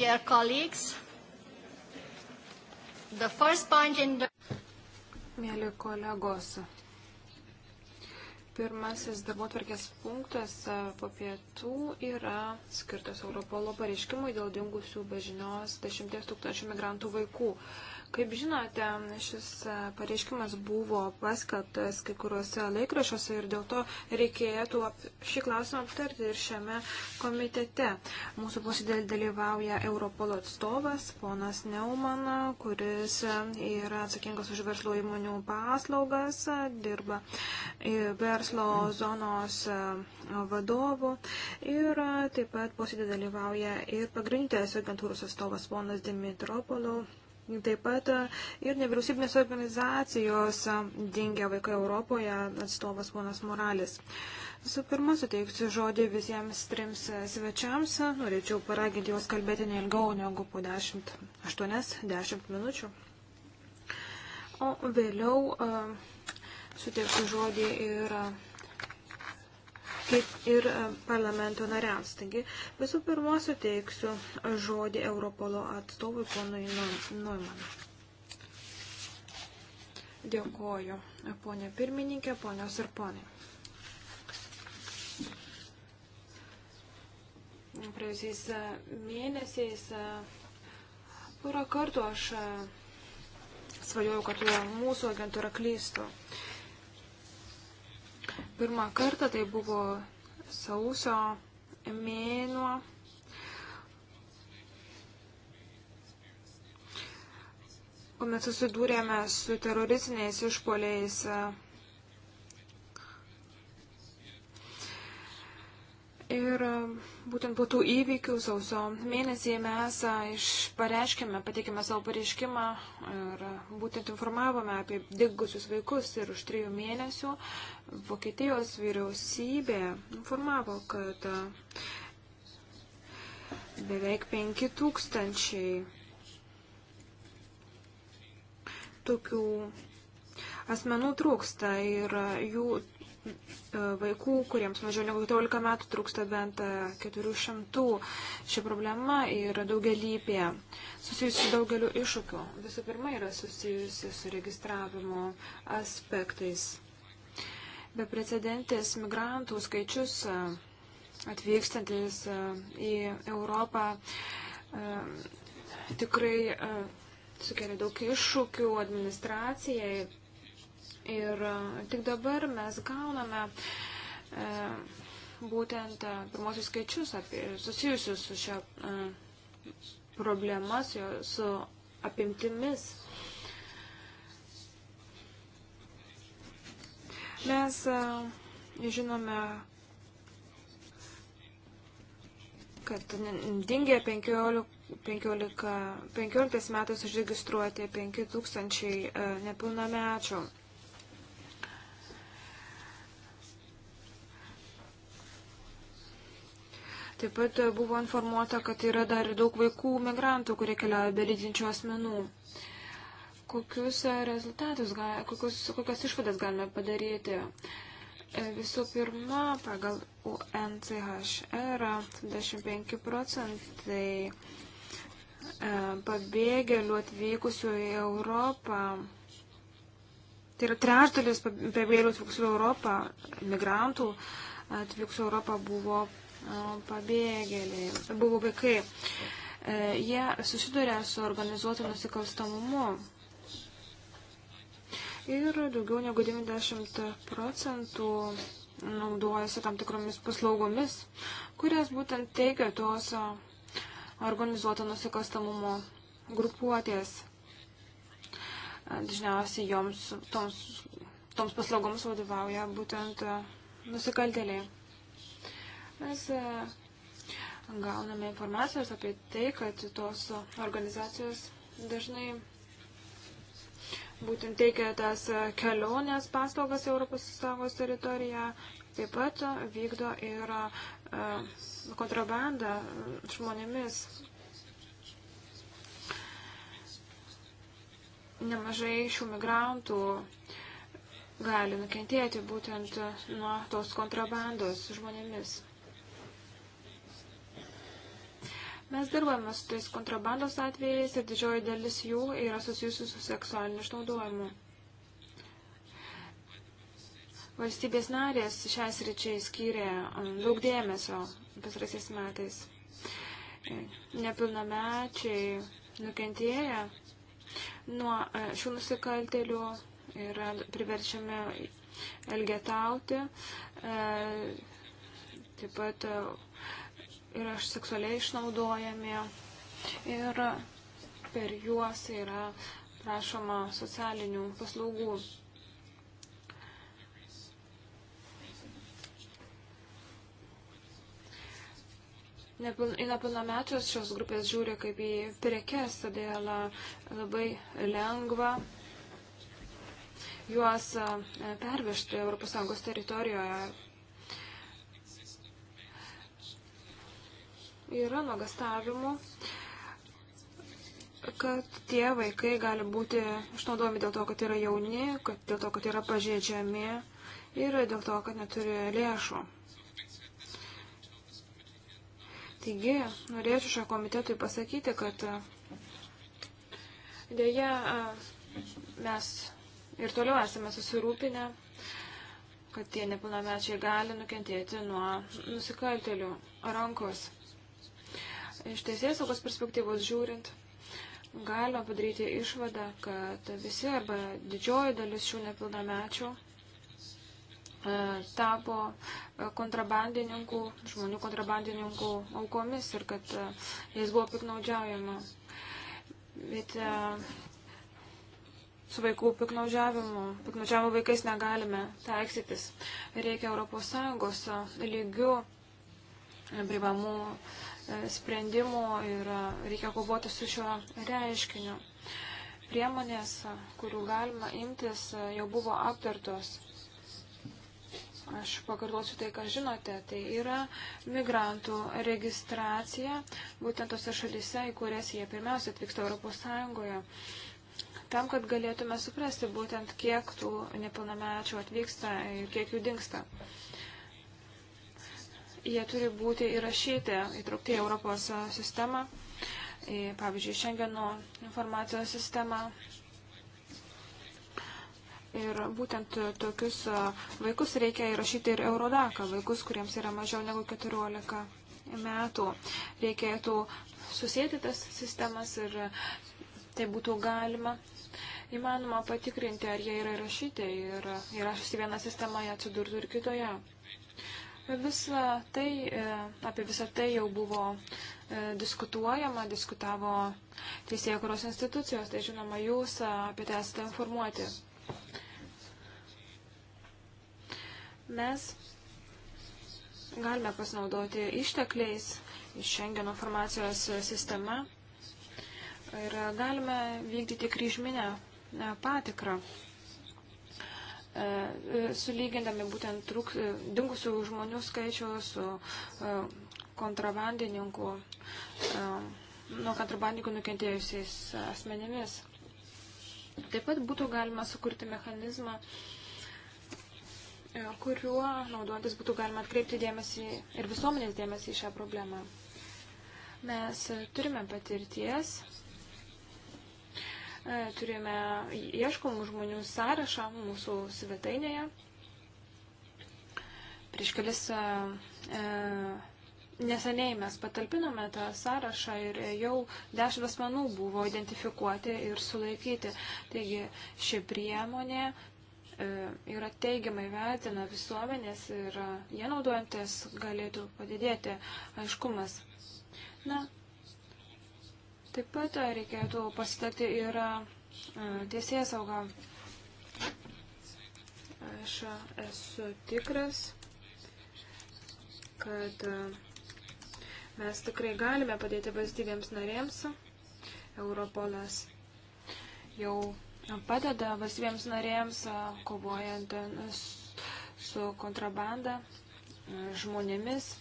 Dear colleagues, the first point in the... Mėly kolegos, pirmasis darbotvarkės punktas e, po pietų yra skirtas Europolo pareiškimui dėl dingusių bežinios 10 tūkstančių migrantų vaikų. Kaip žinote, šis e, pareiškimas buvo paskelbtas kai kuriuose laikrašiuose ir dėl to reikėtų šį klausimą aptarti ir šiame komitete. Mūsų posėdėlį dalyvauja Europolo atstovas, ponas Neumana, kuris e, yra atsakingas už verslo įmonių paslaugas, e, dirba verslo zonos vadovu ir taip pat posėdėlį dalyvauja ir pagrindinės agentūros atstovas ponas Dimitropolau Taip pat e, ir nevyriausybinės organizacijos e, dingia vaikai Europoje atstovas ponas Moralis. Su pirma, suteiksiu žodį visiems trims e, svečiams. Norėčiau paraginti juos kalbėti neilgiau negu po 8-10 minučių. O vėliau suteiksiu žodį ir. A, kaip ir e, parlamento nariams. Taigi visų pirma suteiksiu žodį Europolo atstovui ponui Neumann. Dėkoju, ponė pirmininkė, ponios ir ponai. Praėjusiais e, mėnesiais e, porą kartų aš svajojau, kad mūsų agentūra klystų. Uh, Pirmą kartą tai buvo sausio mėnuo. kuomet susidūrėme su teroristiniais išpoliais Ir e, būtent po tų įvykių sausio mėnesį mes e, pareiškėme, pateikėme savo pareiškimą ir e, būtent informavome apie dingusius vaikus ir už trijų mėnesių Vokietijos vyriausybė informavo, kad beveik 5 tūkstančiai tokių asmenų trūksta ir jų vaikų, kuriems mažiau negu 12 metų trūksta bent 400. E, Ši problema yra daugelypė, susijusi su daugeliu iššūkiu. Visų pirma, yra susijusi su registravimo aspektais. Beprecedentis migrantų skaičius e, atvykstantis e, į Europą tikrai sukelia daug iššūkių administracijai Ir e, tik dabar mes gauname e, būtent e, pirmosius skaičius apie, susijusius su šia e, problema, su, su apimtimis. Mes e, žinome, kad dingė 15 15, 15 metais užregistruoti 5000 e, nepilnamečių. Taip pat e, buvo informuota, kad yra dar daug vaikų migrantų, kurie keliauja be lydinčių asmenų. Kokius e, rezultatus, kokius, kokias išvadas galime padaryti? E, visų pirma, pagal UNCHR 25 procentai pabėgėlių atvykusių į Europą, tai yra trečdalis pabėgėlių atvykusių į Europą, migrantų atvykusių į Europą buvo pabėgėliai, buvo vaikai. E, jie susiduria su organizuotu nusikalstamumu. Ir daugiau negu 90 procentų naudojasi tam tikromis paslaugomis, kurias būtent teikia tos organizuoto nusikalstamumo grupuotės. Dažniausiai joms, toms, toms paslaugoms vadovauja būtent nusikaltėliai. Mes e, gauname informacijos apie tai, kad tos organizacijos dažnai būtent teikia tas kelionės paslaugas Europos Sąjungos teritoriją, taip pat vykdo ir e, kontrabandą žmonėmis. Nemažai šių migrantų gali nukentėti būtent nuo tos kontrabandos žmonėmis. Mes dirbame su tais kontrabandos atvejais ir didžioji dalis jų yra susijusi su seksualiniu išnaudojimu. Valstybės narės šiais ryčiai skyrė um, daug dėmesio pasraisiais metais. Nepilnamečiai nukentėję nuo e, šių nusikaltelių yra priverčiami elgetauti, e, taip pat yra seksualiai išnaudojami ir per juos yra prašoma socialinių paslaugų. Į nepilnamečius šios grupės žiūri kaip į prekes, todėl labai lengva juos pervežti ES teritorijoje Yra nuogastavimų, kad tie vaikai gali būti išnaudojami dėl to, kad yra jauni, kad dėl to, kad yra pažeidžiami ir dėl to, kad neturi lėšų. Taigi, norėčiau šio komitetui pasakyti, kad dėja mes ir toliau esame susirūpinę, kad tie nepilnamečiai gali nukentėti nuo nusikaltelių rankos iš teisės saugos perspektyvos žiūrint, galima padaryti išvadą, kad visi arba didžioji dalis šių nepilnamečių e, tapo e, kontrabandininkų, žmonių kontrabandininkų aukomis ir kad e, jais buvo piknaudžiaujama. Bet su vaikų piknaudžiavimu, piknaudžiavimo vaikais negalime taikstytis. Reikia ES lygių privamų E, sprendimų ir e, reikia kovoti su šiuo reiškiniu. Priemonės, e, kurių galima imtis, jau buvo aptartos. Aš pakartosiu tai, ką žinote. Tai yra migrantų registracija būtent tose šalyse, į kurias jie pirmiausia atvyksta Europos Sąjungoje tam, kad galėtume suprasti būtent, kiek tų nepilnamečių atvyksta ir kiek jų dinksta jie turi būti įrašyti, įtraukti į Europos sistemą, į, pavyzdžiui, Schengeno informacijos sistemą. Ir būtent tokius vaikus reikia įrašyti ir Eurodaką, vaikus, kuriems yra mažiau negu 14 metų. Reikėtų susėti tas sistemas ir tai būtų galima įmanoma patikrinti, ar jie yra rašyti ir įrašus į vieną sistemą, jie atsidurtų ir kitoje. Visa tai, e, apie visą tai jau buvo e, diskutuojama, diskutavo teisėjų kuros institucijos, tai žinoma, jūs e, apie tai esate informuoti. Mes galime pasinaudoti ištekliais iš Schengeno informacijos sistema ir galime vykdyti kryžminę patikrą. E, sulygindami būtent trūk, e, dingusių žmonių skaičių su e, kontrabandininkų, nuo kontrabandininkų nukentėjusiais asmenimis. Taip pat būtų galima sukurti mechanizmą, kuriuo naudotis būtų galima atkreipti dėmesį ir visuomenės dėmesį į šią problemą. Mes turime patirties E, turime ieškomų žmonių sąrašą mūsų svetainėje. Prieš kelis e, e, neseniai mes patalpinome tą sąrašą ir jau dešimt asmenų buvo identifikuoti ir sulaikyti. Taigi ši priemonė yra teigiamai vertina visuomenės ir jie naudojantis galėtų padidėti aiškumas. Na, Taip pat reikėtų pasitakti ir tiesėją saugą. Aš esu tikras, kad mes tikrai galime padėti valstybėms narėms. Europolas jau padeda valstybėms narėms kovojant su kontrabanda žmonėmis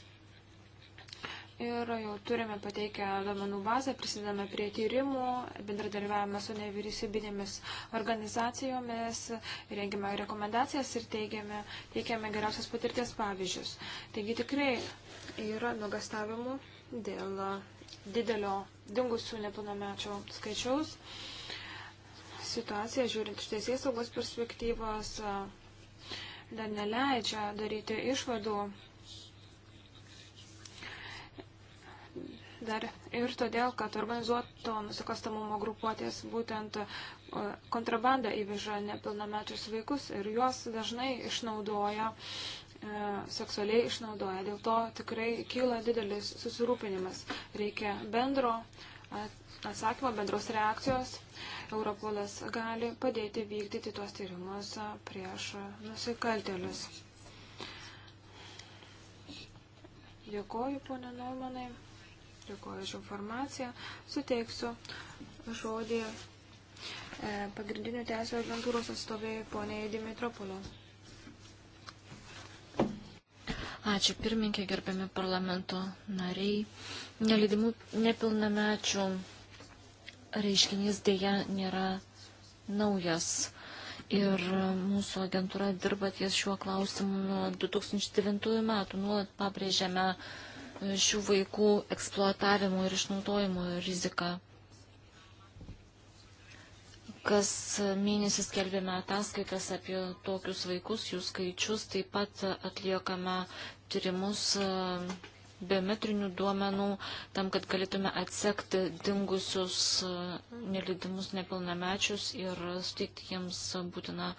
ir jau turime pateikę duomenų bazę, prisidame prie tyrimų, bendradarbiavame su nevyriausybinėmis organizacijomis, rengiame rekomendacijas ir teigiame, teikiame geriausias patirties pavyzdžius. Taigi tikrai yra nugastavimų dėl didelio dingusių nepilnamečio skaičiaus. Situacija, žiūrint iš teisės saugos perspektyvos, dar neleidžia daryti išvadų dar ir todėl, kad organizuoto nusikalstamumo grupuotės būtent e, kontrabandą įveža nepilnamečius vaikus ir juos dažnai išnaudoja, e, seksualiai išnaudoja. Dėl to tikrai kyla didelis susirūpinimas. Reikia bendro atsakymo, bendros reakcijos. Europolas gali padėti vykdyti tuos tyrimus prieš nusikaltelius. Dėkoju, ponė Normanai. Dėkuoju už informaciją. Suteiksiu žodį e, pagrindinių teisų agentūros atstovėjai poniai Dimitropolio. Ačiū pirmininkė, gerbiami parlamento nariai. Nelydimų nepilnamečių reiškinys dėja nėra naujas. Ir mūsų agentūra dirba ties šiuo klausimu nuo 2009 metų. Nuolat pabrėžiame šių vaikų eksploatavimo ir išnaudojimo riziką. Kas mėnesį skelbėme ataskaitas apie tokius vaikus, jų skaičius, taip pat atliekame tyrimus biometrinių duomenų, tam, kad galėtume atsekti dingusius e, nelidimus nepilnamečius ir suteikti jiems būtiną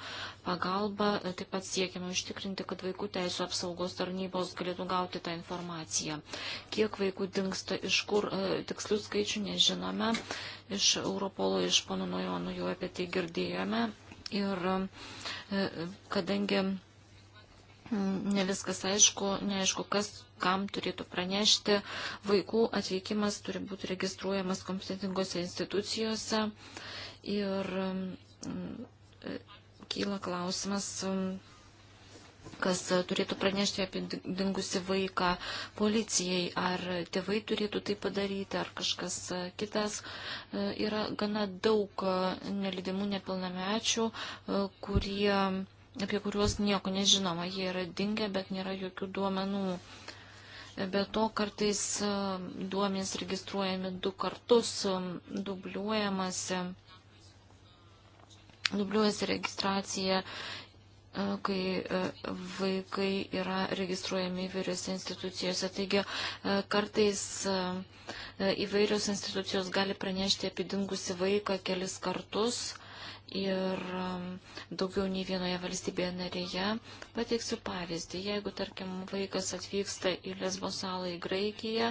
pagalbą. E, taip pat siekime užtikrinti, kad vaikų teisų apsaugos tarnybos galėtų gauti tą informaciją. Kiek vaikų dinksta, iš kur e, tikslių skaičių nežinome. Iš Europolo, iš pono Nojonų jau apie tai girdėjome. Ir kadangi ne viskas aišku, neaišku, kas kam turėtų pranešti. Vaikų atvykimas turi būti registruojamas kompetentingose institucijose ir um, e, kyla klausimas, um, kas turėtų pranešti apie dingusi vaiką policijai, ar tėvai turėtų tai padaryti, ar kažkas e, kitas. E, yra gana daug nelidimų nepilnamečių, kurie apie kuriuos nieko nežinoma. Jie yra dingę, bet nėra jokių duomenų. Be to kartais e, duomenys registruojami du kartus, e, dubliuojamasi, dubliuojasi registracija, e, kai vaikai yra registruojami įvairiose institucijose. Taigi kartais įvairios institucijos gali pranešti apie dingusį vaiką kelis kartus ir um, daugiau nei vienoje valstybėje narėje. Pateiksiu pavyzdį, jeigu, tarkim, vaikas atvyksta į Lesbo salą į Graikiją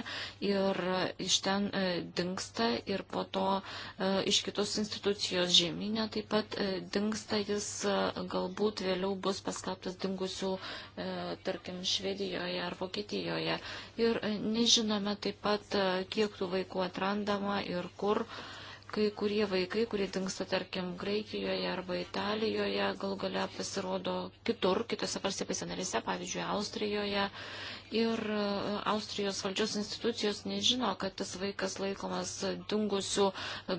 ir uh, iš ten e, uh, dinksta ir po to e, iš kitos institucijos žemynė taip pat e, dinksta, jis e, galbūt vėliau bus paskelbtas dingusių, e, tarkim, Švedijoje ar Vokietijoje. Ir e, nežinome taip pat, e, kiek tų vaikų atrandama ir kur. E, kai kurie vaikai, kurie dinksta, tarkim, Graikijoje arba Italijoje, gal gale pasirodo kitur, kitose valstybėse narėse, pavyzdžiui, Austrijoje. Ir e, Austrijos valdžios institucijos nežino, kad tas vaikas laikomas dingusiu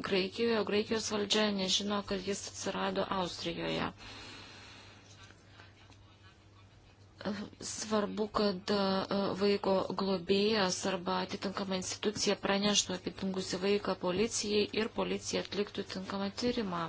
Graikijoje, o Graikijos valdžia nežino, kad jis atsirado Austrijoje. Svarbu, kad e, vaiko globėjas arba atitinkama institucija praneštų apie dingusi vaiką policijai ir policija atliktų tinkamą tyrimą.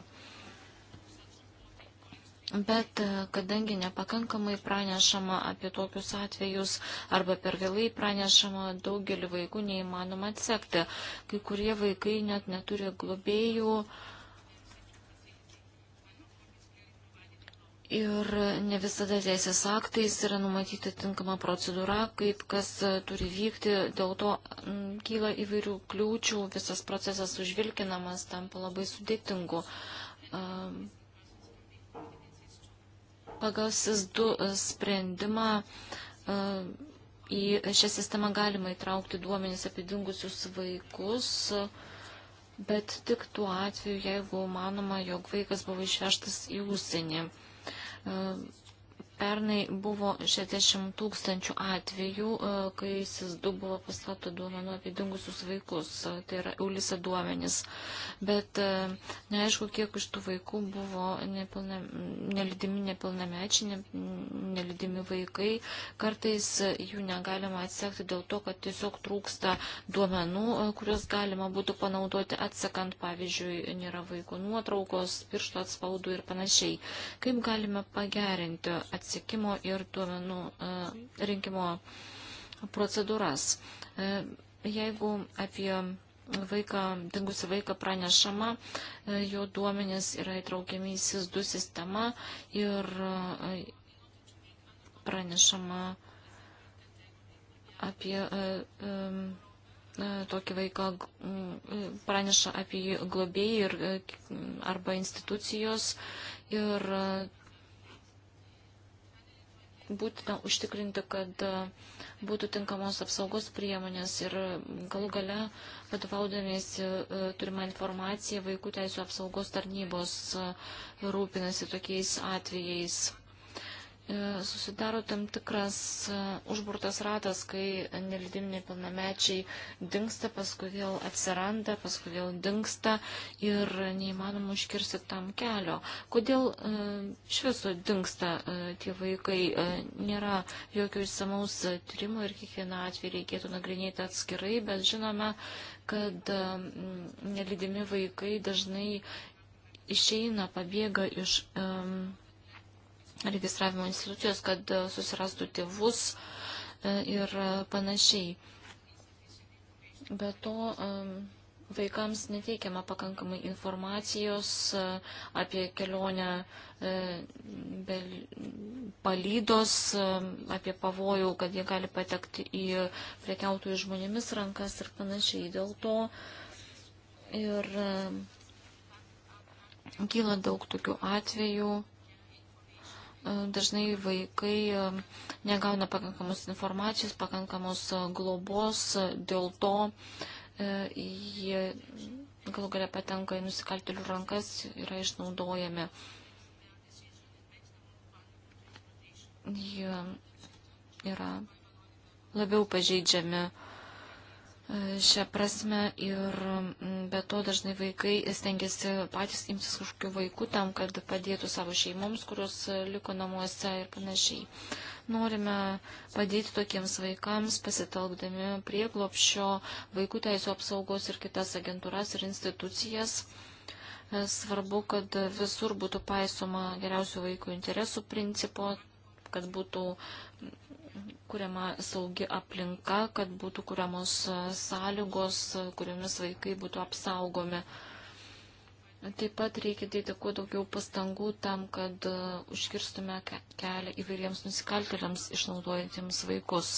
Bet e, kadangi nepakankamai pranešama apie tokius atvejus arba per vėlai pranešama, daugelį vaikų neįmanoma atsekti. Kai kurie vaikai net neturi globėjų. Uh, Ir ne visada teisės aktais yra numatyta tinkama procedūra, kaip kas e, turi vykti, dėl to kyla įvairių kliūčių, visas procesas užvilkinamas, tampa labai sudėtingu. E, pagal SIS2 sprendimą e, į šią sistemą galima įtraukti duomenys apie dingusius vaikus, bet tik tuo atveju, jeigu manoma, jog vaikas buvo išvežtas į užsienį uh, Pernai buvo 60 tūkstančių atvejų, e, kai SIS2 buvo paskelbta duomenų apie dingusius vaikus, e, tai yra Eulisa duomenys. Bet e, neaišku, kiek iš tų vaikų buvo nepilna, nelidimi nepilnamečiai, nelidimi vaikai. Kartais jų negalima atsekti dėl to, kad tiesiog trūksta duomenų, kuriuos galima būtų panaudoti atsekant, pavyzdžiui, nėra vaikų nuotraukos, piršto atspaudų ir panašiai. Kaip galime pagerinti atsekimą? atsikimo ir duomenų e, rinkimo procedūras. E, jeigu apie vaiką, dingusi vaiką pranešama, e, jo duomenys yra įtraukiami į SIS2 sistemą ir pranešama apie tokį vaiką, praneša apie jį globėjai ir, arba institucijos ir būtina užtikrinti, kad e, būtų tinkamos apsaugos priemonės ir galų gale, vadovaudamėsi e, turimą informaciją, vaikų teisų apsaugos tarnybos e, rūpinasi tokiais atvejais. E, susidaro tam tikras e, užburtas ratas, kai nelydimi nepilnamečiai dinksta, paskui vėl atsiranda, paskui vėl dinksta ir neįmanoma užkirsti tam kelio. Kodėl e, iš viso dinksta tie vaikai, nėra jokio išsamaus tyrimo ir kiekvieną atvejį reikėtų nagrinėti atskirai, bet žinome, kad nelydimi vaikai dažnai išeina, pabėga iš. Um, registravimo institucijos, kad e, susirastų tėvus e, ir e, panašiai. Be to, vaikams neteikiama pakankamai informacijos apie kelionę palydos, apie pavojų, kad jie gali patekti į prekiautojų žmonėmis rankas ir panašiai. Dėl to ir kyla daug tokių atvejų dažnai vaikai negauna pakankamos informacijos, pakankamos globos, dėl to jie galų galia patenka į nusikaltelių rankas, yra išnaudojami. Jie yra labiau pažeidžiami Šią prasme ir mm, be to dažnai vaikai stengiasi patys imtis kažkokių vaikų tam, kad padėtų savo šeimoms, kurios e, liko namuose ir panašiai. Norime padėti tokiems vaikams pasitelkdami prieglopšio vaikų teisų apsaugos ir kitas agentūras ir institucijas. E, svarbu, kad visur būtų paisoma geriausių vaikų interesų principo, kad būtų kuriama saugi aplinka, kad būtų kuriamos e, sąlygos, e, kuriomis vaikai būtų apsaugomi. Taip pat reikia dėti kuo daugiau pastangų tam, kad e, užkirstume kelią įvairiems nusikaltėliams išnaudojantiems vaikus.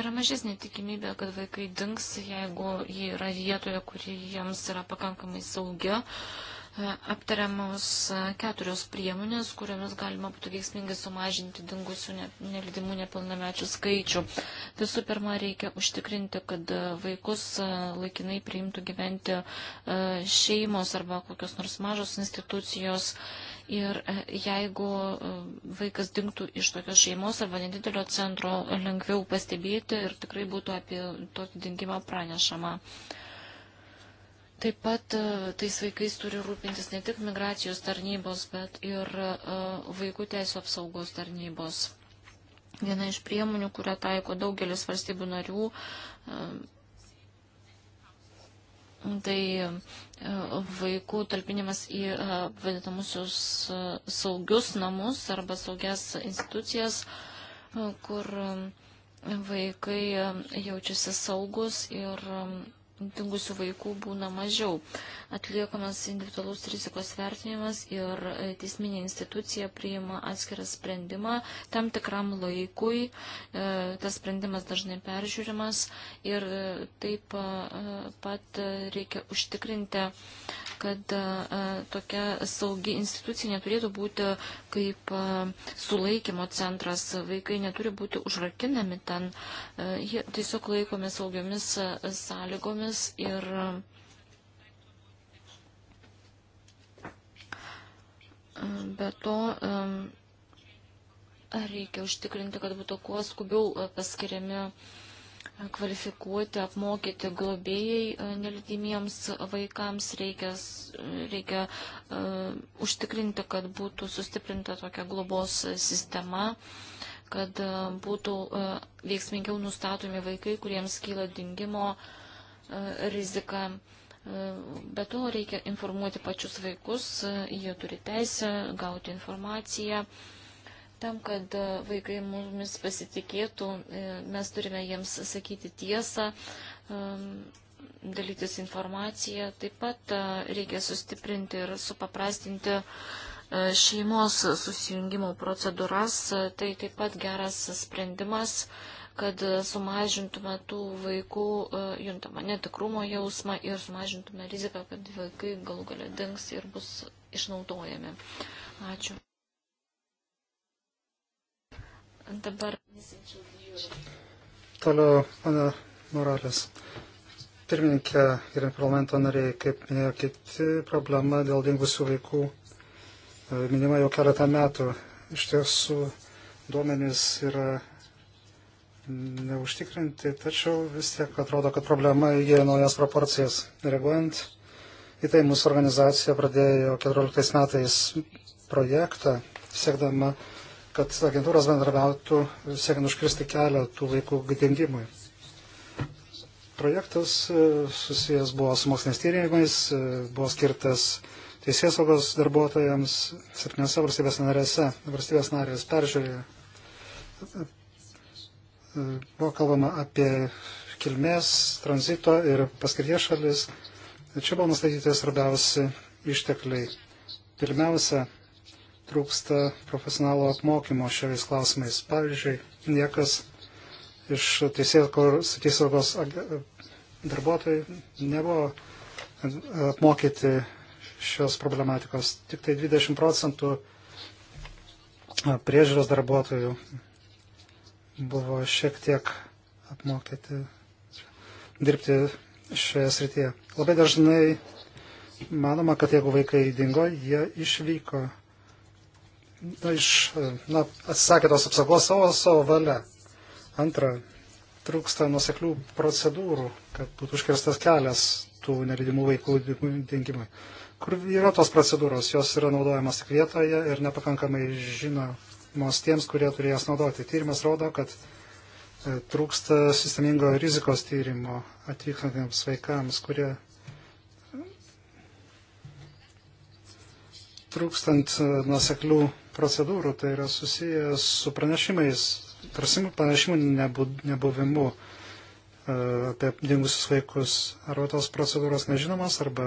Yra mažesnė tikimybė, kad vaikai dinks, jeigu jie yra vietoje, kuri jiems yra pakankamai saugia E, aptariamos e, keturios priemonės, kuriomis galima būtų veiksmingai sumažinti dingusių ne, nelydimų nepilnamečių skaičių. Visų pirma, reikia užtikrinti, kad vaikus e, laikinai priimtų gyventi šeimos arba kokios nors mažos institucijos. Ir jeigu vaikas dinktų iš tokios šeimos arba nedidelio centro, lengviau pastebėti ir tikrai būtų apie tokį dingimą pranešama. Uh, Taip pat e, tais vaikais turi rūpintis ne tik migracijos tarnybos, bet ir e, vaikų teisų apsaugos tarnybos. Viena iš priemonių, kurią taiko daugelis valstybių narių, e, tai vaikų talpinimas į vadinamusius saugius namus arba saugias institucijas, kur vaikai jaučiasi saugus ir dingusių vaikų būna mažiau. Atliekamas individualus rizikos vertinimas ir e, teisminė institucija priima atskirą sprendimą tam tikram laikui. E, tas sprendimas dažnai peržiūrimas ir e, taip pat reikia užtikrinti kad e, tokia saugi institucija neturėtų būti kaip e, sulaikymo centras. Vaikai neturi būti užrakinami ten. E, jie tiesiog laikomi saugiomis sąlygomis ir. Be to, reikia užtikrinti, kad būtų kuo skubiau paskiriami kvalifikuoti, apmokyti globėjai e, nelidimiems vaikams, reikia, reikia uh, užtikrinti, kad būtų sustiprinta tokia globos sistema, kad uh, būtų uh, veiksmingiau nustatomi vaikai, kuriems kyla dingimo uh, rizika. Uh, be to reikia informuoti pačius vaikus, uh, jie turi teisę gauti informaciją. Uh, Tam, kad e, vaikai mumis pasitikėtų, e, mes turime jiems sakyti tiesą, dalytis informaciją. Taip pat e, reikia sustiprinti ir supaprastinti šeimos susijungimo procedūras. Tai taip pat geras sprendimas, kad sumažintume tų vaikų juntamą netikrumo jausmą ir sumažintume riziką, kad vaikai galų galia dings ir bus išnaudojami. Ačiū. Dabar. Toliau, pana Moralės. Pirmininkė ir parlamento nariai, kaip minėjo kiti, problema dėl dingusių vaikų e, minima jau keletą metų. Iš tiesų, duomenys yra neužtikrinti, tačiau vis tiek atrodo, kad problema įgyja naujas proporcijas. Reaguojant į tai, mūsų organizacija pradėjo 14 metais projektą, siekdama kad agentūros bendrabiautų siekiant užkirsti kelią tų laikų dingimui. Projektas e, susijęs buvo su moksliniais tyrimais, e, buvo skirtas teisės saugos darbuotojams septyniose valstybės narėse. Valstybės narės peržiūrėjo. E, buvo kalbama apie kilmės, tranzito ir paskirties šalis. Čia buvo nustatyti svarbiausi ištekliai. Pirmiausia, trūksta profesionalo apmokymo šiais klausimais. Pavyzdžiui, niekas iš teisėsaugos darbuotojų nebuvo apmokyti šios problematikos. Tik tai 20 procentų priežiūros darbuotojų buvo šiek tiek apmokyti dirbti šioje srityje. Labai dažnai manoma, kad jeigu vaikai dingo, jie išvyko iš, na, atsisakė tos apsaugos savo, savo valia. Antra, trūksta nuseklių procedūrų, kad būtų užkirstas kelias tų nelydimų vaikų dingimui. Kur yra tos procedūros, jos yra naudojamas tik vietoje ir nepakankamai žinomos tiems, kurie turės naudoti. Tyrimas rodo, kad e, trūksta sistemingo rizikos tyrimo atvykstantiems vaikams, kurie e, trūkstant e, nuseklių procedūrų, tai yra susijęs su pranešimais, pranešimų nebuvimu e, apie dingusius vaikus. Arba tos procedūros nežinomas, arba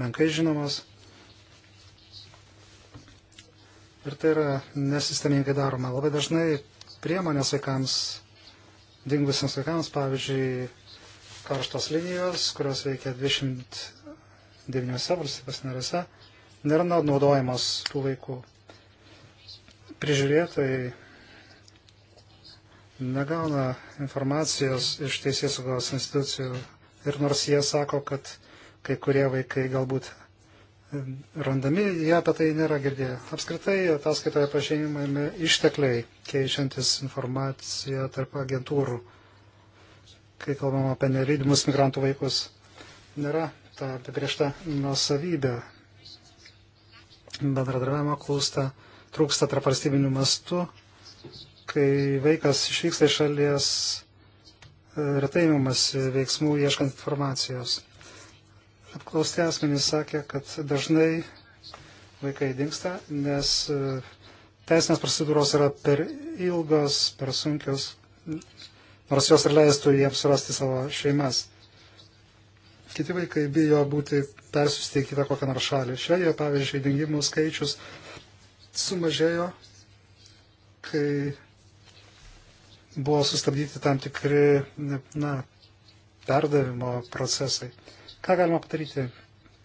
menkai žinomas. Ir tai yra nesistemingai daroma. Labai dažnai priemonės vaikams, dingusiems vaikams, pavyzdžiui, karštos linijos, kurios veikia 29 valstybės narėse, nėra naudojamos tų vaikų prižiūrėtojai negauna informacijos iš teisės saugos institucijų ir nors jie sako, kad kai kurie vaikai galbūt randami, jie apie tai nėra girdėję. Apskritai, ataskaitoje pažymimami ištekliai keičiantis informaciją tarp agentūrų, kai kalbam apie nelydimus migrantų vaikus. Nėra ta apibriešta nusavybė. Bendradarbiavimo klūsta trūksta tarp valstybinių mastų, kai vaikas išvyksta iš šalies e, retai imamas veiksmų ieškant informacijos. Apklausti asmenys sakė, kad dažnai vaikai dinksta, nes e, teisinės procedūros yra per ilgos, per sunkios, nors jos ir leistų jiems surasti savo šeimas. Kiti vaikai bijo būti persiusti į kitą kokią nors šalį. Švedijoje, pavyzdžiui, dingimų skaičius sumažėjo, kai buvo sustabdyti tam tikri na, perdavimo procesai. Ką galima padaryti?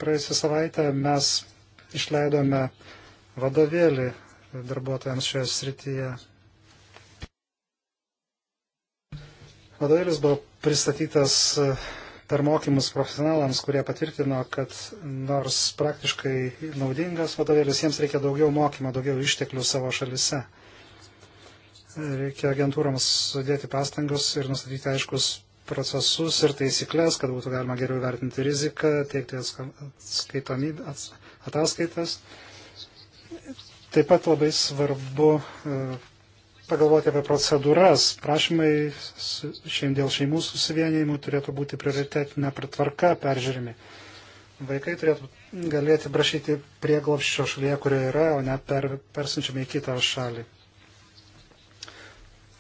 Praėjusią savaitę mes išleidome vadovėlį darbuotojams šioje srityje. Vadovėlis buvo pristatytas per mokymus profesionalams, kurie patvirtino, kad nors praktiškai naudingas vadovėlis, jiems reikia daugiau mokymo, daugiau išteklių savo šalise. Reikia agentūrams sudėti pastangus ir nustatyti aiškus procesus ir taisyklės, kad būtų galima geriau vertinti riziką, teikti ataskaitas. Taip pat labai svarbu e, pagalvoti apie procedūras. Prašymai dėl šeimų susivienijimų turėtų būti prioritetinė tvarka peržiūrimi. Vaikai turėtų galėti prašyti prieglopščio šalyje, kurioje yra, o ne per, persinčiami į kitą šalį.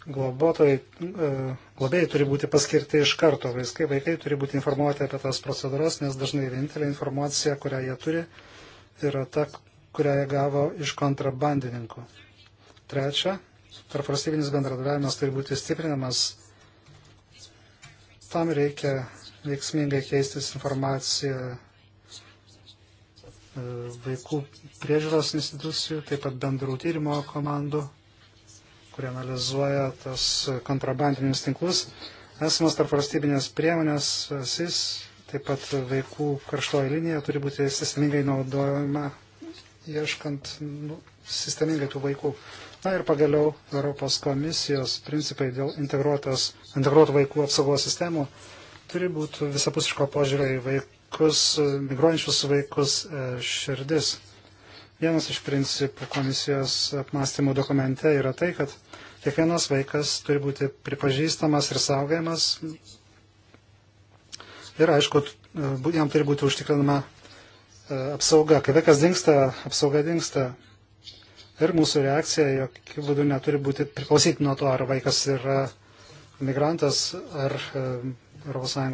Globotojai, e, globėjai turi būti paskirti iš karto, vaikai, vaikai turi būti informuoti apie tas procedūras, nes dažnai vienintelė informacija, kurią jie turi, yra ta, kurią jie gavo iš kontrabandininkų. Trečia, tarpvalstybinis bendradarbiavimas turi būti stiprinamas, tam reikia veiksmingai keistis informaciją e, vaikų priežiūros institucijų, taip pat bendrų tyrimo komandų, kurie analizuoja tas kontrabandinius tinklus. Esamas tarpvalstybinės priemonės, e, SIS, taip pat vaikų karštoji linija turi būti sistemingai naudojama, ieškant nu, sistemingai tų vaikų. Na ir pagaliau Europos komisijos principai dėl integruotų vaikų apsaugos sistemų turi būti visapusiško požiūrio į vaikus, migruojančius vaikus e, širdis. Vienas iš principų komisijos apmąstymų dokumente yra tai, kad kiekvienas vaikas turi būti pripažįstamas ir saugojamas. Ir aišku, e, jam turi būti užtikrinama e, apsauga. Kai vaikas dinksta, apsauga dinksta. Ir mūsų reakcija jokių būdų neturi būti priklausyti nuo to, ar vaikas yra migrantas ar e,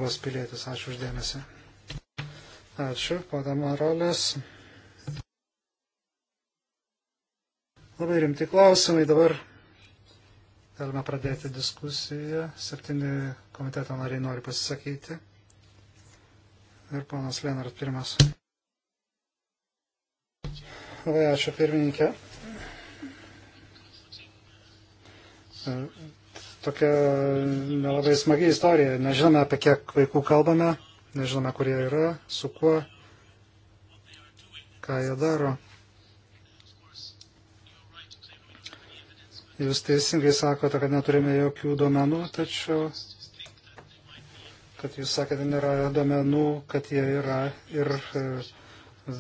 ES pilietis. Ačiū uždėmesi. Ačiū, padama rolės. Labai rimti klausimai. Dabar galime pradėti diskusiją. Septyni komiteto nariai nori pasisakyti. Ir ponas Lenart pirmas. Labai ačiū pirmininkė. tokia nelabai smagi istorija. Nežinome, apie kiek vaikų kalbame, nežinome, kurie yra, su kuo, ką jie daro. Jūs teisingai sakote, kad neturime jokių duomenų, tačiau, kad jūs sakėte, nėra duomenų, kad jie yra ir e,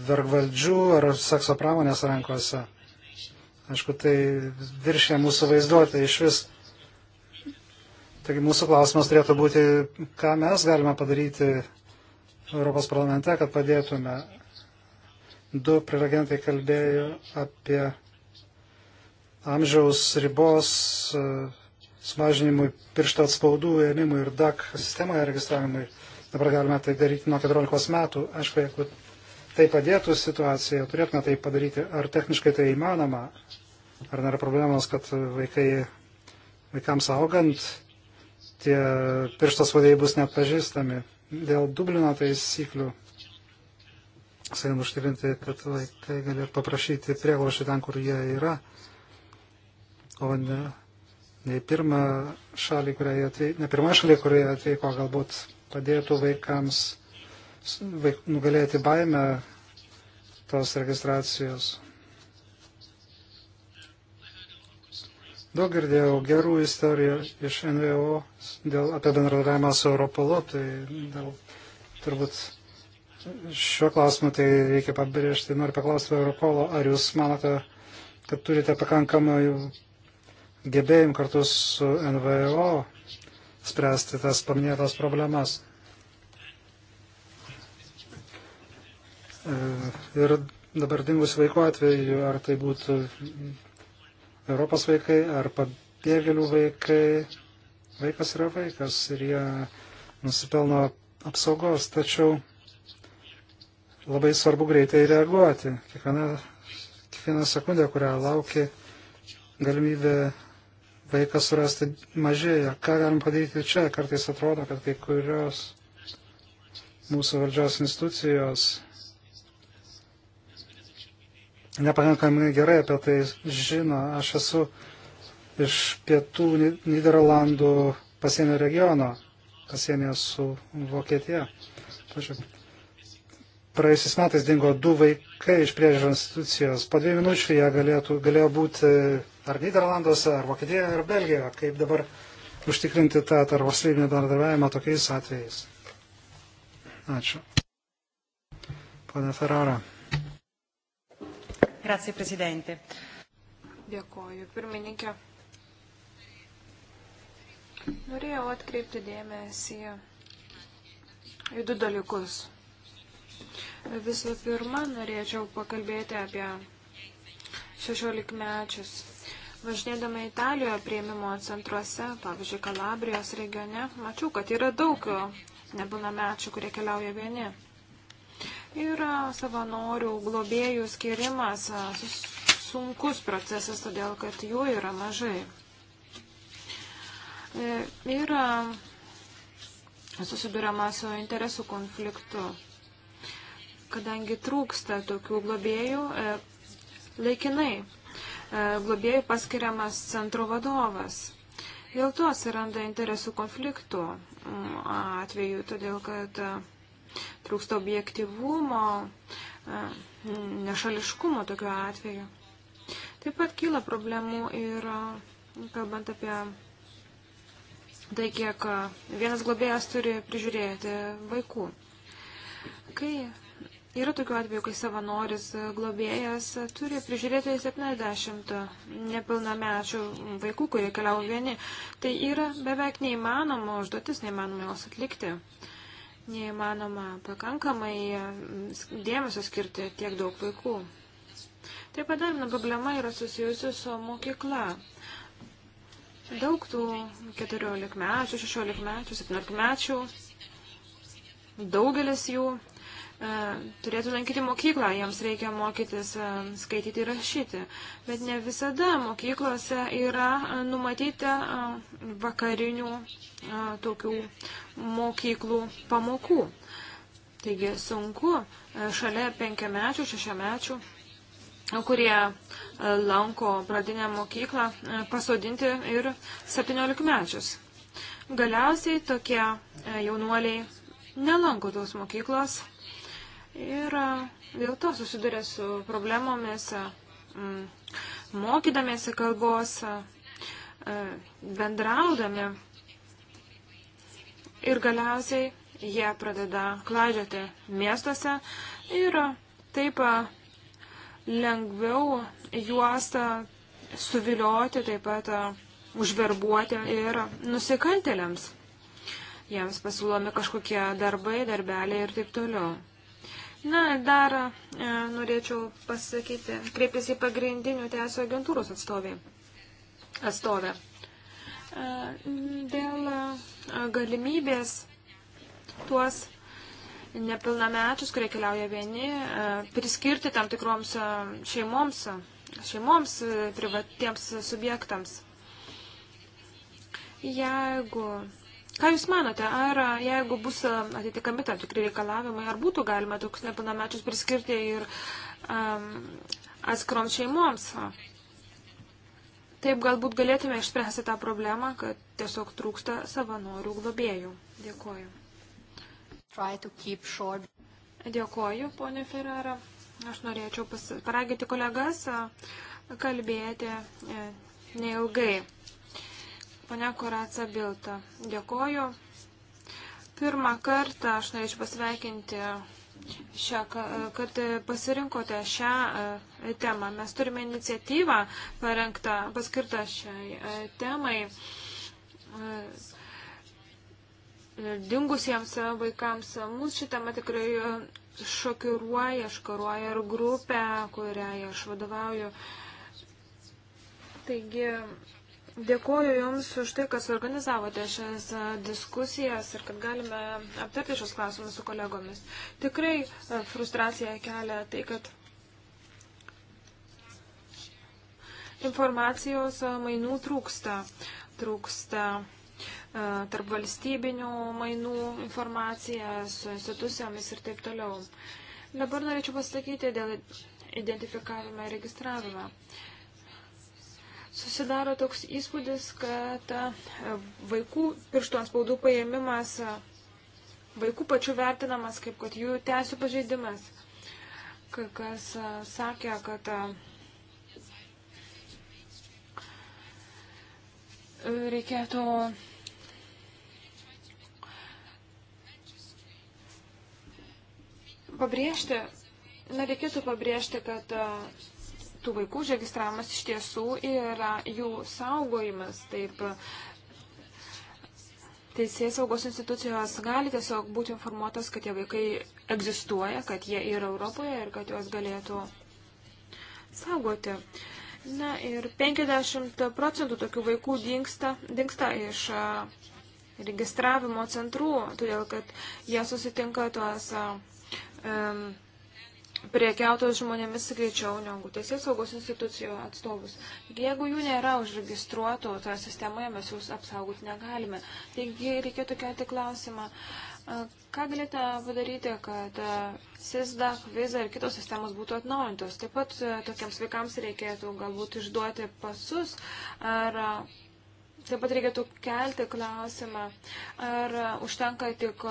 vergvaldžių ar sekso pramonės rankose. Aišku, tai viršė mūsų vaizduotę iš vis. Taigi mūsų klausimas turėtų būti, ką mes galime padaryti Europos parlamente, kad padėtume. Du prelegentai kalbėjo apie amžiaus ribos e, sumažinimui piršto atspaudų ėmimui ir DAC sistemoje registravimui. Dabar galime tai daryti nuo 14 metų. Aišku, jeigu tai padėtų situaciją, turėtume tai padaryti. Ar techniškai tai įmanoma? Ar nėra problemos, kad vaikai, vaikams augant tie pirštas vadai bus nepažįstami? Dėl Dublino taisyklių siekiant užtikrinti, kad vaikai galėtų paprašyti prieglobšį ten, kur jie yra, o ne, ne pirmą šalį, kurioje atvyko, ne pirmą šalį, kurioje atvyko, galbūt padėtų vaikams vaik, nugalėti baimę tos registracijos. Daug girdėjau gerų istorijų iš NVO dėl, apie bendradarbiavimą su Europolu, tai dėl, turbūt šiuo klausimu tai reikia pabrėžti. Noriu paklausti Europolo, ar jūs manote, kad turite pakankamai gebėjimų kartu su NVO spręsti tas paminėtas problemas. E, ir dabar dingus vaiko atveju, ar tai būtų Europos vaikai ar pabėgėlių vaikai. Vaikas yra vaikas ir jie nusipelno apsaugos, tačiau labai svarbu greitai reaguoti. Kiekviena, kiekviena sekundė, kurią lauki, galimybė vaiką surasti mažėja. Ką galim padaryti čia? Kartais atrodo, kad kai kurios mūsų valdžios institucijos nepakankamai gerai apie tai žino. Aš esu iš pietų Niderlandų pasienio regiono, pasienio su Vokietija. Tačiau praėjusiais metais dingo du vaikai iš priežiūros institucijos. Po dviejų minučių jie galėtų, galėjo būti ar Niderlanduose, ar Vokietijoje, ar Belgijoje. Kaip dabar užtikrinti tą tarvoslyvinį bendradarbiavimą tokiais atvejais? Ačiū. Pane Ferrara. Grazie, prezidentė. Dėkoju, pirmininkė. Norėjau atkreipti dėmesį į du dalykus. Visų pirma, norėčiau pakalbėti apie 16 mečius. Važinėdama Italijoje prieimimo centruose, pavyzdžiui, Kalabrijos regione, mačiau, kad yra daug nepilnamečių, kurie keliauja vieni. Ir savanorių globėjų skirimas sunkus procesas, todėl kad jų yra mažai. Ir e, susidurama su interesų konfliktu, kadangi trūksta tokių globėjų e, laikinai. E, globėjų paskiriamas centro vadovas. Dėl to atsiranda interesų konfliktų mm, atveju, todėl kad trūksta objektivumo, e, nešališkumo tokiu atveju. Taip pat kyla problemų ir e, kalbant apie tai, kiek e, vienas globėjas turi prižiūrėti vaikų. Kai yra tokių atvejų, kai savanoris globėjas turi prižiūrėti 70 nepilnamečių vaikų, kurie keliauja vieni, tai yra beveik neįmanoma užduotis, neįmanoma jos atlikti neįmanoma pakankamai mm, dėmesio skirti tiek daug vaikų. Taip pat dar viena problema yra susijusi su mokykla. Daug tų 14 mečių, 16 mečių, 17 mečių, daugelis jų E, turėtų lankyti mokyklą, jiems reikia mokytis e, skaityti ir rašyti. Bet ne visada mokyklose yra e, numatyti vakarinių tokių mokyklų pamokų. Taigi sunku šalia penkiamečių, šešiamečių, kurie lanko pradinę mokyklą, pasodinti ir septyniolikmečius. Galiausiai tokie jaunuoliai nelanko tos mokyklos ir e, dėl to susiduria su problemomis e, mokydamėsi kalbos, e, bendraudami ir galiausiai jie pradeda klaidžioti miestuose ir taip lengviau juos suvilioti, taip pat užverbuoti ir nusikaltėliams. Jiems pasiūlomi kažkokie darbai, darbeliai ir taip toliau. Na ir dar e, norėčiau pasakyti, kreiptis į pagrindinių teisų agentūros atstovį. atstovę. E, dėl e, galimybės tuos nepilnamečius, kurie keliauja vieni, e, priskirti tam tikroms e, šeimoms, šeimoms e, privatiems subjektams. Jeigu Ką Jūs manote, ar jeigu bus atitikami tam tikri reikalavimai, ar būtų galima tokius nepilnamečius priskirti ir um, atskiroms šeimoms? Taip galbūt galėtume išspręsti tą problemą, kad tiesiog trūksta savanorių globėjų. Dėkuoju. Dėkuoju, ponė Ferrara. Aš norėčiau paragyti kolegas kalbėti e, neilgai. Pane Kuratsa Bilta, dėkoju. Pirmą kartą aš norėčiau pasveikinti šią, kad pasirinkote šią e, temą. Mes turime iniciatyvą parengtą, paskirtą šiai e, temai e, dingusiems vaikams. Mūsų ši tema tikrai šokiruoja, škaruoja ir grupę, kuriai aš vadovauju. Taigi, Dėkuoju Jums už tai, kad suorganizavote šias diskusijas ir kad galime aptarti šios klausimus su kolegomis. Tikrai frustraciją kelia tai, kad informacijos mainų trūksta. Trūksta tarp valstybinių mainų informacija su institucijomis ir taip toliau. Dabar norėčiau pasakyti dėl identifikavimą ir registravimą susidaro toks įspūdis, kad e, vaikų pirštų anspaudų paėmimas e, vaikų pačių vertinamas kaip kad jų teisų pažeidimas. Kai kas e, sakė, kad reikėtų pabrėžti, na reikėtų pabrėžti, kad tų vaikų užregistravimas iš tiesų yra jų saugojimas. Taip, teisės saugos institucijos gali tiesiog būti informuotas, kad tie vaikai egzistuoja, kad jie yra Europoje ir kad juos galėtų saugoti. Na ir 50 procentų tokių vaikų dinksta, dinksta iš registravimo centrų, todėl kad jie susitinka tuos um, priekiautojus žmonėmis greičiau negu teisės saugos institucijų atstovus. Jeigu jų nėra užregistruotų toje sistemoje, mes jūs apsaugoti negalime. Taigi reikėtų kelti klausimą, ką galite padaryti, kad SISDAC, Visa ir kitos sistemos būtų atnaujintos. Taip pat tokiems vaikams reikėtų galbūt išduoti pasus ar Taip pat reikėtų kelti klausimą, ar užtenka tik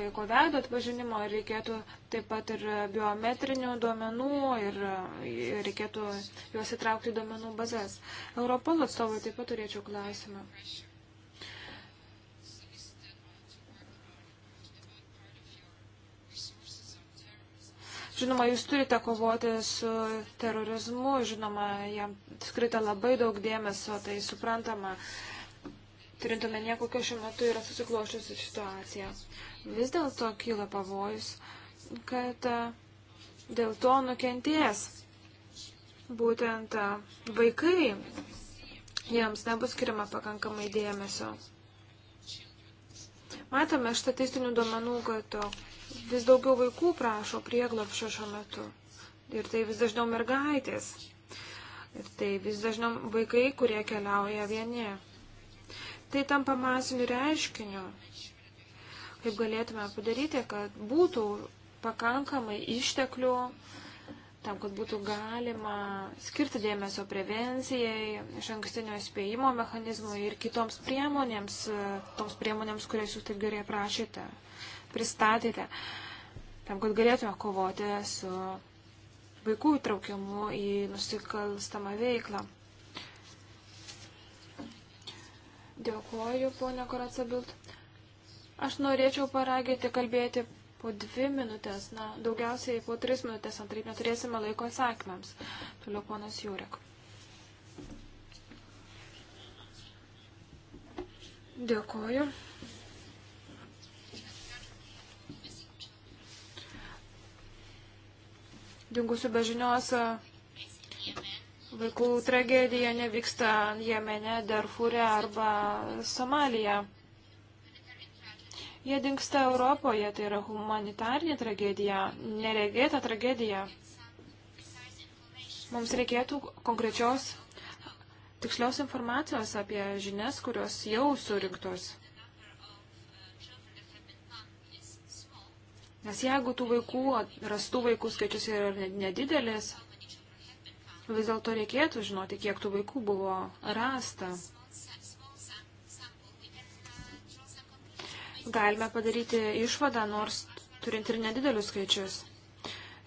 vaiko veido atpažinimo, ar reikėtų taip pat ir biometrinių duomenų ir reikėtų juos įtraukti į duomenų bazas. Europol atstovai taip pat turėčiau klausimą. Žinoma, jūs turite kovoti su terorizmu, žinoma, jam skrita labai daug dėmesio, tai suprantama, turint omenyje, kokia šiuo metu yra susiklošusi situacija. Vis dėlto kyla pavojus, kad e, dėl to nukentės būtent e, vaikai, jiems nebus skiriama pakankamai dėmesio. Matome iš statistinių duomenų, kad Vis daugiau vaikų prašo prieglapšio šiuo metu. Ir tai vis dažniau mergaitės. Ir tai vis dažniau vaikai, kurie keliauja vieni. Tai tampa masiniu reiškiniu. Kaip galėtume padaryti, kad būtų pakankamai išteklių tam, kad būtų galima skirti dėmesio prevencijai, iš ankstinio įspėjimo mechanizmui ir kitoms priemonėms, toms priemonėms, kurias jūs taip gerai prašėte pristatėte, tam, kad galėtume kovoti su vaikų įtraukiamu į nusikalstamą veiklą. Dėkuoju, ponia Koracabilt. Aš norėčiau paraginti kalbėti po dvi minutės, na, daugiausiai po tris minutės, antraip neturėsime laiko atsakymams. Toliau ponas Jurek. Dėkuoju. dingusių bežinios e, vaikų tragedija nevyksta Jemene, Darfūre arba Somalija. Jie dinksta Europoje, tai yra humanitarinė tragedija, neregėta tragedija. Mums reikėtų konkrečios, tikslios informacijos apie žinias, kurios jau surinktos. Nes jeigu tų vaikų, rastų vaikų skaičius yra nedidelis, vis dėlto reikėtų žinoti, kiek tų vaikų buvo rasta. Galime padaryti išvadą, nors turint ir nedidelius skaičius.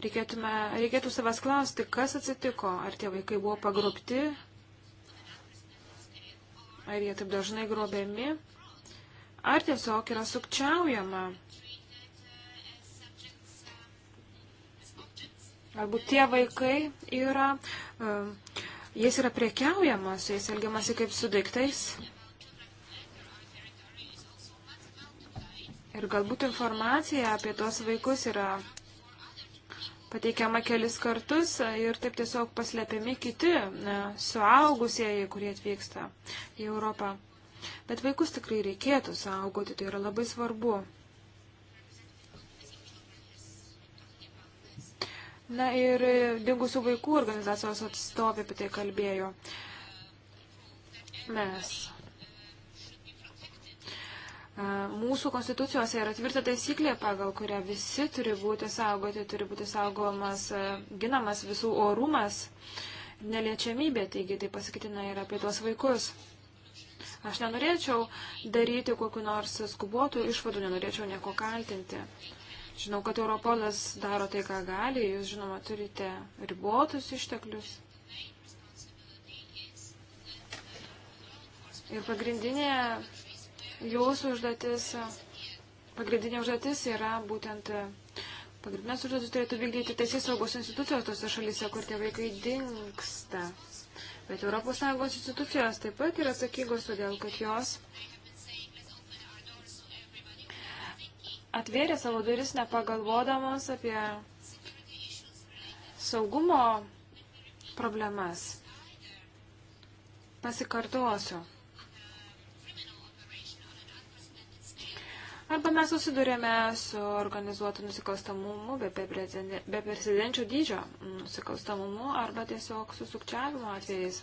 Reikėtume, reikėtų savęs klausti, kas atsitiko, ar tie vaikai buvo pagrobti, ar jie taip dažnai grobiami, ar tiesiog yra sukčiaujama Galbūt tie vaikai yra, e, jais yra priekiaujama, su jais elgiamasi kaip su daiktais. Ir galbūt informacija apie tos vaikus yra pateikiama kelis kartus ir taip tiesiog paslėpiami kiti ne, suaugusieji, kurie atvyksta į Europą. Bet vaikus tikrai reikėtų saugoti, tai yra labai svarbu. Na ir e, dingusių vaikų organizacijos atstovė apie tai kalbėjo. Mes. E, mūsų konstitucijose yra tvirta taisyklė, pagal kurią visi turi būti saugoti, turi būti saugomas, e, ginamas visų orumas, neliečiamybė, taigi tai pasakytina ir apie tuos vaikus. Aš nenorėčiau daryti kokiu nors skubotų išvadų, nenorėčiau nieko kaltinti. Žinau, kad Europolas daro tai, ką gali, jūs žinoma turite ribotus išteklius. Ir pagrindinė jūsų užduotis, pagrindinė užduotis yra būtent, pagrindinės užduotis turėtų vykdyti teisės saugos institucijos tose šalyse, kur tie vaikai dinksta. Bet ES institucijos taip pat yra atsakingos, todėl kad jos atvėrė savo duris nepagalvodamos apie saugumo problemas. Pasikartosiu. Arba mes susidurėme su organizuotu nusikalstamumu, be precedenčių dydžio nusikalstamumu, arba tiesiog su sukčiavimo atvejais.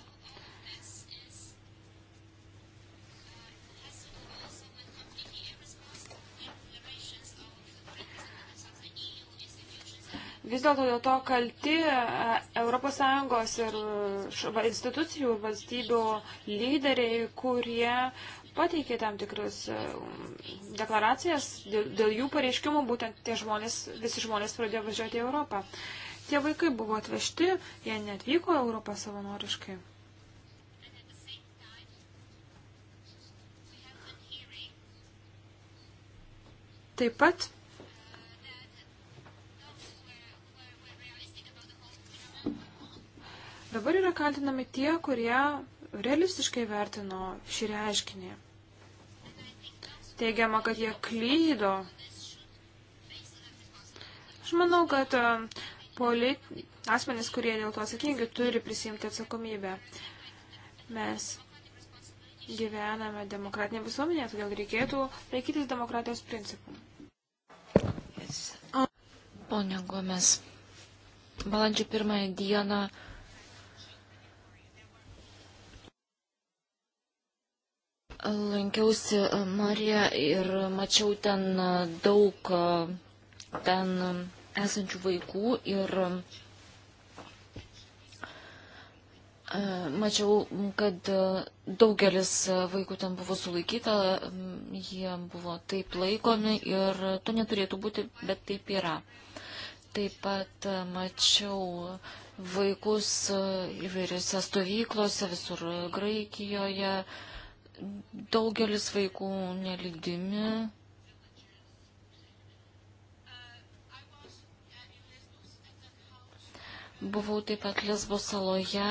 Vis dėlto dėl to kalti ES ir institucijų ir valstybių lyderiai, kurie pateikė tam tikras e, deklaracijas, dėl, dėl jų pareiškimų būtent tie žmonės, visi žmonės pradėjo važiuoti į Europą. Tie vaikai buvo atvežti, jie netvyko į Europą savanoriškai. Taip pat Dabar yra kaltinami tie, kurie realistiškai vertino šį reiškinį. Teigiama, kad jie klydo. Aš manau, kad e, polit... asmenys, kurie dėl to atsakingi, turi prisimti atsakomybę. Mes gyvename demokratinė visuomenė, todėl reikėtų laikytis demokratijos principų. Yes. Pone Gomes, balandžio pirmąją dieną Lankiausi e, Marija ir mačiau ten e, daug e, ten esančių vaikų ir mačiau, kad daugelis vaikų ten buvo sulaikyta, jie buvo taip laikomi ir to neturėtų būti, bet taip yra. Taip pat mačiau vaikus įvairiose stovyklose, visur Graikijoje, Daugelis vaikų nelydimi. Buvau taip pat Lesbo saloje,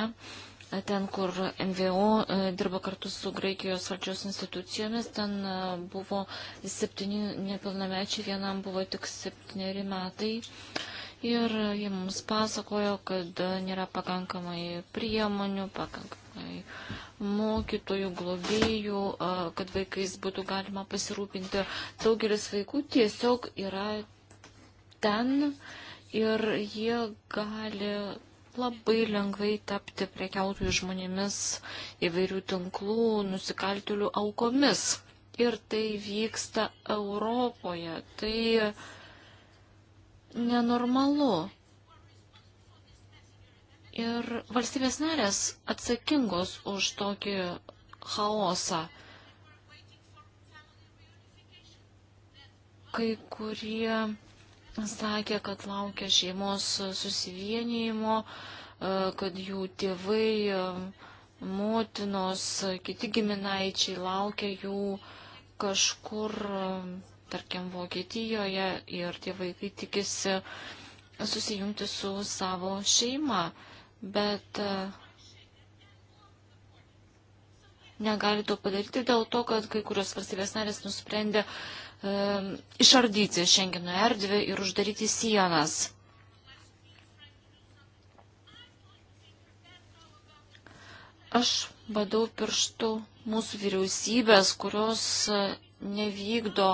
ten, kur NVO e, dirba kartu su Graikijos valdžios institucijomis. Ten e, buvo septyni nepilnamečiai, vienam buvo tik septyneri metai. Ir e, jie mums pasakojo, kad nėra pakankamai priemonių, pakankamai mokytojų, globėjų, kad vaikais būtų galima pasirūpinti. Daugelis vaikų tiesiog yra ten ir jie gali labai lengvai tapti prekiautojų žmonėmis įvairių tinklų, nusikaltėlių aukomis. Ir tai vyksta Europoje. Tai nenormalu. Ir valstybės narės atsakingos už tokį chaosą. Kai kurie sakė, kad laukia šeimos susivienijimo, e, kad jų tėvai, e, motinos, kiti giminaičiai laukia jų kažkur, e, tarkim, Vokietijoje ir tie vaikai tikisi susijungti su savo šeima bet e, negali to padaryti dėl to, kad kai kurios valstybės narės nusprendė e, išardyti Šengeno erdvę ir uždaryti sienas. Aš badau pirštų mūsų vyriausybės, kurios e, nevykdo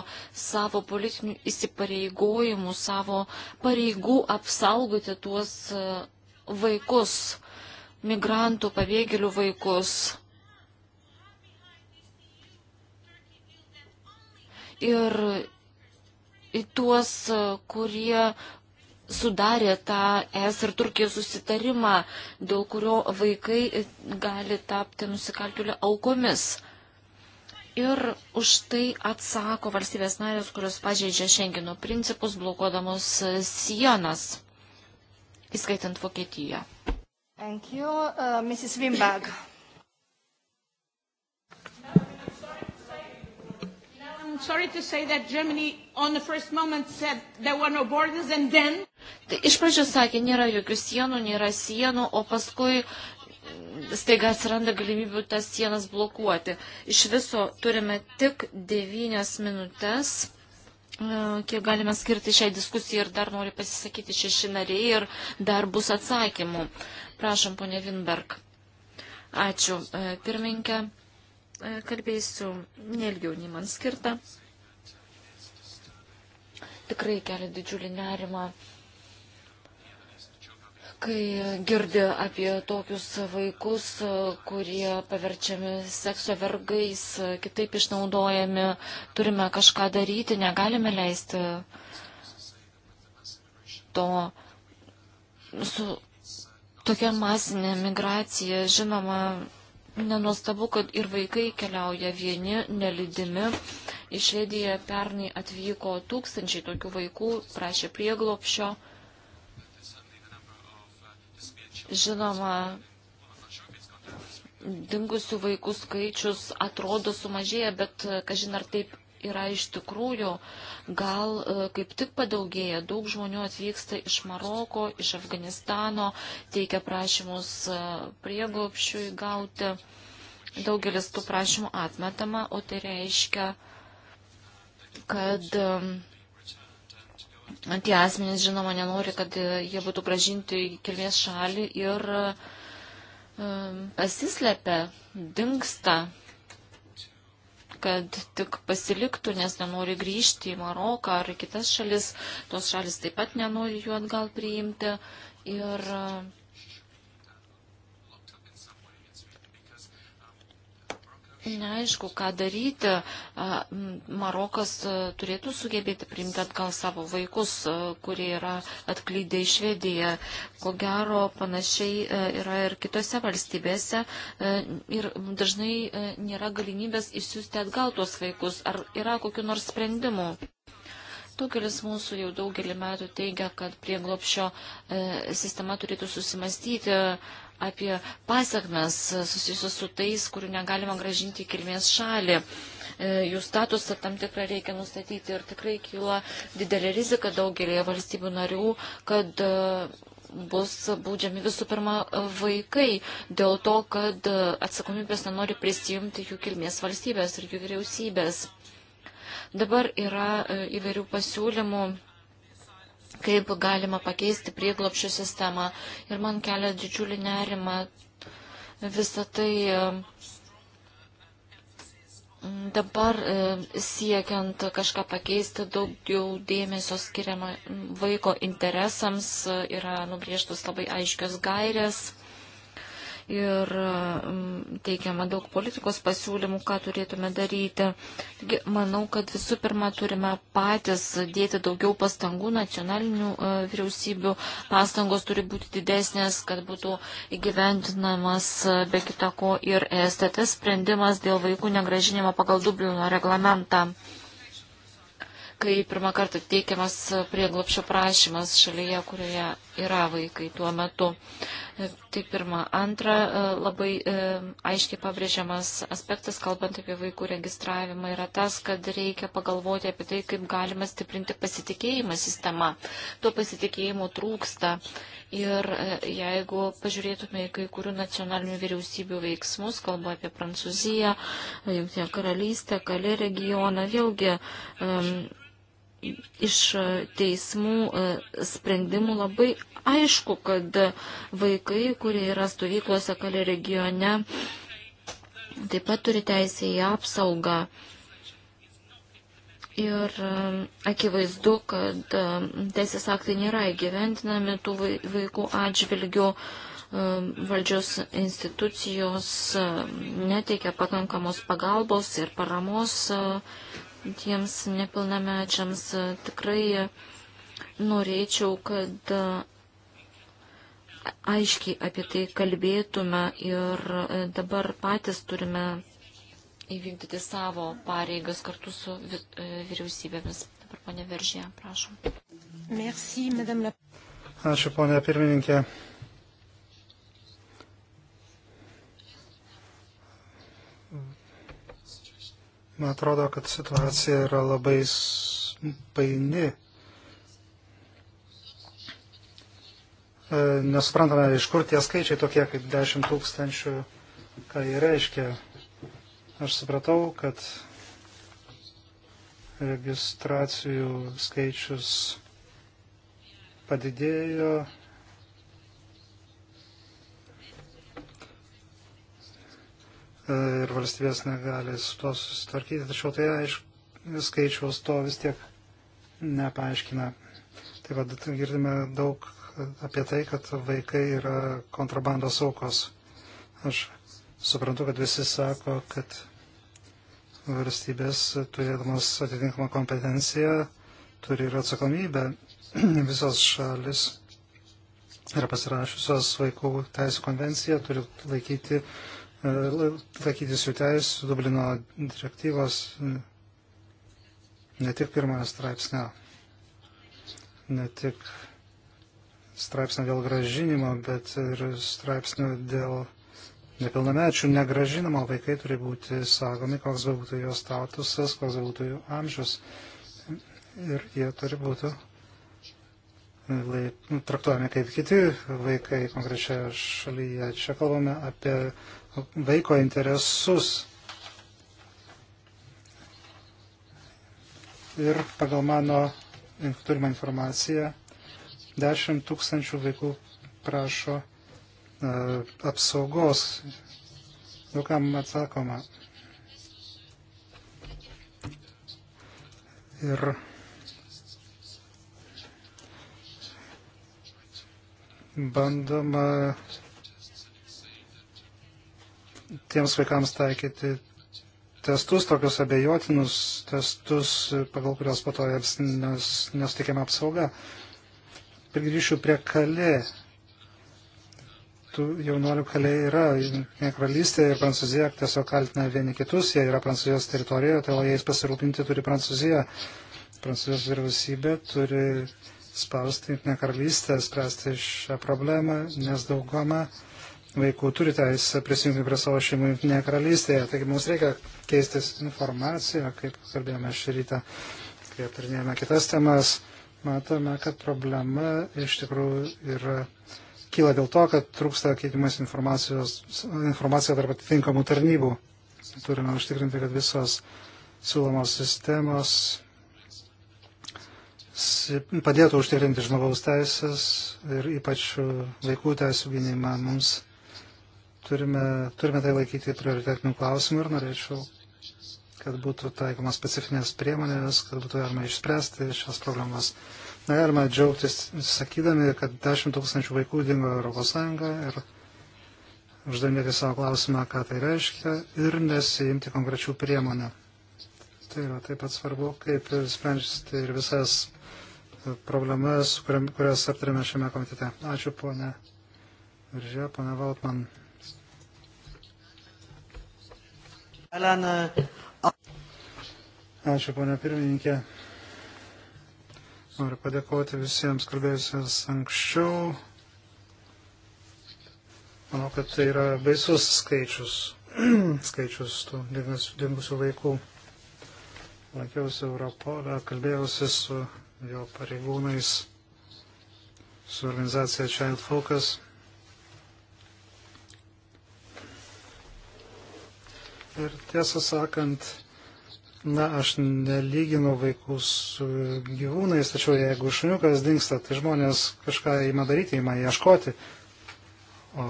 savo politinių įsipareigojimų, savo pareigų apsaugoti tuos e, vaikus, migrantų, pabėgėlių vaikus. Ir į tuos, kurie sudarė tą ES ir Turkijos susitarimą, dėl kurio vaikai gali tapti nusikaltėlių aukomis. Ir už tai atsako valstybės narės, kurios pažeidžia Šengino principus, blokuodamos sienas įskaitant Vokietiją. Thank you, uh, Mrs. Wimberg. I'm sorry to say that Germany on the first moment said there were no borders and then... Tai iš pradžių sakė, nėra jokių sienų, nėra sienų, o paskui staiga atsiranda galimybių tas sienas blokuoti. Iš viso turime tik devynias minutės E, kiek galime skirti šiai diskusijai ir dar nori pasisakyti šeši nariai ir dar bus atsakymų. Prašom, ponė Vinberg. Ačiū, e, pirmininkė. E, kalbėsiu nelgiau nei man skirta. Tikrai kelia didžiulį nerimą kai girdi apie tokius vaikus, kurie paverčiami sekso vergais, kitaip išnaudojami, turime kažką daryti, negalime leisti to su tokia masinė migracija. Žinoma, nenuostabu, kad ir vaikai keliauja vieni, nelydimi. Iš Švediją pernai atvyko tūkstančiai tokių vaikų, prašė prieglopšio. Žinoma, dingusių vaikų skaičius atrodo sumažėja, bet e, kažin ar taip yra iš tikrųjų, gal e, kaip tik padaugėja. Daug žmonių atvyksta iš Maroko, iš Afganistano, teikia prašymus e, prieglopšiui gauti. Daugelis tų prašymų atmetama, o tai reiškia, kad um, Tie asmenys, žinoma, nenori, kad e, jie būtų gražinti į kilmės šalį ir e, pasislepia, dinksta, kad tik pasiliktų, nes nenori grįžti į Maroką ar kitas šalis. Tos šalis taip pat nenori jų atgal priimti. Ir uh, Neaišku, ką daryti. Marokas turėtų sugebėti priimti atgal savo vaikus, kurie yra atklydę į Švediją. Ko gero, panašiai yra ir kitose valstybėse. Ir dažnai nėra galimybės išsiųsti atgal tuos vaikus. Ar yra kokiu nors sprendimu? Daugelis mūsų jau daugelį metų teigia, kad prieglopšio e, sistema turėtų susimastyti apie pasiekmes susijusius su tais, kurių negalima gražinti į kilmės šalį. E, jų statusą tam tikrą reikia nustatyti ir tikrai kyla didelė rizika daugelėje valstybių narių, kad e, bus baudžiami visų pirma vaikai dėl to, kad e, atsakomybės nenori prisijimti jų kilmės valstybės ir jų vyriausybės. Dabar yra įvairių pasiūlymų kaip galima pakeisti prieglopšio sistemą. Ir man kelia didžiulį nerimą visą tai Dabar siekiant kažką pakeisti, daugiau dėmesio skiriama vaiko interesams, yra nubriežtos labai aiškios gairės ir mm, teikiama daug politikos pasiūlymų, ką turėtume daryti. Taigi, manau, kad visų pirma turime patys dėti daugiau pastangų, nacionalinių e, vyriausybių pastangos turi būti didesnės, kad būtų įgyventinamas e, be kitako ir STT sprendimas dėl vaikų negražinimo pagal Dublino reglamentą kai pirmą kartą teikiamas prieglopšio prašymas šalyje, kurioje yra vaikai tuo metu. Uh, Tai pirma. Antra, e, labai e, aiškiai pabrėžiamas aspektas, kalbant apie vaikų registravimą, yra tas, kad reikia pagalvoti apie tai, kaip galima stiprinti pasitikėjimą sistema. Tuo pasitikėjimu trūksta. Ir e, jeigu pažiūrėtume į kai kurių nacionalinių vyriausybių veiksmus, kalba apie Prancūziją, Junktinę karalystę, Kalė regioną, vėlgi um, iš teismų e, sprendimų labai aišku, kad vaikai, kurie yra stovyklose kalė regione, taip pat turi teisę į apsaugą. Ir e, akivaizdu, kad e, teisės aktai nėra įgyventinami tų vaikų atžvilgių valdžios institucijos neteikia pakankamos pagalbos ir paramos tiems nepilnamečiams. Tikrai norėčiau, kad aiškiai apie tai kalbėtume ir dabar patys turime įvykdyti savo pareigas kartu su e, vyriausybėmis. Dabar ponė Veržė, prašom. Merci, madame la... Ačiū, ponė pirmininkė. Man atrodo, kad situacija yra labai paini. E, nesuprantame, iš kur tie skaičiai tokie kaip 10 tūkstančių, ką jie reiškia. Aš supratau, kad registracijų skaičius padidėjo ir valstybės negali su to susitvarkyti, tačiau tai aišku, skaičiaus to vis tiek nepaaiškina. Taip pat girdime daug apie tai, kad vaikai yra kontrabandos aukos. Aš suprantu, kad visi sako, kad valstybės, turėdamas atitinkamą kompetenciją, turi ir atsakomybę. Visos šalis yra pasirašusios vaikų teisų konvenciją, turi laikyti uh, laikytis jų teisų Dublino direktyvos ne tik pirmojo straipsnio, ne tik straipsnio dėl gražinimo, bet ir straipsnio dėl nepilnamečių negražinimo. Vaikai turi būti saugomi, koks būtų jo statusas, koks būtų jų amžius. Ir jie turi būti e, traktuojami kaip kiti vaikai konkrečioje šalyje. Čia kalbame apie vaiko interesus. Ir pagal mano turimą informaciją, 10 tūkstančių vaikų prašo uh, apsaugos. Daugam atsakoma. Ir bandoma tiems vaikams taikyti testus, tokius abejotinus testus, pagal kurios po to jiems nes, nesutikėme apsauga. Prigrįšiu prie kalė. Tų jaunolių kalė yra karalystė ir Prancūzija tiesiog kaltina vieni kitus, jie yra Prancūzijos teritorijoje, tai o jais pasirūpinti turi Prancūzija. Prancūzijos vyriausybė turi spausti Junktinę karalystę, spręsti šią problemą, nes daugama vaikų turi teisę prisijungti prie savo šeimų Junktinėje karalystėje. Taigi mums reikia keistis informaciją, kaip kalbėjome šį rytą, kai aptarinėjome kitas temas. Matome, kad problema iš tikrųjų yra kyla dėl to, kad trūksta keitimas informacija tarp atitinkamų tarnybų. Turime užtikrinti, kad visos siūlomos sistemos padėtų užtikrinti žmogaus teisės ir ypač vaikų teisų gynimą. Mums turime, turime tai laikyti prioritetinių klausimų ir norėčiau, kad būtų taikomas specifinės priemonės, kad būtų galima išspręsti šias problemas. Negalima džiaugtis sakydami, kad 10 tūkstančių vaikų dingo Europos Sąjungą ir uždavinėti savo klausimą, ką tai reiškia ir nesijimti konkrečių priemonių. Tai yra taip pat svarbu, kaip sprendžiasi ir visas problemas, kurias aptarėme šiame komitete. Ačiū, ponė Viržė, ponė Valtman. Uh, Ačiū, ponia pirmininkė. Noriu padėkoti visiems kalbėjusiams anksčiau. Manau, kad tai yra baisus skaičius, skaičius tų dingusių vaikų. Lankiausi Europolę, kalbėjausi su jo pareigūnais, su organizacija Child Focus. Ir tiesą sakant, na, aš nelyginu vaikus su gyvūnais, tačiau jeigu šuniukas dinksta, tai žmonės kažką įma daryti, įma ieškoti. O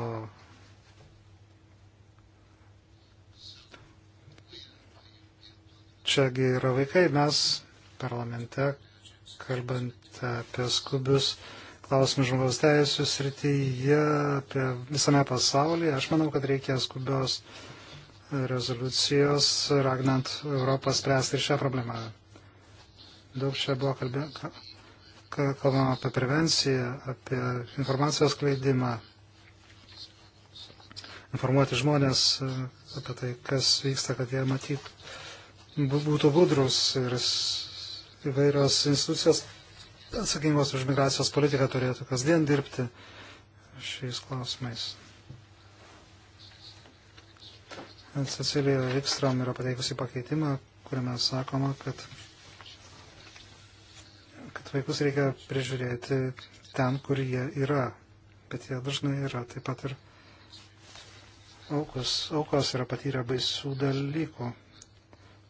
čiagi yra vaikai, mes parlamente, kalbant apie skubius klausimus žmogaus teisų srityje, apie visame pasaulyje, aš manau, kad reikia skubios rezoliucijos, ragnant Europą spręsti ir šią problemą. Daug čia buvo kalbė, kalbama apie prevenciją, apie informacijos klaidimą, informuoti žmonės e, apie tai, kas vyksta, kad jie matytų, būtų budrus ir įvairios institucijos atsakingos už migracijos politiką turėtų kasdien dirbti šiais klausimais. Cecilija Vikstrom yra pateikusi pakeitimą, kuriame sakoma, kad, kad vaikus reikia prižiūrėti ten, kur jie yra. Bet jie dažnai yra taip pat ir aukos, aukos yra patyrę baisų dalykų.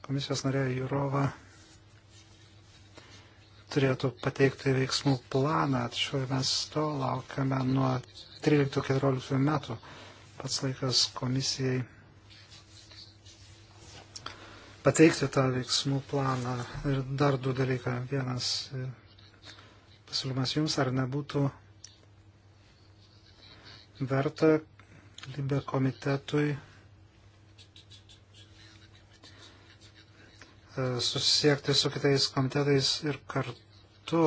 Komisijos narė Jurova turėtų pateikti veiksmų planą, tačiau mes to laukiame nuo 13-14 metų. Pats laikas komisijai pateikti tą veiksmų planą. Ir dar du dalykai. Vienas e, pasiūlymas jums, ar nebūtų verta Libė komitetui e, susisiekti su kitais komitetais ir kartu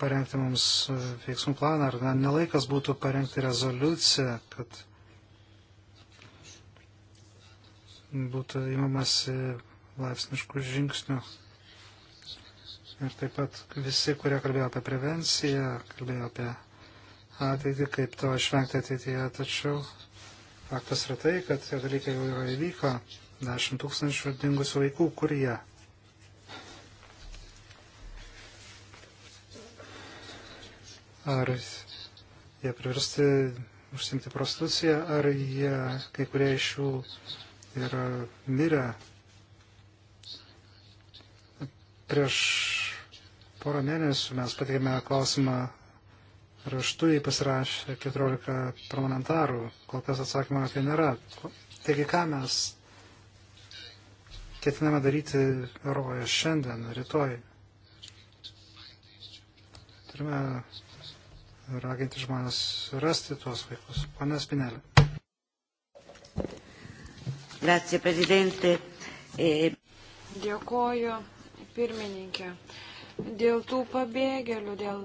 parengti mums veiksmų planą, ar nelaikas būtų parengti rezoliuciją, kad būtų įmamasi laipsniškų žingsnių. Ir taip pat visi, kurie kalbėjo apie prevenciją, kalbėjo apie ateitį, kaip to išvengti ateityje, tačiau faktas yra tai, kad tie dalykai jau yra įvyko. 10 tūkstančių dingusių vaikų, kur jie? Ar jie priversti užsimti prostituciją, ar jie, kai kurie iš jų yra mirę prieš porą mėnesių mes pateikėme klausimą raštu, jį pasirašė 14 parlamentarų, kol kas atsakymą apie tai nėra. Taigi ką mes ketiname daryti Europoje šiandien, rytoj? Turime raginti žmonės rasti tuos vaikus. Pane Spinelė. Grazie, prezidente. E... Dėkoju, pirmininkė. Dėl tų pabėgėlių, dėl,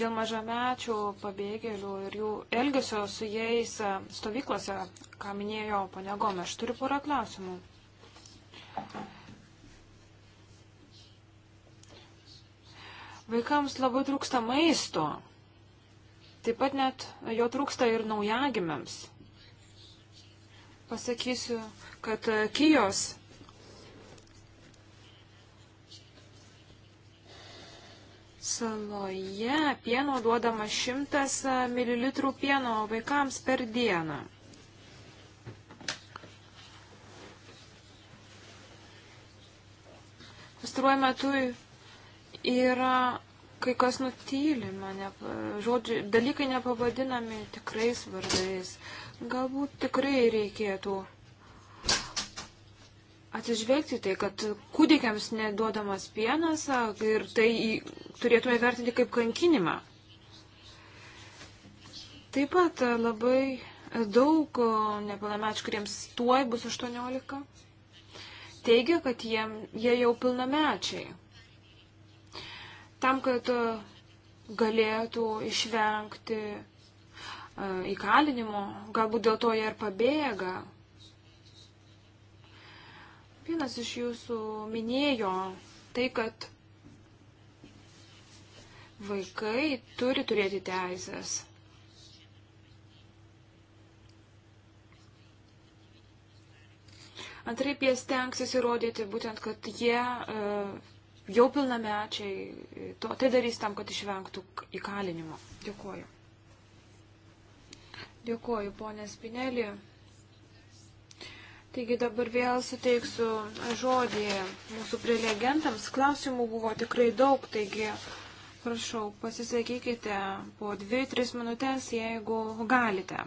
dėl mažamečių pabėgėlių ir jų elgesio su jais e, stovyklose, ką minėjo pane Gomeš, turiu porą klausimų. Vaikams labai trūksta maisto. Taip pat net jo trūksta ir naujagimiams pasakysiu, kad e, Kijos saloje pieno duodama 100 e, ml pieno vaikams per dieną. Pastaruoju metu yra kai kas nutylima, ne, žodžiu, dalykai nepavadinami tikrais vardais. Uh, Galbūt tikrai reikėtų atsižvelgti tai, kad kūdikiams neduodamas pienas ir tai turėtume vertinti kaip kankinimą. Taip pat labai daug nepilnamečių, kuriems tuoj bus 18, teigia, kad jie, jie jau pilnamečiai. Tam, kad galėtų išvengti E, įkalinimo, galbūt dėl to jie ir pabėga. Vienas iš jūsų minėjo tai, kad vaikai turi turėti teisės. Antraip jie stengsis įrodyti būtent, kad jie e, jau pilnamečiai, to, tai darys tam, kad išvengtų įkalinimo. Dėkuoju. Dėkuoju, ponė Spinelį. Taigi dabar vėl suteiksiu žodį mūsų prelegentams. Klausimų buvo tikrai daug, taigi prašau, pasisakykite po 2-3 minutės, jeigu galite.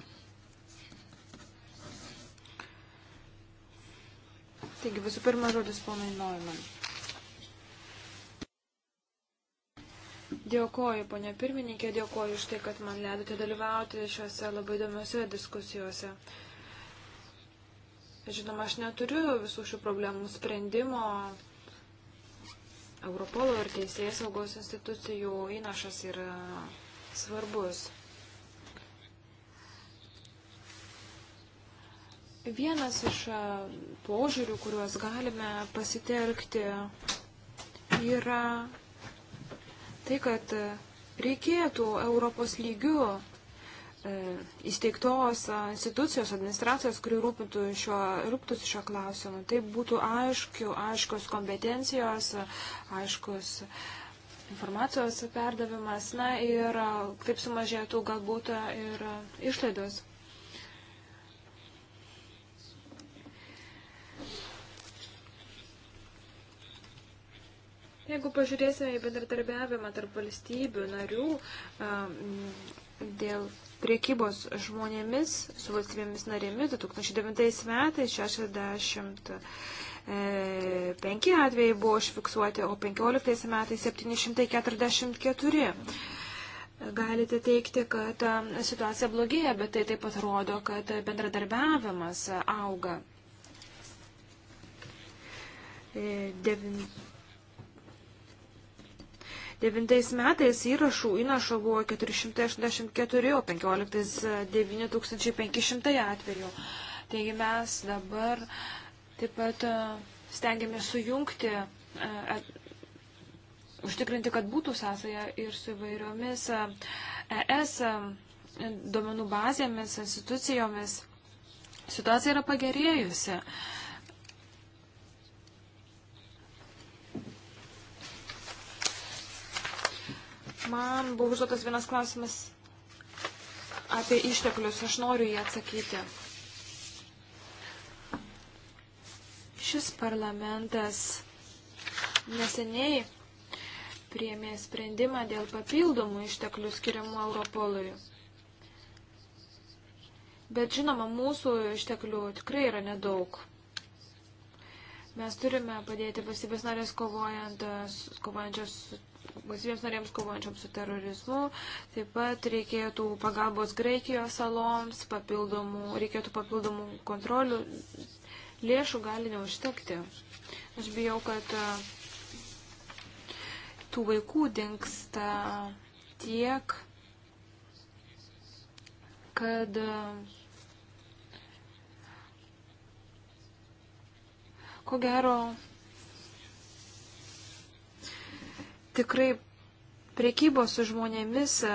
Taigi visų pirma žodis ponui Neumann. Dėkoju, ponė pirmininkė, dėkoju už tai, kad man leidote dalyvauti šiuose labai įdomiuose diskusijose. Žinoma, aš neturiu visų šių problemų sprendimo. Europolo ir teisėjai saugos institucijų įnašas yra svarbus. Vienas iš e, požiūrių, kuriuos galime pasitelkti, yra tai, kad e, reikėtų Europos lygių e, įsteigtos institucijos, administracijos, kuri rūpintųsi šio, rūpintųsi šio klausimu. Tai būtų aiškių, aiškios kompetencijos, aiškus informacijos perdavimas, na ir taip sumažėtų galbūt ir išlaidos. Jeigu pažiūrėsime į bendradarbiavimą tarp valstybių narių dėl priekybos žmonėmis su valstybėmis narėmis 2009 metais 65 e, atvejai buvo užfiksuoti, o 15 metais 744. Galite teikti, kad situacija blogėja, bet tai taip pat rodo, kad bendradarbiavimas auga. E, devin... 2009 metais įrašų įnašo buvo 484, o 15 9500 atvejų. Taigi mes dabar taip pat e, stengiamės sujungti, e, at, užtikrinti, kad būtų sąsaja ir su įvairiomis ES e duomenų bazėmis, institucijomis. Situacija yra pagerėjusi. Man buvo užduotas vienas klausimas apie išteklius. Aš noriu jį atsakyti. Šis parlamentas neseniai priėmė sprendimą dėl papildomų išteklių skiriamų Europolui. Bet žinoma, mūsų išteklių tikrai yra nedaug. Mes turime padėti valstybės narės kovojant, kovojančios valstybėms norėms kovojančioms su terorizmu. Taip pat reikėtų pagalbos Graikijos saloms, papildomų, reikėtų papildomų kontrolių. Lėšų gali neužtekti. Aš bijau, kad e, tų vaikų dinksta tiek, kad e, ko gero tikrai priekybos su žmonėmis e,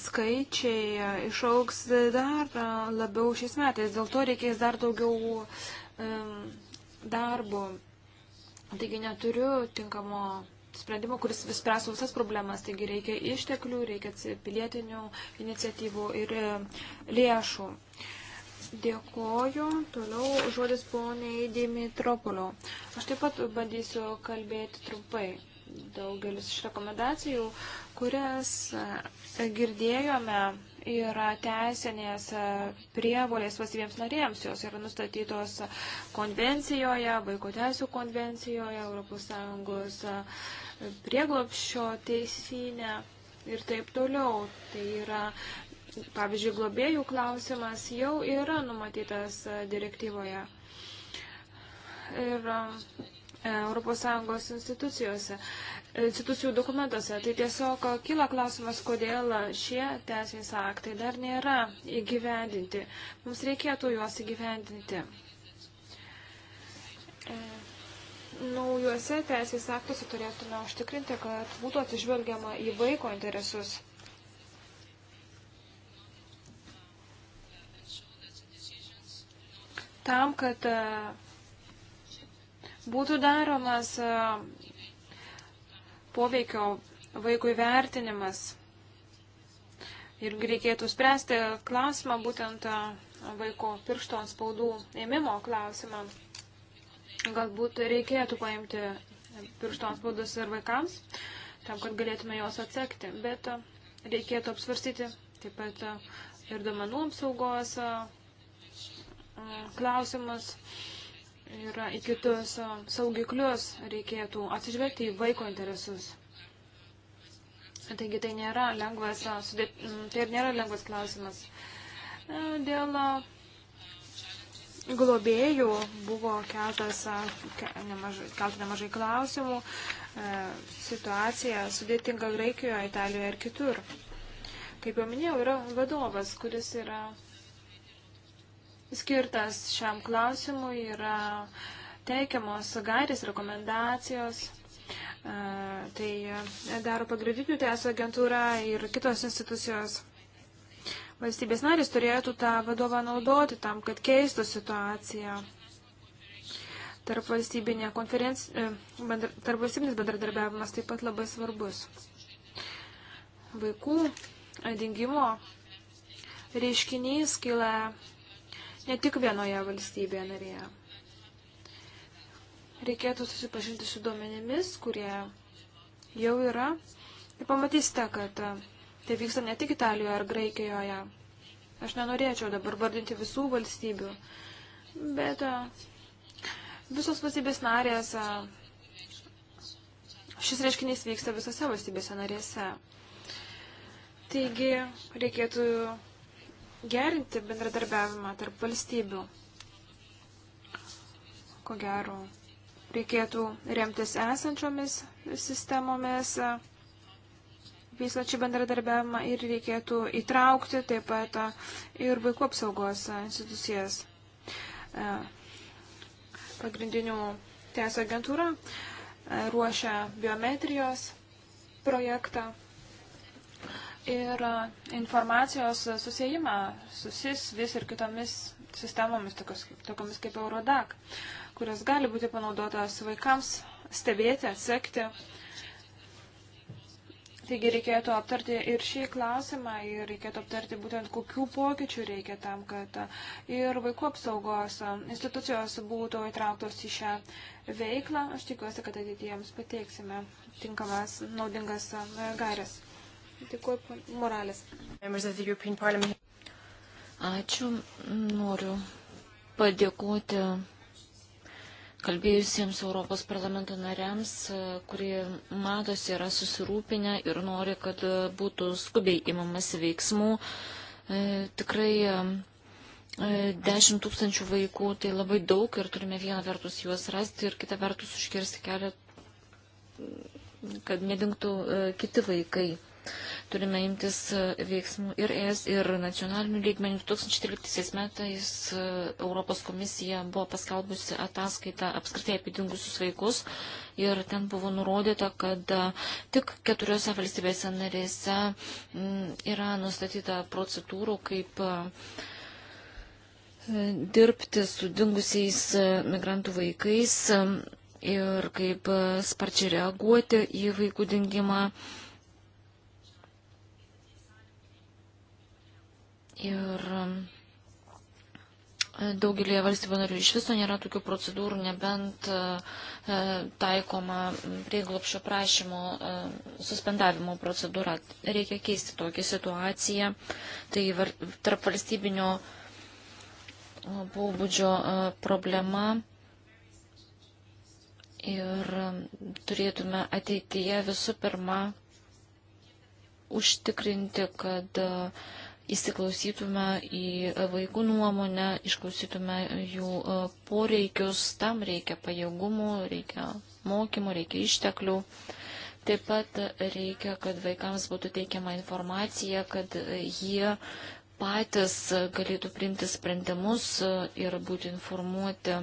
skaičiai e, išauks dar e, labiau šiais metais, dėl to reikės dar daugiau darbo. Taigi neturiu tinkamo sprendimo, kuris spręsų visas problemas. Taigi reikia išteklių, reikia pilietinių iniciatyvų ir lėšų. Dėkoju. Toliau žodis poniai Dimitropolio. Aš taip pat bandysiu kalbėti trumpai. Daugelis iš rekomendacijų, kurias e, girdėjome, yra teisinės e, prievolės valstybėms narėms. Jos yra nustatytos konvencijoje, vaiko teisų konvencijoje, ES e, prieglopščio teisinė ir taip toliau. Tai yra, pavyzdžiui, globėjų klausimas jau yra numatytas direktyvoje. Ir ES institucijose, institucijų dokumentuose. Tai tiesiog kyla klausimas, kodėl šie teisės aktai dar nėra įgyvendinti. Mums reikėtų juos įgyvendinti. E, naujuose teisės aktuose turėtume užtikrinti, kad būtų atsižvelgiama į vaiko interesus. Tam, kad e, būtų daromas e, poveikio vaikų vertinimas. Ir reikėtų spręsti klausimą būtent e, vaiko piršto spaudų ėmimo klausimą. Galbūt reikėtų paimti piršto spaudus ir vaikams, tam, kad galėtume juos atsekti. Bet e, reikėtų apsvarstyti taip pat ir domenų apsaugos klausimus. Uh, ir į kitus saugiklius reikėtų atsižvelgti į vaiko interesus. Taigi tai nėra lengvas, sudėt, tai ir nėra lengvas klausimas. E, dėl globėjų buvo keltas nemažai, keltų nemažai klausimų. E, situacija sudėtinga Graikijoje, Italijoje ir kitur. Kaip jau minėjau, yra vadovas, kuris yra skirtas šiam klausimui yra teikiamos gairės rekomendacijos. Tai daro pagrindinių teisų agentūra ir kitos institucijos. Valstybės narys turėtų tą vadovą naudoti tam, kad keistų situaciją. Tarp, konferenci... E, bendra... tarp valstybinis bendradarbiavimas taip pat labai svarbus. Vaikų dingimo reiškinys kyla ne tik vienoje valstybėje narėje. Reikėtų susipažinti su duomenimis, kurie jau yra. Ir pamatysite, kad e, tai vyksta ne tik Italijoje ar Graikijoje. Aš nenorėčiau dabar vardinti visų valstybių, bet e, visos valstybės narės e, šis reiškinys vyksta visose valstybėse narėse. Taigi reikėtų gerinti bendradarbiavimą tarp valstybių. Ko gero, reikėtų remtis esančiomis sistemomis, e, vysločių bendradarbiavimą ir reikėtų įtraukti taip pat e, ir vaikų apsaugos institucijas. E, pagrindinių teisų agentūra ruošia biometrijos projektą ir e, informacijos susijimą susis vis ir kitomis sistemomis, tokiamis kaip Eurodac, kurios gali būti panaudotos vaikams stebėti, atsekti. Taigi reikėtų aptarti ir šį klausimą ir reikėtų aptarti būtent kokių pokyčių reikia tam, kad e, ir vaikų apsaugos institucijos būtų įtrauktos į šią veiklą. Aš tikiuosi, kad ateityje jums pateiksime tinkamas naudingas e, gairias. Dėkuoju, Moralės. Ačiū. Noriu padėkoti kalbėjusiems Europos parlamento nariams, kurie matosi yra susirūpinę ir nori, kad būtų skubiai imamas veiksmų. E, tikrai e, 10 tūkstančių vaikų tai labai daug ir turime vieną vertus juos rasti ir kitą vertus užkirsti kelią, kad nedingtų e, kiti vaikai. Turime imtis e, veiksmų ir ES, ir nacionalinių lygmenių. 2013 metais e, Europos komisija buvo paskelbusi ataskaitą apskritai apie dingusius vaikus ir ten buvo nurodyta, kad e, tik keturiose valstybėse narėse yra nustatyta procedūrų kaip dirbti su dingusiais migrantų vaikais ir kaip sparčiai reaguoti į vaikų dingimą. Ir um, daugelį valstybių narių iš viso nėra tokių procedūrų, nebent uh, uh, taikoma prieglopšio prašymo uh, suspendavimo procedūra. Reikia keisti tokią situaciją. Tai tarp valstybinio pobūdžio problema ir um, turėtume ateityje visų pirma užtikrinti, kad uh, įsiklausytume į e, vaikų nuomonę, išklausytume jų e, poreikius, tam reikia pajėgumų, reikia mokymų, reikia išteklių. Taip pat reikia, kad vaikams būtų teikiama informacija, kad jie patys galėtų priimti sprendimus e, ir būti informuoti,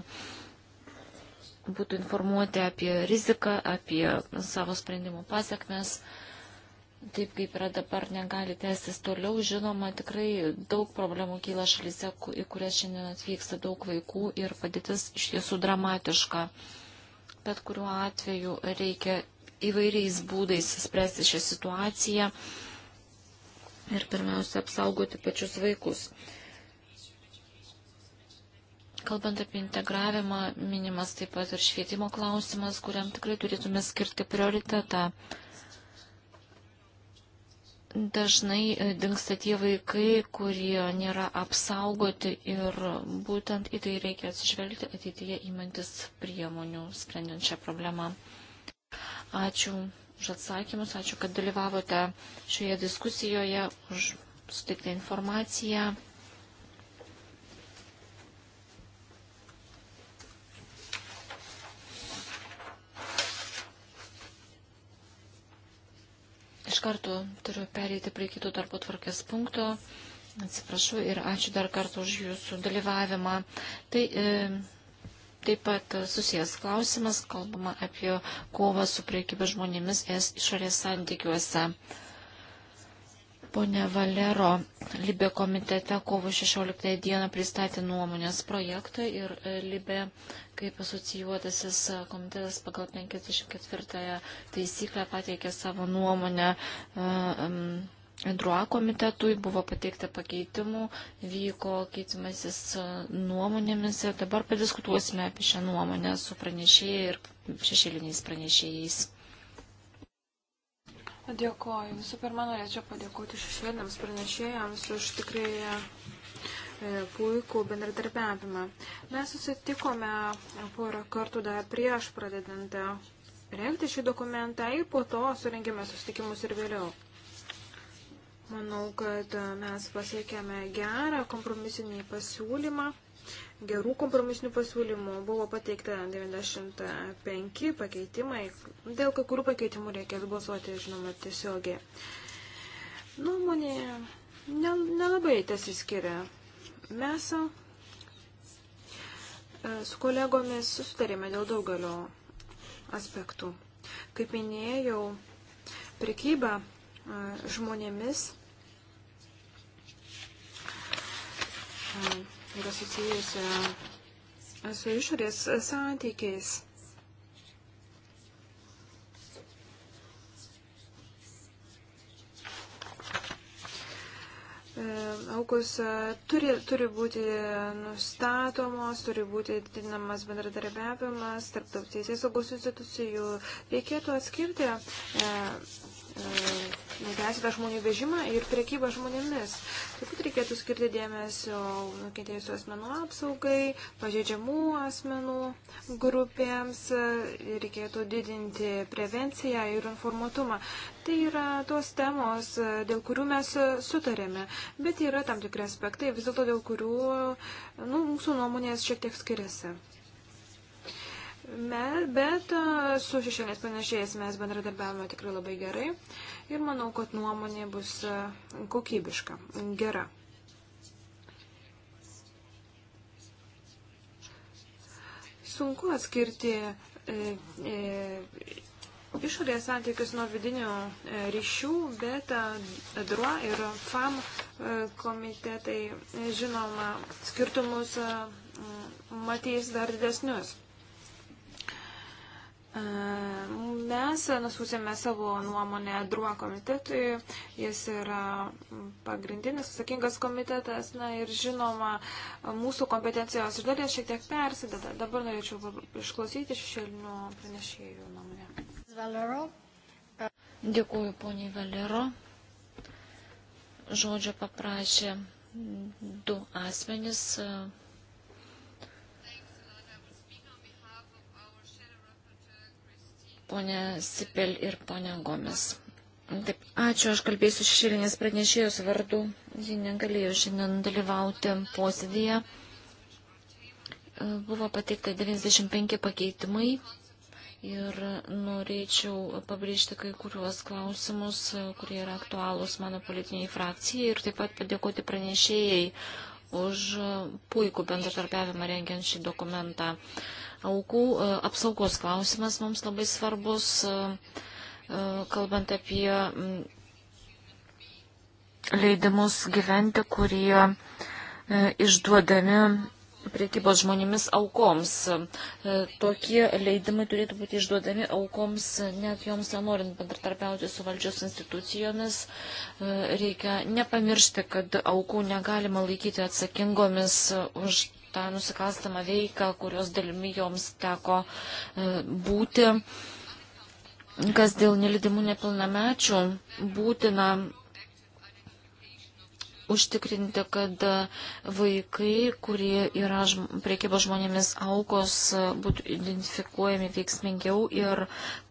būtų informuoti apie riziką, apie savo sprendimų pasiekmes taip kaip yra dabar, negali tęstis toliau. Žinoma, tikrai daug problemų kyla šalyse, į kurias šiandien atvyksta daug vaikų ir padėtis iš tiesų dramatiška. Bet kuriuo atveju reikia įvairiais būdais spręsti šią situaciją ir pirmiausia apsaugoti pačius vaikus. Kalbant apie integravimą, minimas taip pat ir švietimo klausimas, kuriam tikrai turėtume skirti prioritetą dažnai e, dinksta tie vaikai, kurie nėra apsaugoti ir būtent į tai reikia atsižvelgti ateityje įmantis priemonių sprendžiant šią problemą. Ačiū už atsakymus, ačiū, kad dalyvavote šioje diskusijoje, už suteiktą informaciją. karto turiu pereiti prie kito darbo tvarkės punkto. Atsiprašau ir ačiū dar kartą už jūsų dalyvavimą. Tai e, taip pat susijęs klausimas, kalbama apie kovą su priekybė žmonėmis es išorės santykiuose. E, Pone Valero, Libė komitete kovo 16 dieną pristatė nuomonės projektą ir e, Libė kaip asocijuotasis komitetas pagal 54 taisyklę pateikė savo nuomonę. E, Druo komitetui buvo pateikta pakeitimų, vyko keitimasis e, nuomonėmis ir dabar padiskutuosime apie šią nuomonę su pranešėjai ir šešėliniais pranešėjais. Dėkoju. Visų pirma, norėčiau padėkoti šešėlėms pranešėjams už tikrai e, puikų bendradarbiavimą. Mes susitikome porą kartų dar prieš pradedant rengti šį dokumentą ir po to surengėme susitikimus ir vėliau. Manau, kad mes pasiekėme gerą kompromisinį pasiūlymą gerų kompromisinių pasiūlymų. Buvo pateikta 95 pakeitimai. Dėl kai kurių pakeitimų reikės balsuoti, žinoma, tiesiogiai. Nuomonė nelabai ne tesiskiria. Mes e, su kolegomis susitarėme dėl daugelio aspektų. Kaip minėjau, prekyba e, žmonėmis e, yra susijusi e, su išorės e, santykiais. E, aukos turi, turi būti nustatomos, turi būti didinamas bendradarbiavimas tarp teisės saugos institucijų. Reikėtų atskirti e, e, teisėtą žmonių vežimą ir priekybą žmonėmis. Taip pat reikėtų skirti dėmesio nukentėjusių asmenų apsaugai, pažeidžiamų asmenų grupėms, reikėtų didinti prevenciją ir informatumą. Tai yra tos temos, dėl kurių mes sutarėme, bet yra tam tikri aspektai, vis dėlto dėl kurių nu, mūsų nuomonės šiek tiek skiriasi. Me, bet e, su šešėlės panašiais mes bendradarbiavome tikrai labai gerai ir manau, kad nuomonė bus e, kokybiška, gera. Sunku atskirti e, e, išorės santykius nuo vidinių e, ryšių, bet DRUA ir FAM komitetai, žinoma, skirtumus matys dar didesnius. Mes nusiūsėme savo nuomonę druo komitetui, jis yra pagrindinis atsakingas komitetas, na ir žinoma, mūsų kompetencijos iš dalies šiek tiek persideda. Dabar norėčiau išklausyti šešėlinių pranešėjų nuomonę. Valero. Dėkuoju poniai Valero. Žodžio paprašė du asmenys, ponė Sipel ir ponė Gomes. Taip, ačiū, aš kalbėsiu šešėlinės pranešėjos vardu. Ji negalėjo šiandien dalyvauti posėdėje. E, buvo pateikta 95 pakeitimai ir norėčiau pabrėžti kai kuriuos klausimus, e, kurie yra aktualūs mano politiniai frakcijai ir taip pat padėkoti pranešėjai už puikų bendratarpiavimą rengiant šį dokumentą. Aukų e, apsaugos klausimas mums labai svarbus, e, e, kalbant apie mm, leidimus gyventi, kurie išduodami priekybos žmonėmis aukoms. Tokie leidimai turėtų būti išduodami aukoms, net joms nenorint bendratarpiauti su valdžios institucijomis. Reikia nepamiršti, kad aukų negalima laikyti atsakingomis už tą nusikalstamą veiką, kurios dalimi joms teko e, būti. Kas dėl nelidimų nepilnamečių, būtina užtikrinti, kad vaikai, kurie yra priekybos žmonėmis aukos, būtų identifikuojami veiksmingiau ir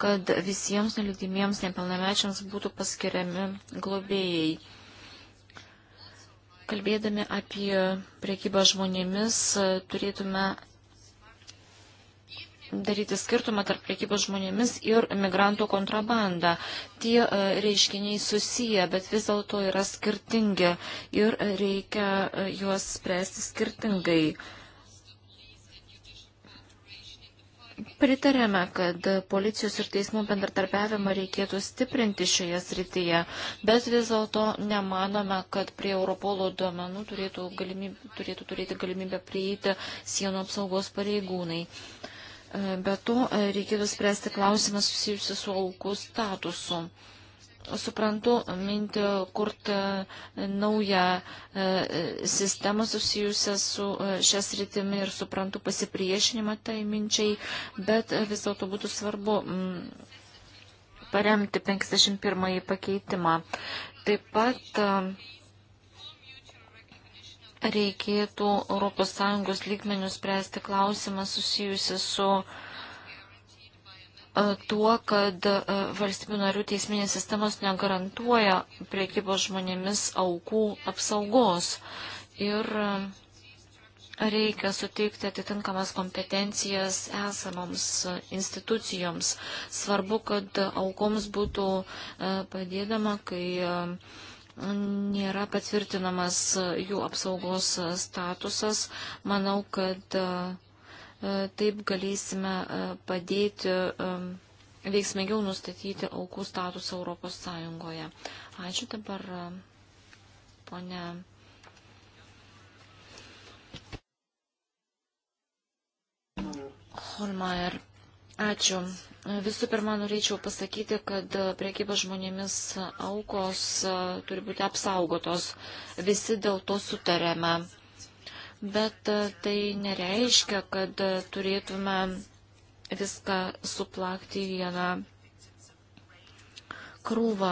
kad visiems nelydimiems nepilnamečiams būtų paskiriami globėjai. Kalbėdami apie priekybą žmonėmis, turėtume daryti skirtumą tarp priekybos žmonėmis ir migrantų kontrabandą. Tie e, reiškiniai susiję, bet vis dėlto yra skirtingi ir reikia e, juos spręsti skirtingai. Pritarėme, kad policijos ir teismų bendradarbiavimą reikėtų stiprinti šioje srityje, bet vis dėlto nemanome, kad prie Europolo duomenų turėtų, galimybę, turėtų turėti galimybę prieiti sienų apsaugos pareigūnai. E, be to, e, reikėtų spręsti klausimą susijusiu su aukų statusu suprantu mintį kurti e, naują e, sistemą susijusią su e, šias rytimi ir suprantu pasipriešinimą tai minčiai, bet vis dėlto būtų svarbu mm, paremti 51 pakeitimą. Taip pat reikėtų ES lygmenių spręsti klausimą susijusią su uh, tuo, kad valstybių narių teisminės sistemos negarantuoja priekybos žmonėmis aukų apsaugos. Ir reikia suteikti atitinkamas kompetencijas esamoms institucijoms. Svarbu, kad aukoms būtų padėdama, kai nėra patvirtinamas jų apsaugos statusas. Manau, kad E, taip galėsime e, padėti e, veiksmingiau nustatyti aukų statusą Europos Sąjungoje. Ačiū dabar, ponė. Holmeier, ačiū. Visų pirma, norėčiau pasakyti, kad priekyba žmonėmis aukos turi būti apsaugotos. Visi dėl to sutarėme bet e, tai nereiškia, kad e, turėtume viską suplakti į vieną krūvą.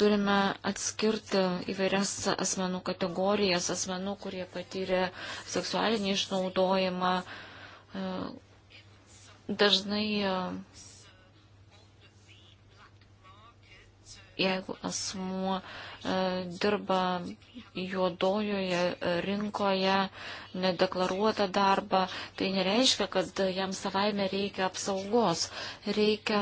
Turime atskirti įvairias asmenų kategorijas, asmenų, kurie patyrė seksualinį išnaudojimą. E, dažnai jeigu asmuo e, dirba juodojoje rinkoje, nedeklaruotą darbą, tai nereiškia, kad jam savaime reikia apsaugos. Reikia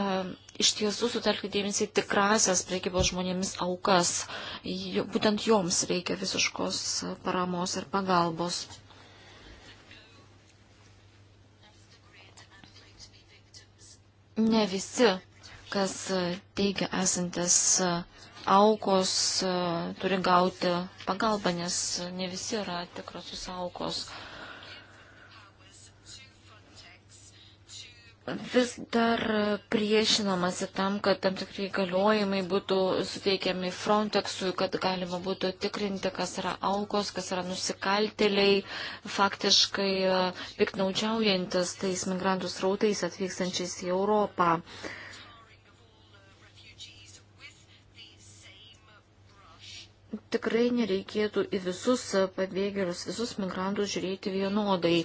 iš tiesų sutelkti dėmesį tikrasias priekybos žmonėmis aukas. Būtent joms reikia visiškos paramos ir pagalbos. Ne visi kas e, teigia esantis e, aukos, e, turi gauti pagalbą, nes ne visi yra tikrosios aukos. vis dar priešinamasi tam, kad tam tikrai galiojimai būtų suteikiami Frontexui, kad galima būtų tikrinti, kas yra aukos, kas yra nusikaltėliai, faktiškai piknaudžiaujantis tais migrantų srautais atvykstančiais į Europą. Uh, tikrai nereikėtų į visus pabėgėlius, visus migrantus žiūrėti vienodai.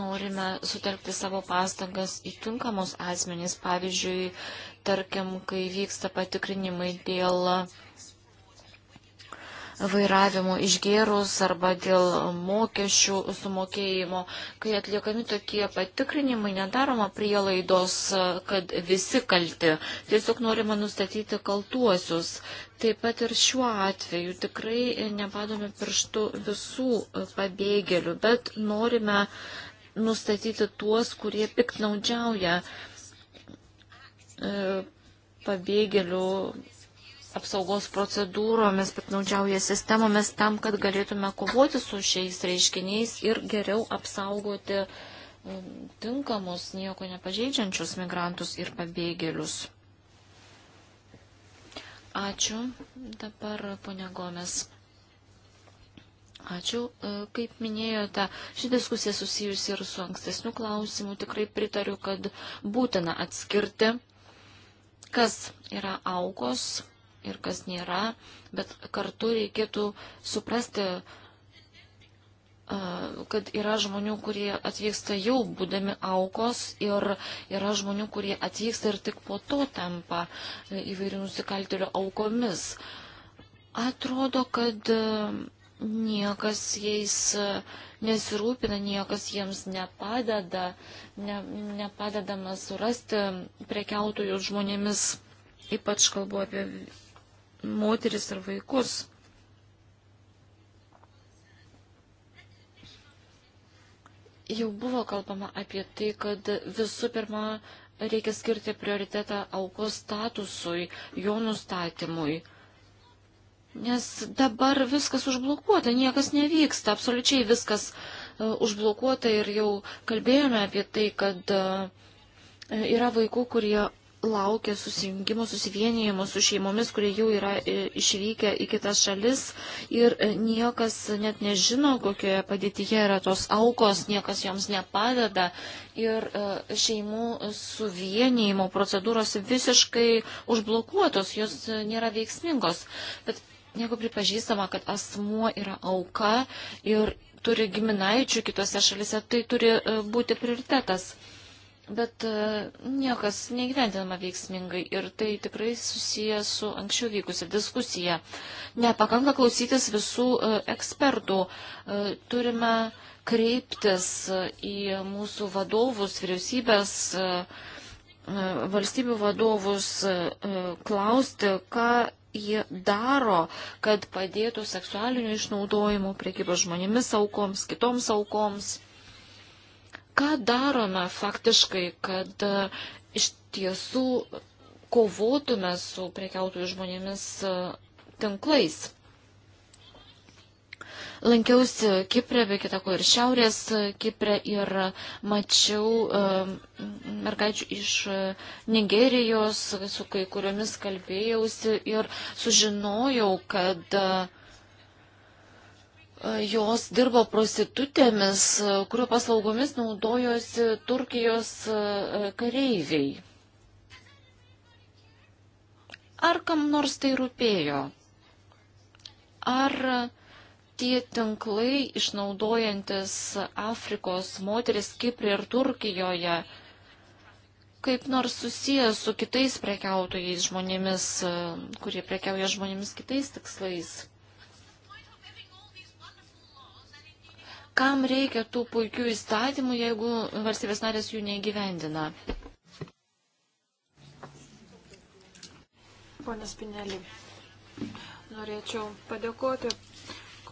Norime sutelkti savo pastangas į tinkamus asmenys, pavyzdžiui, tarkim, kai vyksta patikrinimai dėl uh, vairavimo išgėrus arba dėl mokesčių sumokėjimo. Kai atliekami tokie patikrinimai, nedaroma prielaidos, kad visi kalti. Tiesiog norima nustatyti kaltuosius. Taip pat ir šiuo atveju tikrai nepadome pirštų visų pabėgėlių, bet norime nustatyti tuos, kurie piknaudžiauja e, pabėgėlių apsaugos procedūromis, piknaudžiauja sistemomis tam, kad galėtume kovoti su šiais reiškiniais ir geriau apsaugoti um, tinkamus, nieko nepažeidžiančius migrantus ir pabėgėlius. Ačiū. Dabar ponia Gomes. Ačiū. E, kaip minėjote, ši diskusija susijusi ir su ankstesniu klausimu. Tikrai pritariu, kad būtina atskirti, kas yra aukos ir kas nėra, bet kartu reikėtų suprasti, kad yra žmonių, kurie atvyksta jau būdami aukos ir yra žmonių, kurie atvyksta ir tik po to tampa įvairių nusikaltėlių aukomis. Atrodo, kad niekas jais nesirūpina, niekas jiems nepadeda, ne, nepadedama surasti prekiautojus žmonėmis, ypač kalbu apie moteris ir vaikus. Jau buvo kalbama apie tai, kad visų pirma reikia skirti prioritetą aukos statusui, jo nustatymui. Nes dabar viskas užblokuota, niekas nevyksta, absoliučiai viskas uh, užblokuota ir jau kalbėjome apie tai, kad uh, yra vaikų, kurie laukia susijungimo, susivienijimo su šeimomis, kurie jau yra e, išvykę į kitas šalis ir e, niekas net nežino, kokioje padėtyje yra tos aukos, niekas joms nepadeda ir e, šeimų suvienijimo procedūros visiškai užblokuotos, jos nėra veiksmingos. Bet jeigu pripažįstama, kad asmuo yra auka ir turi giminaičių kitose šalise, tai turi būti prioritetas bet e, niekas neįgyvendinama veiksmingai ir tai tikrai susiję su anksčiau vykusią diskusiją. Nepakanka klausytis visų e, ekspertų. E, turime kreiptis į mūsų vadovus, vyriausybės, valstybių vadovus, klausti, ką jie daro, kad padėtų seksualinių išnaudojimų priekybos žmonėmis aukoms, kitoms aukoms. Ką darome faktiškai, kad e, iš tiesų kovotume su prekiautojų žmonėmis e, tinklais? Lankiausi Kiprė, be kitako ir Šiaurės Kiprė ir mačiau e, mergaičių iš Nigerijos, su kai kuriomis kalbėjausi ir sužinojau, kad uh, Jos dirbo prostitutėmis, kurio paslaugomis naudojosi Turkijos e, kareiviai. Ar kam nors tai rūpėjo? Ar tie tinklai išnaudojantis Afrikos moteris Kiprė ir Turkijoje kaip nors susijęs su kitais prekiautojais žmonėmis, e, kurie prekiauja žmonėmis kitais tikslais? kam reikia tų puikių įstatymų, jeigu valstybės narės jų neįgyvendina? Pone Spinelį, norėčiau padėkoti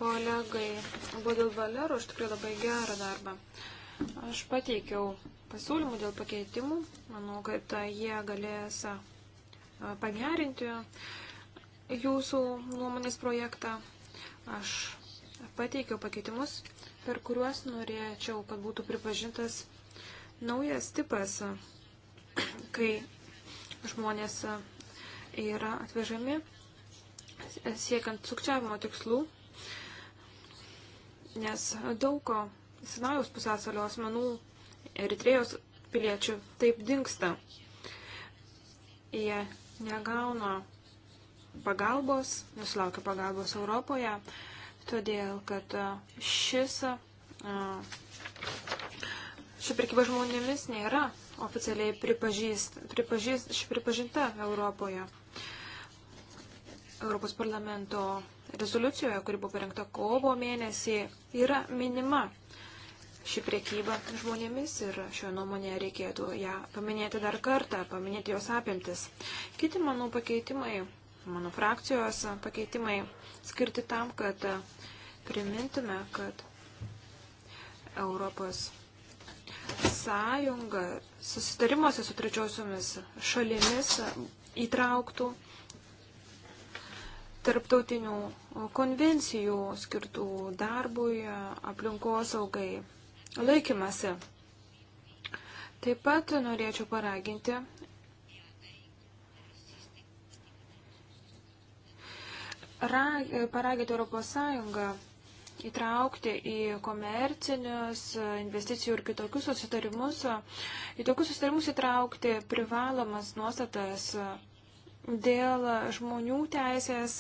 kolegai Bodil Valero už tikrai labai gerą darbą. Aš pateikiau pasiūlymų dėl pakeitimų. Manau, kad jie galės pagerinti jūsų nuomonės projektą. Aš pateikiau pakeitimus per kuriuos norėčiau, kad būtų pripažintas naujas tipas, kai žmonės yra atvežami siekiant sukčiavimo tikslų, nes daug Sinajaus pusėsalio asmenų Eritrejos piliečių taip dinksta. Jie negauna pagalbos, nesulaukia pagalbos Europoje, todėl kad šis, ši prekyba žmonėmis nėra oficialiai pripažįst, pripažįst, pripažinta Europoje. Europos parlamento rezoliucijoje, kuri buvo parengta kovo mėnesį, yra minima ši priekyba žmonėmis ir šio nuomonėje reikėtų ją paminėti dar kartą, paminėti jos apimtis. Kiti mano pakeitimai, mano frakcijos pakeitimai skirti tam, kad e, primintume, kad Europos sąjunga susitarimuose su trečiosiomis šalimis įtrauktų tarptautinių konvencijų skirtų darbui, aplinkosaugai laikymasi. Taip pat norėčiau paraginti paragėti ES įtraukti į komercinius e, investicijų ir kitokius susitarimus, į tokius susitarimus įtraukti privalomas nuostatas dėl žmonių teisės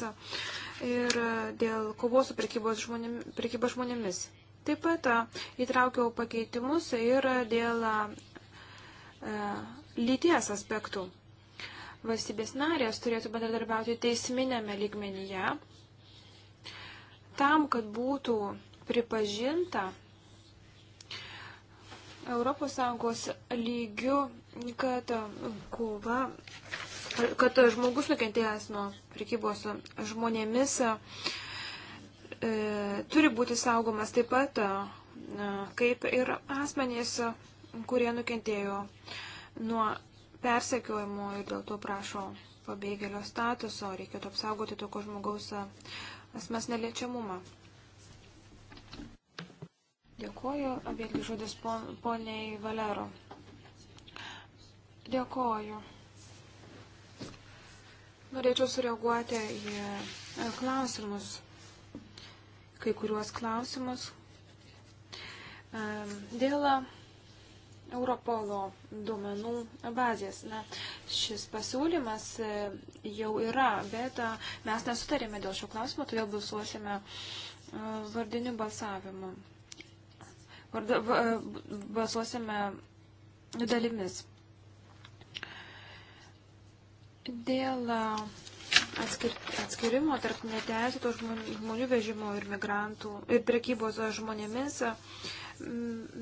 ir dėl kovos su prekybos žmonėmis. Prekyba žmonėmis. Taip pat e, įtraukiau pakeitimus ir dėl e, lyties aspektų valstybės narės turėtų bendradarbiauti teisminėme lygmenyje tam, kad būtų pripažinta ES lygių, kad e, kova, kad žmogus nukentėjęs nuo prikybos žmonėmis e, turi būti saugomas taip pat, e, kaip ir asmenys, kurie nukentėjo nuo persekiojimo ir dėl to prašo pabėgėlio statuso, reikėtų apsaugoti tokio žmogaus asmens neliečiamumą. Dėkuoju, vėlgi žodis pon, poniai Valero. Dėkuoju. Norėčiau sureaguoti į e, klausimus, kai kuriuos klausimus. Dėl Europolo duomenų bazės. Na, šis pasiūlymas e, jau yra, bet mes nesutarėme dėl šio klausimo, todėl balsuosime e, vardiniu balsavimu. Varda, va, e, balsuosime dalimis. Dėl atskir, atskirimo tarp neteisėto žmonių vežimo ir migrantų ir prekybos žmonėmis. Uh,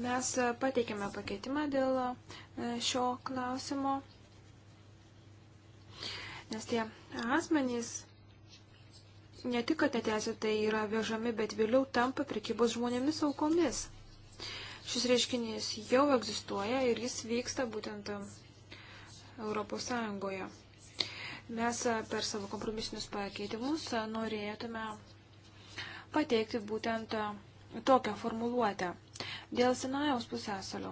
Mes pateikėme pakeitimą dėl e, šio klausimo, nes tie asmenys ne tik, kad neteisėtai yra vežami, bet vėliau tampa prekybos žmonėmis aukomis. Šis reiškinys jau egzistuoja ir jis vyksta būtent e, Europos Sąjungoje. Mes e, per savo kompromisinius pakeitimus norėtume pateikti būtent tokią formuluotę. Dėl Sinajaus pusėsalio.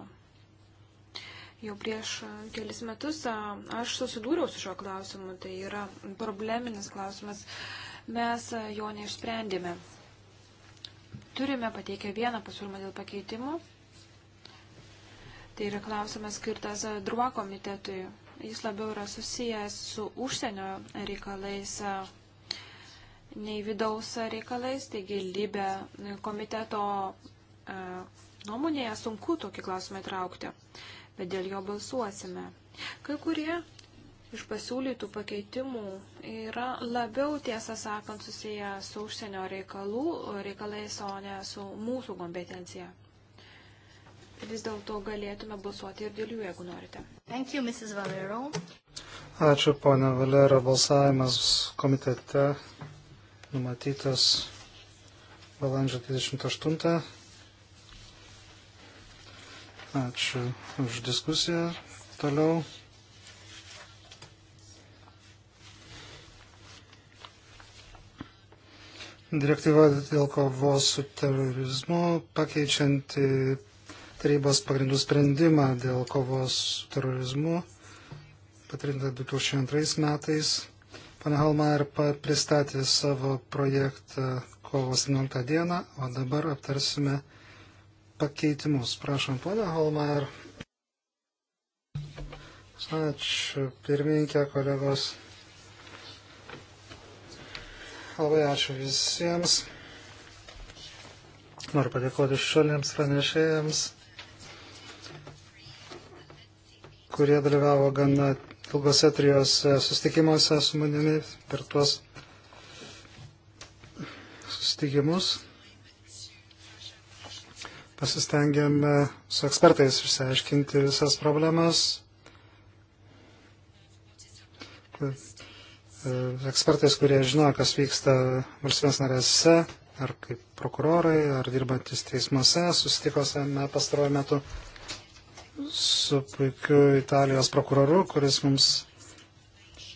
Jau prieš kelis metus aš susidūriau su šiuo klausimu, tai yra probleminis klausimas, mes jo neišsprendėme. Turime pateikę vieną pasiūlymą dėl pakeitimų. Tai yra klausimas skirtas druo komitetui. Jis labiau yra susijęs su užsienio reikalais nei vidaus reikalais, taigi lybė komiteto Nuomonėje sunku tokį klausimą įtraukti, bet dėl jo balsuosime. Kai kurie iš pasiūlytų pakeitimų yra labiau, tiesą sakant, susiję su užsienio reikalų reikalais, o ne su mūsų kompetencija. Vis dėlto galėtume balsuoti ir dėl jų, jeigu norite. Thank you, Mrs. Valero. Ačiū, ponia Valero. Balsavimas komitete numatytas balandžio 28. Ačiū už diskusiją. Toliau. Direktyva dėl kovos su terorizmu pakeičianti tarybos pagrindų sprendimą dėl kovos su terorizmu patvirtinta 2002 metais. Pane Halmar pristatė savo projektą kovo 17 dieną, o dabar aptarsime pakeitimus. Prašom, ponia Holmar. Ačiū, pirmininkė, kolegos. Labai ačiū visiems. Noriu padėkoti šalims pranešėjams, kurie dalyvavo gana ilgose trijose sustikimuose su manimi per tuos sustikimus pasistengėme su ekspertais išsiaiškinti visas problemas. E, ekspertais, kurie žino, kas vyksta valstybės narėse, ar kaip prokurorai, ar dirbantis teismuose, susitikosime pastaruoju metu su puikiu Italijos prokuroru, kuris mums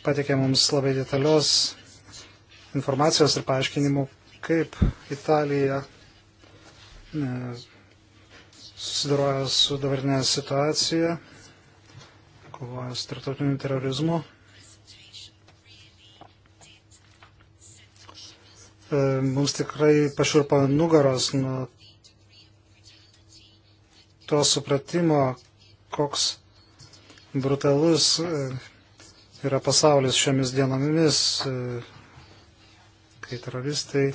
patikė mums labai detalios informacijos ir paaiškinimų, kaip Italija e, susidaroja su dabartinė situacija, kovoja su tarptautiniu terorizmu. E, mums tikrai pašurpa nugaros nuo to supratimo, koks brutalus e, yra pasaulis šiomis dienomis, e, kai teroristai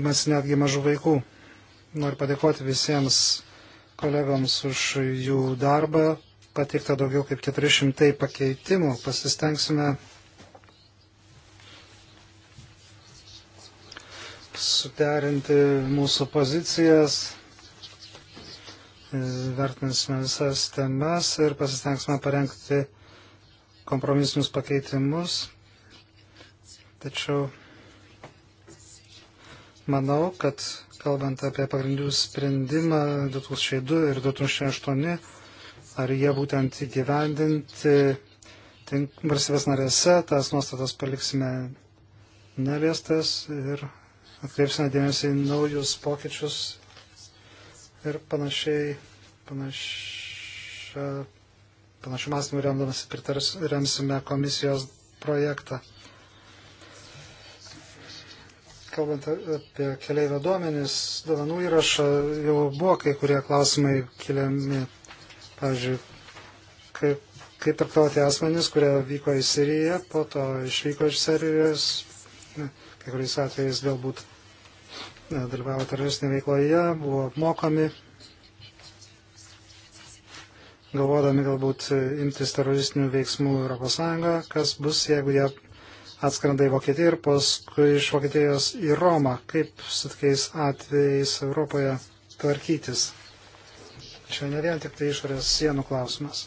imasi netgi mažų vaikų. Noriu padėkoti visiems kolegoms už jų darbą. Pateikta daugiau kaip 400 pakeitimų. Pasistengsime suderinti mūsų pozicijas, vertinsime visas temas ir pasistengsime parengti kompromisinius pakeitimus. Tačiau manau, kad kalbant apie pagrindų sprendimą 2002 ir 2008, ar jie būtent įgyvendinti valstybės narėse, tas nuostatas paliksime neliestas ir atkreipsime dėmesį į naujus pokyčius ir panašiai, panašia, panašių mąstymų remdamasi remsime komisijos projektą kalbant apie keliaivio duomenis, duomenų įrašą, jau buvo kai kurie klausimai keliami. Pavyzdžiui, kaip, kaip tarptautė asmenys, kurie vyko į Siriją, po to išvyko iš Sirijos, kai kuriais atvejais galbūt e, dalyvavo teroristinė veikloje, buvo apmokami, galvodami galbūt e, imtis teroristinių veiksmų ES, kas bus, jeigu jie atskrenda į Vokietiją ir paskui iš Vokietijos į Romą. Kaip su tokiais atvejais Europoje tvarkytis? Čia ne vien tik tai išorės sienų klausimas.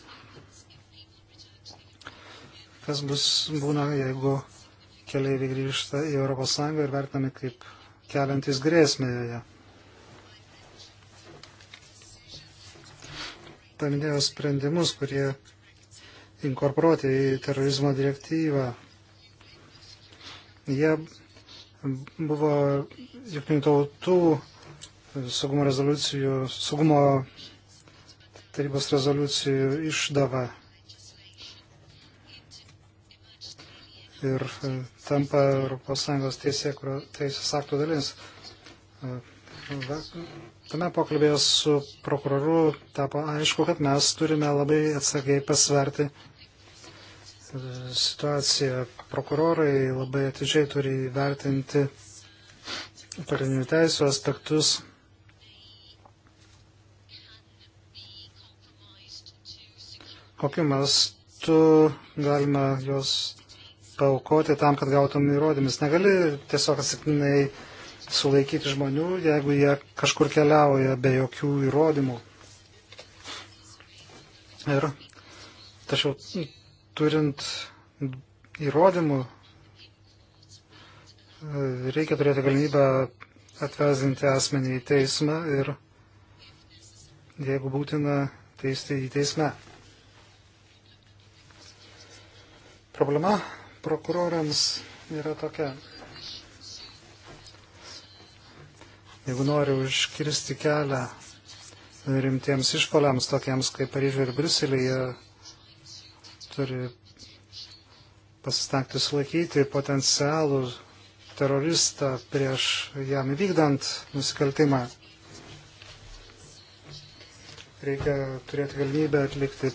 Kas bus būna, jeigu keliaiviai grįžta į ES ir vertinami kaip keliantis grėsmę joje. Paminėjau sprendimus, kurie inkorporuoti į terorizmo direktyvą Jie buvo jungtinių tautų saugumo rezoliucijų, saugumo tarybos rezoliucijų išdava. Ir e, tampa ES teisės aktų dalis. E, tame pokalbėje su prokuroru tapo aišku, kad mes turime labai atsakiai pasverti situaciją. Prokurorai labai atidžiai turi įvertinti pagrindinių teisų aspektus. Kokiu mastu galima juos paukoti tam, kad gautum įrodymus. Negali tiesiog atsikminai sulaikyti žmonių, jeigu jie kažkur keliauja be jokių įrodymų. Ir tačiau turint įrodymų, reikia turėti galimybę atvesdinti asmenį į teismą ir, jeigu būtina, teisti į teisme. Problema prokurorams yra tokia. Jeigu nori užkirsti kelią rimtiems išpoliams, tokiems kaip Paryžiuje ir Briuselėje, turi pasistengti sulaikyti potencialų teroristą prieš jam įvykdant nusikaltimą. Reikia turėti galimybę atlikti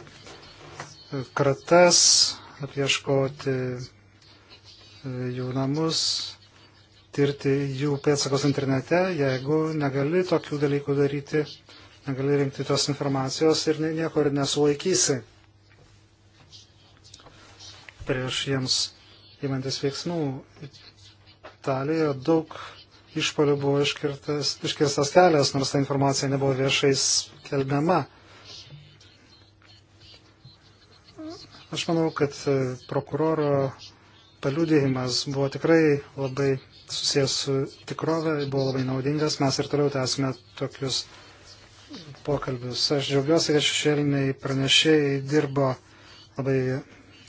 kratas, apieškoti e, jų namus, tirti jų pėtsakos internete, jeigu negali tokių dalykų daryti, negali rinkti tos informacijos ir nieko ir nesulaikysi prieš jiems įmantis veiksmų. Italijoje daug išpolių buvo iškirtas, iškirstas kelias, nors ta informacija nebuvo viešai skelbiama. Aš manau, kad e, prokuroro paliudėjimas buvo tikrai labai susijęs su tikrove, buvo labai naudingas. Mes ir toliau tęsime tokius pokalbius. Aš džiaugiuosi, kad šešėliniai pranešėjai dirbo labai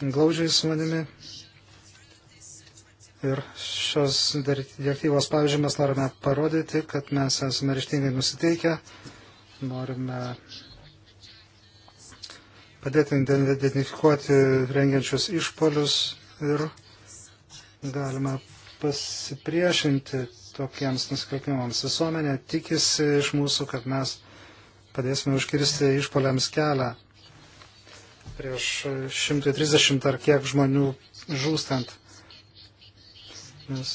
itin glaudžiai su manimi. Ir šios direktyvos pavyzdžiui mes norime parodyti, kad mes esame ryštingai nusiteikę, norime padėti identifikuoti rengiančius išpolius ir galime pasipriešinti tokiems nusikaltimams. Visuomenė tikisi iš mūsų, kad mes padėsime užkirsti išpoliams kelią prieš 130 ar kiek žmonių žūstant. Nes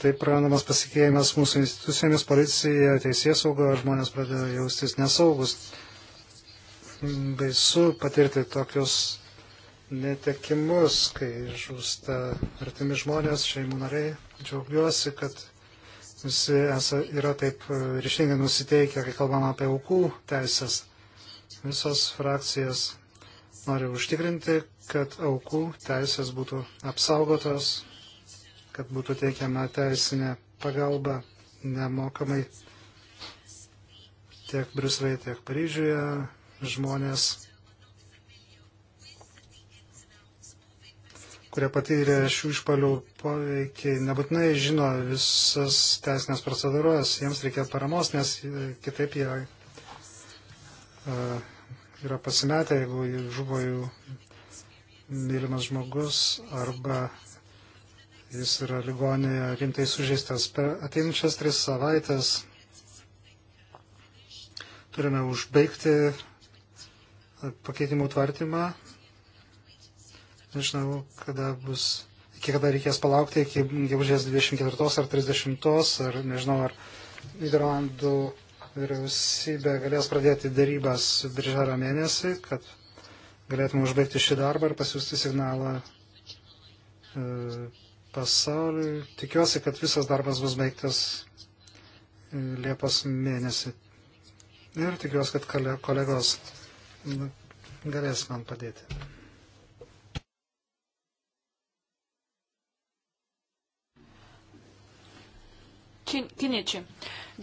taip praranamas pasikėjimas mūsų institucijomis, policija, teisės saugo, žmonės pradeda jaustis nesaugus. Baisu patirti tokius netekimus, kai žūsta artimi žmonės, šeimų nariai. Džiaugiuosi, kad visi esą, yra taip ryštingai nusiteikę, kai kalbam apie aukų teisės. Visos frakcijas nori užtikrinti, kad aukų teisės būtų apsaugotos, kad būtų teikiama teisinė pagalba nemokamai tiek Briuselėje, tiek Paryžiuje žmonės, kurie patyrė šių išpalių poveikį, nebūtinai žino visas teisinės procedūras, jiems reikia paramos, nes kitaip jie uh, yra pasimetę, jeigu žuvo jų mylimas žmogus arba jis yra ligonėje rimtai sužeistas. Per ateinančias tris savaitės turime užbaigti pakeitimų tvartymą. Nežinau, kada bus, iki kada reikės palaukti, iki gegužės 24 ar 30, ar nežinau, ar Niderlandų vyriausybė galės pradėti darybas birželio mėnesį, kad galėtume užbaigti šį darbą ir pasiūsti signalą e, pasauliui. Tikiuosi, kad visas darbas bus baigtas e, Liepos mėnesį. Ir tikiuosi, kad kolegos galės man padėti. Kiniečiai.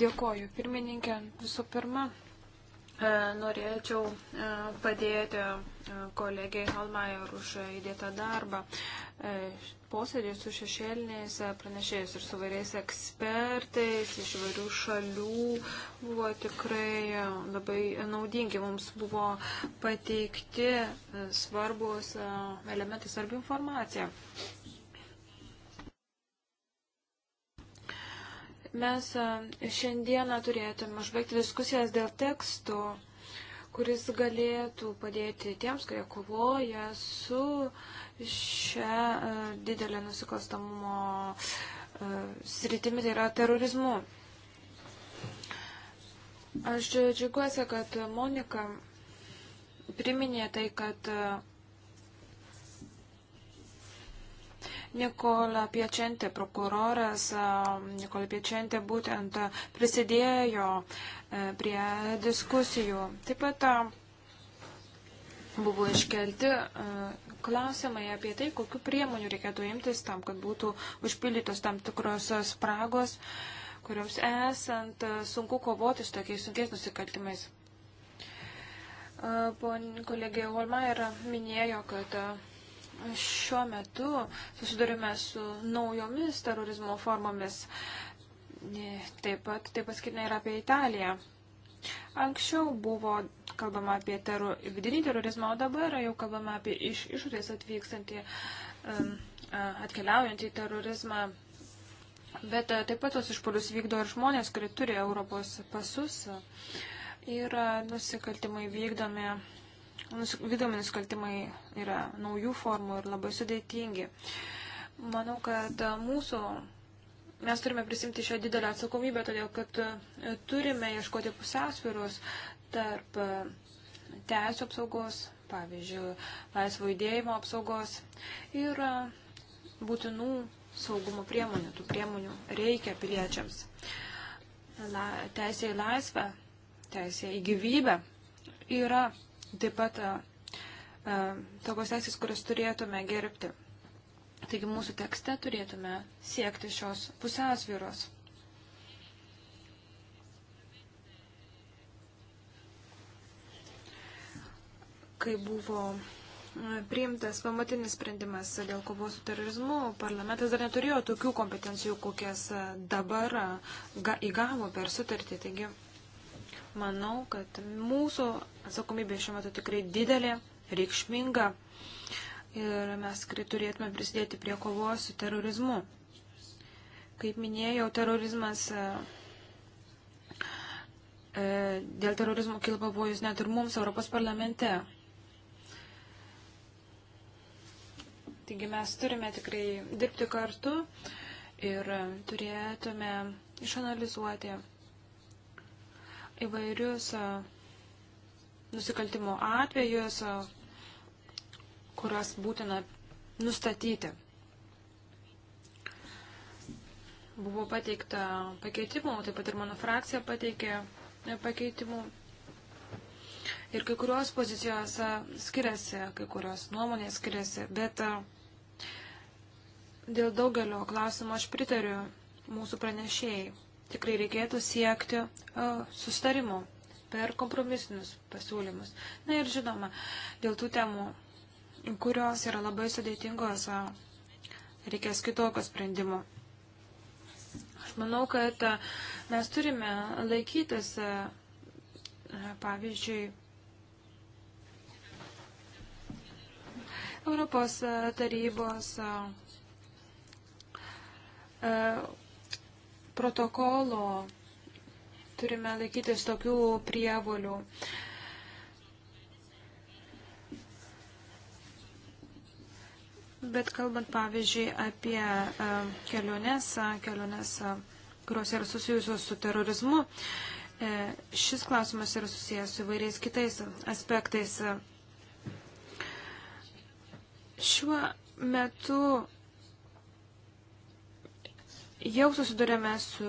Dėkoju, pirmininkė. Visų pirma, e, norėčiau e, padėti e, kolegiai Halmajer už įdėtą darbą. Posėdį su šešėliniais pranešėjais ir su vairiais ekspertais iš vairių šalių buvo tikrai labai naudingi. Mums buvo pateikti svarbus elementai, svarbi informacija. Mes šiandieną turėtume užbaigti diskusijas dėl tekstų, kuris galėtų padėti tiems, kurie kovoja su šia didelė nusikalstamumo sritimi, tai yra terorizmu. Aš džiaugiuosi, kad Monika priminė tai, kad Nikola Piečentė, prokuroras Nikola Piečentė būtent prisidėjo e, prie diskusijų. Taip pat buvo iškelti e, klausimai apie tai, kokiu priemonių reikėtų imtis tam, kad būtų užpildytos tam tikros spragos, kuriuoms esant e, sunku kovoti su tokiais sunkiais nusikaltimais. Kolegė Olma ir minėjo, kad šiuo metu susidurime su naujomis terorizmo formomis. Taip pat tai paskirtina ir apie Italiją. Anksčiau buvo kalbama apie tero, vidinį terorizmą, o dabar jau kalbama apie iš išorės atvykstantį, atkeliaujantį terorizmą. Bet taip pat tos išpolius vykdo ir žmonės, kurie turi Europos pasus. Yra nusikaltimai vykdomi Vidomi nusikaltimai yra naujų formų ir labai sudėtingi. Manau, kad e, mūsų, mes turime prisimti šią didelę atsakomybę, todėl kad e, turime ieškoti pusiausvirus tarp e, teisų apsaugos, pavyzdžiui, laisvo įdėjimo apsaugos ir būtinų saugumo priemonių. Tų priemonių reikia piliečiams. La, teisė į laisvę, teisė į gyvybę yra Taip pat tokios teisės, kurias turėtume gerbti. Taigi mūsų tekste turėtume siekti šios pusiausvyros. Kai buvo priimtas pamatinis sprendimas dėl kovos su terorizmu, parlamentas dar neturėjo tokių kompetencijų, kokias dabar įgavo per sutartį. Taigi Manau, kad mūsų atsakomybė šiuo metu tikrai didelė, reikšminga ir mes tikrai turėtume prisidėti prie kovos su terorizmu. Kaip minėjau, terorizmas. E, e, dėl terorizmo kilo pavojus net ir mums Europos parlamente. Taigi mes turime tikrai dirbti kartu ir turėtume išanalizuoti įvairius nusikaltimo atvejus, kurias būtina nustatyti. Buvo pateikta pakeitimų, taip pat ir mano frakcija pateikė pakeitimų. Ir kai kurios pozicijos skiriasi, kai kurios nuomonės skiriasi, bet dėl daugelio klausimų aš pritariu mūsų pranešėjai tikrai reikėtų siekti sustarimų per kompromisinius pasiūlymus. Na ir žinoma, dėl tų temų, kurios yra labai sudėtingos, reikės kitokio sprendimo. Aš manau, kad mes turime laikytis, pavyzdžiui, Europos tarybos protokolo turime laikytis tokių prievolių. Bet kalbant, pavyzdžiui, apie e, keliones, e, keliones, e, kurios yra susijusios su terorizmu, šis klausimas yra susijęs su įvairiais kitais aspektais. Šiuo metu Jau susidurėme su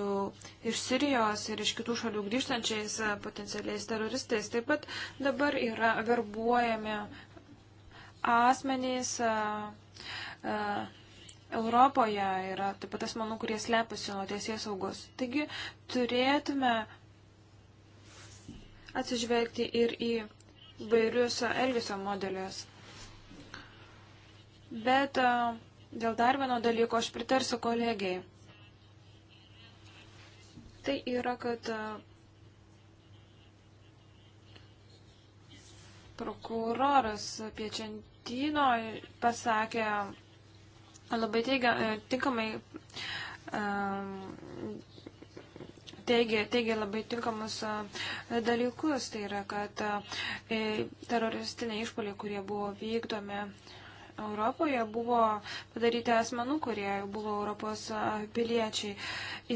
iš Sirijos ir iš kitų šalių grįžtančiais e, potencialiais teroristais. Taip pat dabar yra verbuojami asmenys a, e, a, e, Europoje, yra taip pat asmenų, kurie slepiasi nuo tiesies saugos. Taigi turėtume atsižvelgti ir į vairius elgesio modelius. Bet a, dėl dar vieno dalyko aš pritarsiu kolegijai tai yra, kad e, prokuroras Piečentino pasakė labai teigia, e, tinkamai e, teigia, teigia labai tinkamus dalykus. Tai yra, kad teroristiniai išpoliai, kurie buvo vykdomi Europoje buvo padaryti asmenų, kurie buvo Europos piliečiai.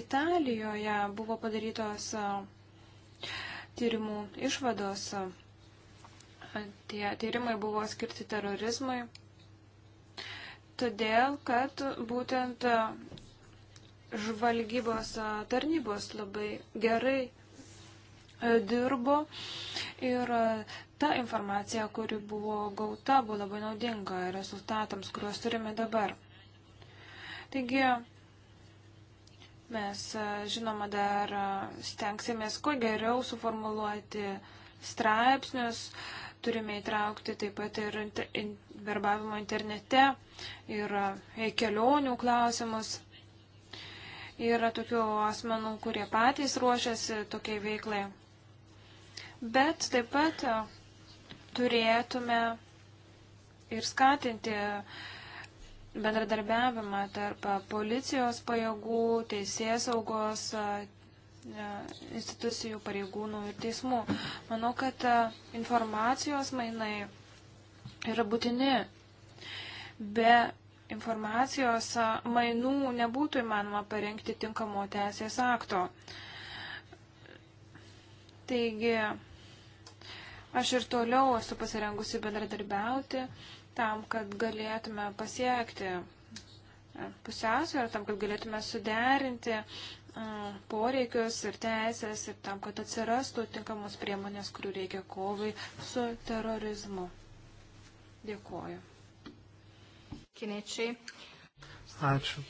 Italijoje buvo padarytos tyrimų išvados. Tie tyrimai buvo skirti terorizmui. Todėl, kad būtent žvalgybos tarnybos labai gerai E, dirbo ir e, ta informacija, kuri buvo gauta, buvo labai naudinga rezultatams, kuriuos turime dabar. Taigi, mes e, žinoma dar stengsimės kuo geriau suformuluoti straipsnius, turime įtraukti taip pat ir inter, in, verbavimo internete ir kelionių klausimus. Yra tokių asmenų, kurie patys ruošiasi tokiai veiklai bet taip pat e, turėtume ir skatinti bendradarbiavimą tarp policijos pajėgų, teisės saugos e, e, institucijų pareigūnų ir teismų. Manau, kad informacijos mainai yra būtini. Be informacijos mainų nebūtų įmanoma parengti tinkamo teisės akto. Taigi, Aš ir toliau esu pasirengusi bendradarbiauti tam, kad galėtume pasiekti e, pusiausvyrą, tam, kad galėtume suderinti e, poreikius ir teisės ir tam, kad atsirastų tinkamos priemonės, kurių reikia kovai su terorizmu. Dėkuoju. Kiniečiai. Ačiū,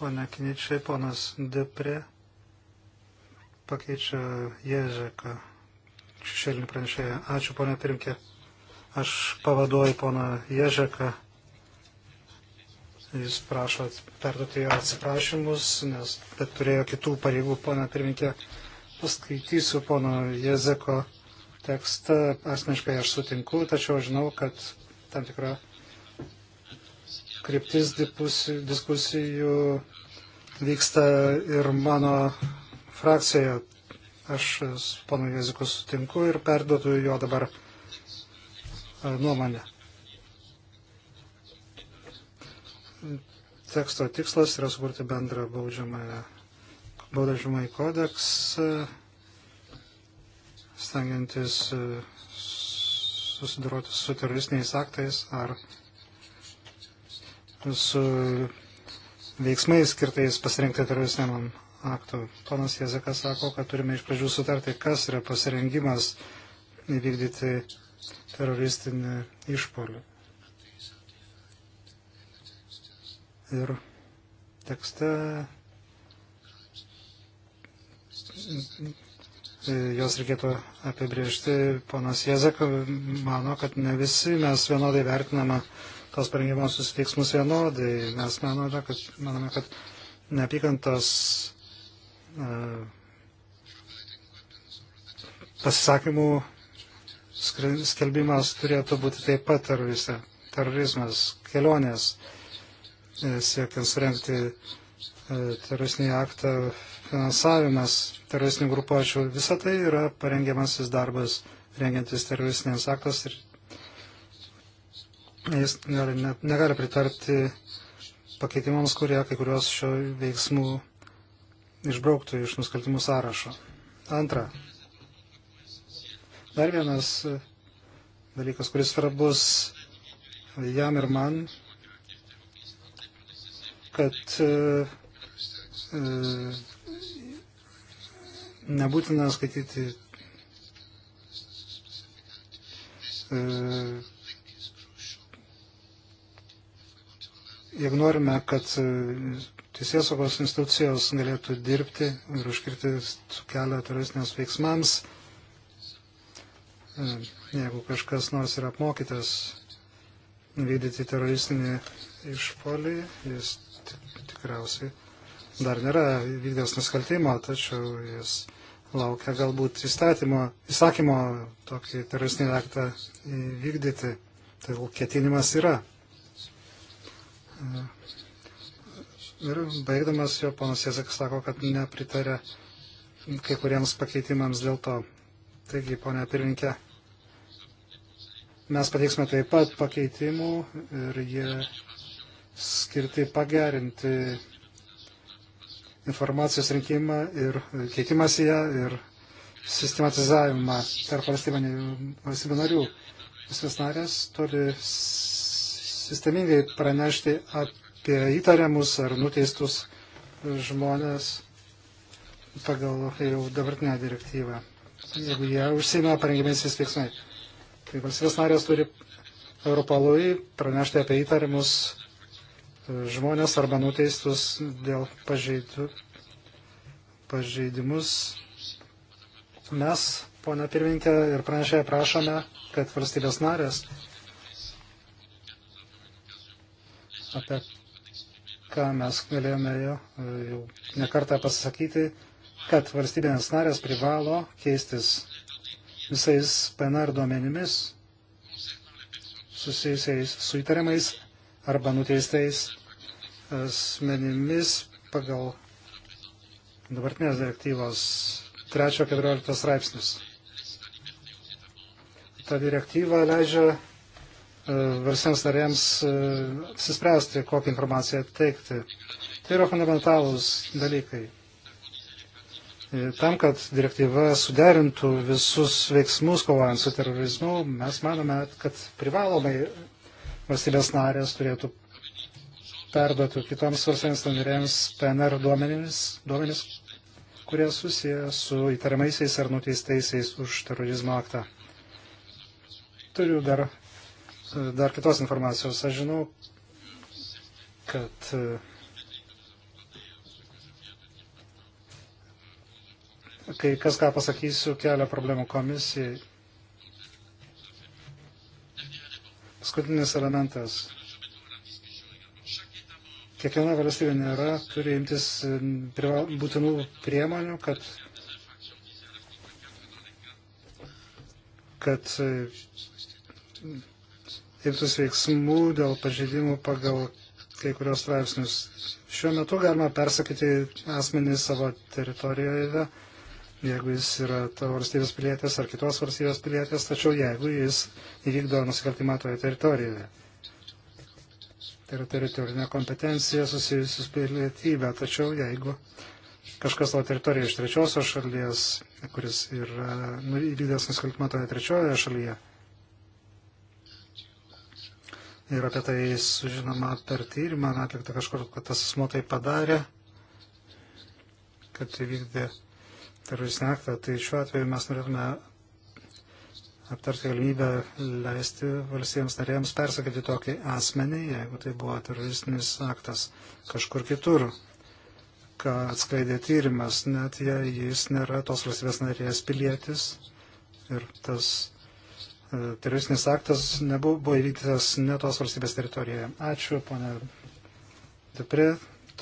ponia Kiniečiai, ponas Depre pakeičia Ježeką šešėlinį pranešėją. Ačiū, ponė Pirinkė. Aš pavaduoju poną Ježeką. Jis prašo perduoti jo atsiprašymus, nes bet turėjo kitų pareigų, ponė Pirinkė. Paskaitysiu pono Jezeko tekstą. Asmeniškai aš sutinku, tačiau žinau, kad tam tikra kryptis diskusijų vyksta ir mano frakcijoje. Aš su panu Jeziku sutinku ir perduodu jo dabar e, nuomonę. Teksto tikslas yra sukurti bendrą baudžiamąjį kodeksą, stengiantis e, susidoroti su teroristiniais aktais ar su veiksmais skirtais pasirinkti teroristiniam aktų. Ponas Jezekas sako, kad turime iš pradžių sutarti, kas yra pasirengimas įvykdyti teroristinį išpolį. Ir tekste jos reikėtų apibriežti. Ponas Jezek mano, kad ne visi mes vienodai vertiname tos parengimuosius veiksmus vienodai. Mes manome, kad, manome, kad neapykantos pasisakymų skelbimas turėtų būti taip pat teroristė. Terorizmas, kelionės, e, siekiant surengti e, teroristinį aktą, finansavimas teroristinių grupuočių, visa tai yra parengiamasis darbas rengiantis teroristinės aktas ir jis gali, ne, negali pritarti pakeitimams, kurie kai kurios šio veiksmų išbrauktų iš nusikaltimų sąrašo. Antra. Dar vienas e, dalykas, kuris svarbus jam ir man, kad e, e nebūtina skaityti e, jeigu norime, kad e, teisėsaugos institucijos galėtų dirbti ir užkirti kelią teroristiniams veiksmams, e, jeigu kažkas nors yra apmokytas vykdyti teroristinį išpolį, jis tikriausiai dar nėra vykdęs nusikaltimo, tačiau jis laukia galbūt įstatymo, įsakymo tokį teroristinį aktą įvykdyti. Tai ketinimas yra e, Ir baigdamas jo ponas Jezek sako, kad nepritarė kai kuriems pakeitimams dėl to. Taigi, ponia pirminkė, mes pateiksime taip pat pakeitimų ir jie skirti pagerinti informacijos rinkimą ir keitimas ją ir sistematizavimą tarp valstybių narių. Visas narės turi sistemingai pranešti apie apie įtariamus ar nuteistus žmonės pagal jau dabartinę direktyvą, jeigu jie užsima parengimaisiais veiksmai. Tai valstybės narės turi Europolui pranešti apie įtariamus e, žmonės arba nuteistus dėl pažeidų, pažeidimus. Mes, pona pirmininkė, ir pranešėje prašome, kad valstybės narės apie ką mes galėjome jau nekartą pasakyti, kad valstybinės narės privalo keistis visais PNR duomenimis susijusiais su įtariamais arba nuteistais asmenimis pagal dabartinės direktyvos 3.14 straipsnius. Ta direktyva leidžia E, versiems narėms e, apsispręsti, kokią informaciją teikti. Tai yra fundamentalūs dalykai. E, tam, kad direktyva suderintų visus veiksmus kovojant su terorizmu, mes manome, kad privalomai valstybės narės turėtų perduoti kitoms valstybėms narėms PNR duomenis, duomenis kurie susiję su įtariamaisiais ar nuteistaisiais už terorizmo aktą. Turiu dar dar kitos informacijos. Aš žinau, kad e, kai kas ką pasakysiu, kelia problemų komisijai. Paskutinis elementas. Kiekviena valstybė nėra, turi imtis e, būtinų priemonių, kad, kad e, imtis veiksmų dėl pažeidimų pagal kai kurios straipsnius. Šiuo metu galima persakyti asmenį savo teritorijoje, jeigu jis yra tavo valstybės pilietės ar kitos valstybės pilietės, tačiau jeigu jis įvykdo nusikaltimą toje teritorijoje. Tai yra teritorinė kompetencija susijusi su pilietybė, tačiau jeigu kažkas tavo teritorijoje iš trečiosios šalies, kuris yra nu, įvykdęs nusikaltimą toje trečiojoje šalyje, ir apie tai sužinoma per tyrimą, atlikta kažkur, kad tas asmo tai padarė, kad įvykdė teroristinį aktą. Tai šiuo atveju mes norėtume aptarti galimybę leisti valstybėms narėms persakyti tokį asmenį, jeigu tai buvo teroristinis aktas kažkur kitur ką atskleidė tyrimas, net jei jis nėra tos valstybės narės pilietis ir tas E, teroristinis aktas nebuvo įvykdytas ne tos valstybės teritorijoje. Ačiū, ponė Depri,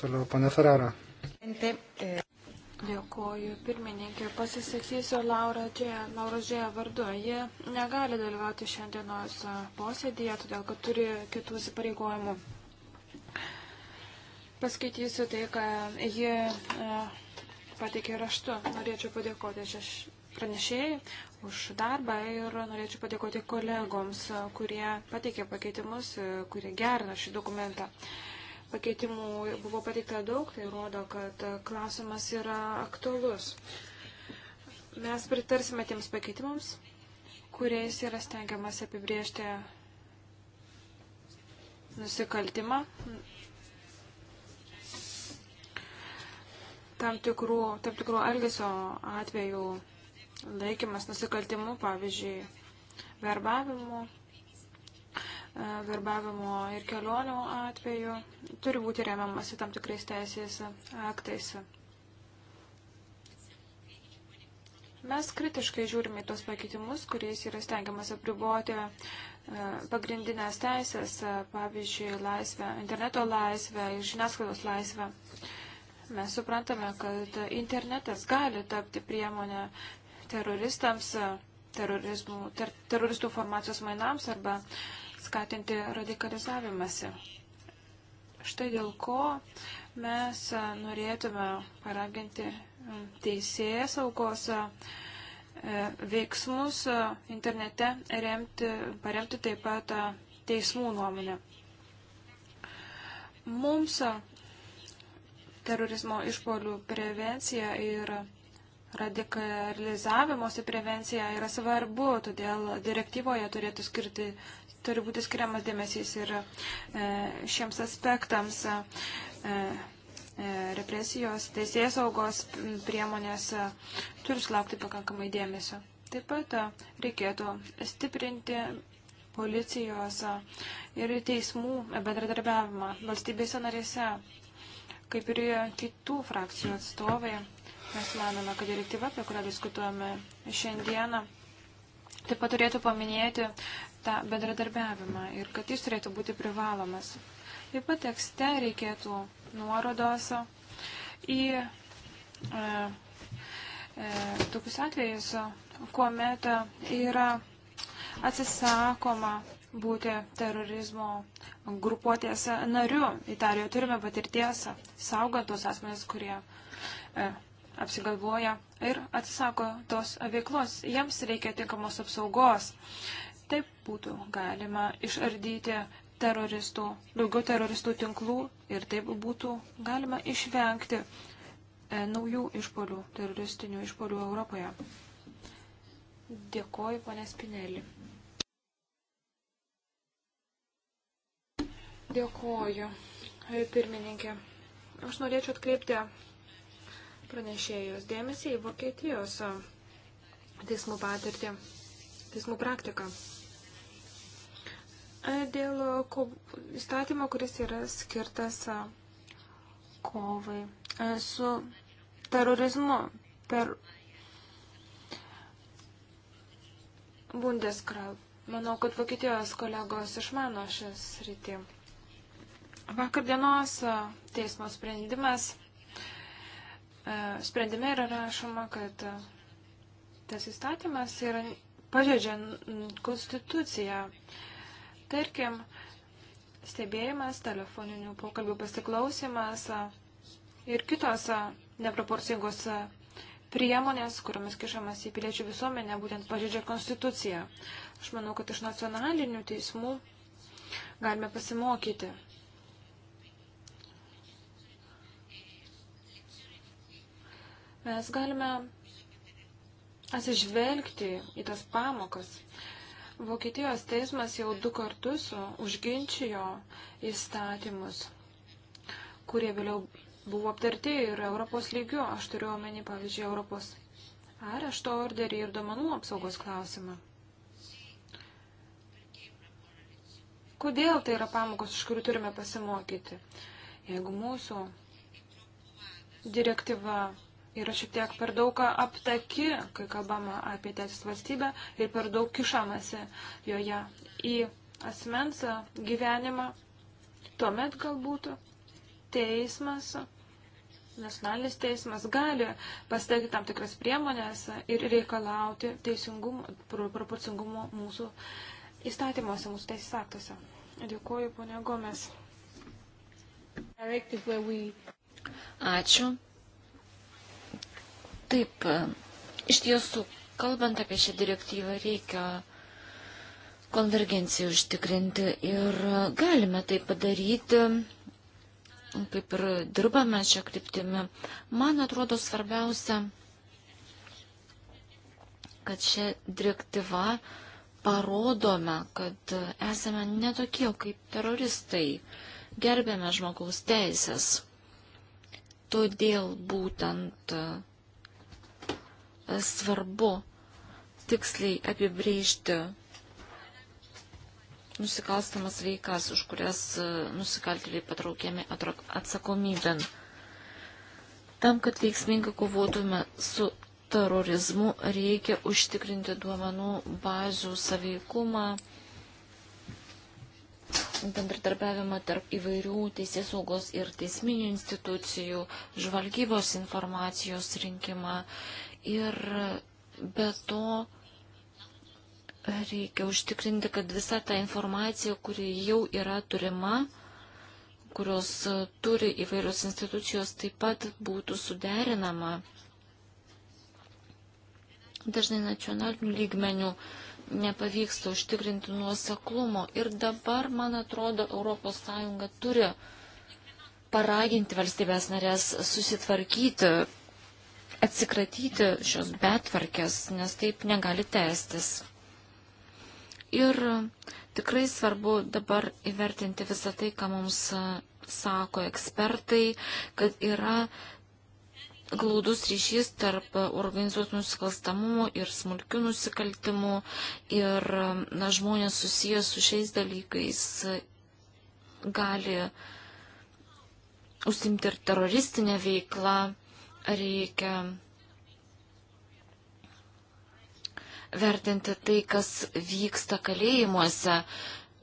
toliau ponė Ferrara. E, Dėkoju, pirmininkė, pasisakysiu Laura Džėja, Laura Džėja vardu. Ji negali dalyvauti šiandienos e, posėdėje, todėl kad turi kitų įsipareigojimų. Paskaitysiu tai, ką ji pateikė raštu. Norėčiau padėkoti šeš pranešėjai už darbą ir norėčiau padėkoti kolegoms, kurie pateikė pakeitimus, kurie gerina šį dokumentą. Pakeitimų buvo pateikta daug, tai rodo, kad klausimas yra aktualus. Mes pritarsime tiems pakeitimams, kuriais yra stengiamas apibriežti nusikaltimą, tam tikrų, tam tikrų elgesio atvejų laikimas nusikaltimu, pavyzdžiui, verbavimu, e, verbavimo ir kelionių atveju, turi būti remiamasi tam tikrais teisės aktais. Mes kritiškai žiūrime į tos pakeitimus, kuriais yra stengiamas apriboti e, pagrindinės teisės, e, pavyzdžiui, laisvę, interneto laisvę ir žiniasklaidos laisvę. Mes suprantame, kad internetas gali tapti priemonę teroristams, e, ter, teroristų formacijos mainams arba skatinti radikalizavimąsi. Štai dėl ko mes e, norėtume paraginti teisėjas aukos e, veiksmus internete remti, paremti taip pat teismų nuomonę. Mums terorizmo išpolių prevencija ir radikalizavimosi prevencija yra svarbu, todėl direktyvoje turėtų skirti, turi būti skiriamas dėmesys ir e, šiems aspektams e, e, represijos, teisės saugos priemonės turi sulaukti pakankamai dėmesio. Taip pat reikėtų stiprinti policijos ir teismų bendradarbiavimą valstybėse narėse, kaip ir kitų frakcijų atstovai Mes manome, kad direktyva, apie kurią diskutuojame šiandieną, taip pat turėtų paminėti tą bendradarbiavimą ir kad jis turėtų būti privalomas. Taip pat tekste reikėtų nuorodos į e, e, tokius atvejus, kuomet yra atsisakoma būti terorizmo grupuotės nariu. Italijoje turime patirties saugant tos asmenys, kurie e, apsigalvoja ir atsisako tos veiklos. Jiems reikia tinkamos apsaugos. Taip būtų galima išardyti teroristų, daugiau teroristų tinklų ir taip būtų galima išvengti e, naujų išpolių, teroristinių išpolių Europoje. Dėkoju, ponė Spinelį. Dėkoju, pirmininkė. Aš norėčiau atkreipti pranešėjus dėmesį į Vokietijos teismų patirtį, teismų praktiką. Dėl įstatymo, kuris yra skirtas kovai su terorizmu per Bundeskrab. Manau, kad Vokietijos kolegos išmano šis rytį. Vakardienos teismo sprendimas E, sprendime yra rašoma, kad e, tas įstatymas yra pažeidžia konstituciją. Tarkim, stebėjimas, telefoninių pokalbių pasiklausimas e, ir kitos neproporcingos priemonės, kuriomis kišamas į piliečių visuomenę, būtent pažydžia konstituciją. Aš manau, kad iš nacionalinių teismų galime pasimokyti. mes galime atsižvelgti į tas pamokas. Vokietijos teismas jau du kartus užginčijo įstatymus, kurie vėliau buvo aptarti ir Europos lygiu. Aš turiu omeny, pavyzdžiui, Europos arešto orderį ir domenų apsaugos klausimą. Kodėl tai yra pamokos, iš kurių turime pasimokyti? Jeigu mūsų direktyva yra šiek tiek per daug aptaki, kai kalbama apie teisės valstybę ir per daug kišamasi joje į asmens gyvenimą. Tuomet galbūt teismas, nacionalinis teismas gali pasitelkti tam tikras priemonės ir reikalauti teisingumo, proporcingumo mūsų įstatymuose, mūsų teisės aktuose. Dėkuoju, ponia Gomes. Ačiū. Taip, iš tiesų, kalbant apie šią direktyvą, reikia konvergenciją užtikrinti ir galime tai padaryti, kaip ir dirbame šią kryptimį. Man atrodo svarbiausia, kad šią direktyvą parodome, kad esame netokie kaip teroristai, gerbėme žmogaus teisės. Todėl būtent uh, svarbu tiksliai apibrėžti nusikalstamas veikas, už kurias e, nusikaltėliai patraukėmi atsakomybėn. Tam, kad veiksmingai kovotume su terorizmu, reikia užtikrinti duomenų bazių saveikumą, bendradarbiavimą tarp įvairių teisės saugos ir teisminių institucijų, žvalgybos informacijos rinkimą Ir be to reikia užtikrinti, kad visa ta informacija, kuri jau yra turima, kurios turi įvairios institucijos, taip pat būtų suderinama. Dažnai nacionalinių lygmenių nepavyksta užtikrinti nuoseklumo. Ir dabar, man atrodo, ES turi paraginti valstybės narės susitvarkyti atsikratyti šios betvarkės, nes taip negali tęstis. Ir tikrai svarbu dabar įvertinti visą tai, ką mums sako ekspertai, kad yra glaudus ryšys tarp organizuotų nusikalstamumų ir smulkių nusikaltimų ir na, žmonės susijęs su šiais dalykais gali užsimti ir teroristinę veiklą reikia vertinti tai, kas vyksta kalėjimuose.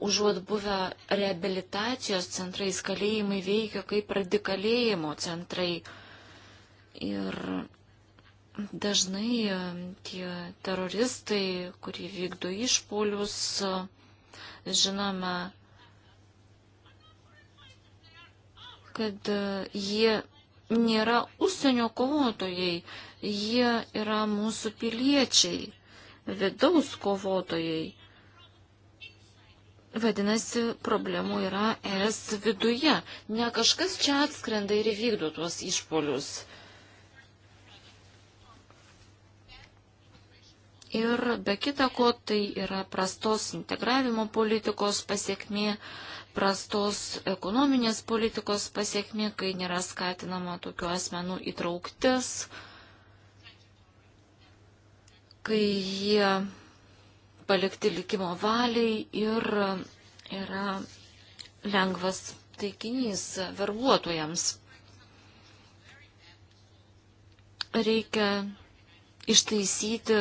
Užuot buvę rehabilitacijos centrais, kalėjimai veikia kaip radikalėjimo centrai. Ir dažnai e, tie teroristai, kurie vykdo išpolius, e, žinome, kad e, jie nėra užsienio kovotojai, jie yra mūsų piliečiai, vidaus kovotojai. Vadinasi, problemų yra es viduje. Ne kažkas čia atskrenda ir vykdo tuos išpolius. Ir be kita ko, tai yra prastos integravimo politikos pasiekmė, uh, prastos ekonominės politikos pasiekmi, kai nėra skatinama tokių asmenų įtrauktis, kai jie palikti likimo valiai ir yra lengvas taikinys verbuotojams. Reikia ištaisyti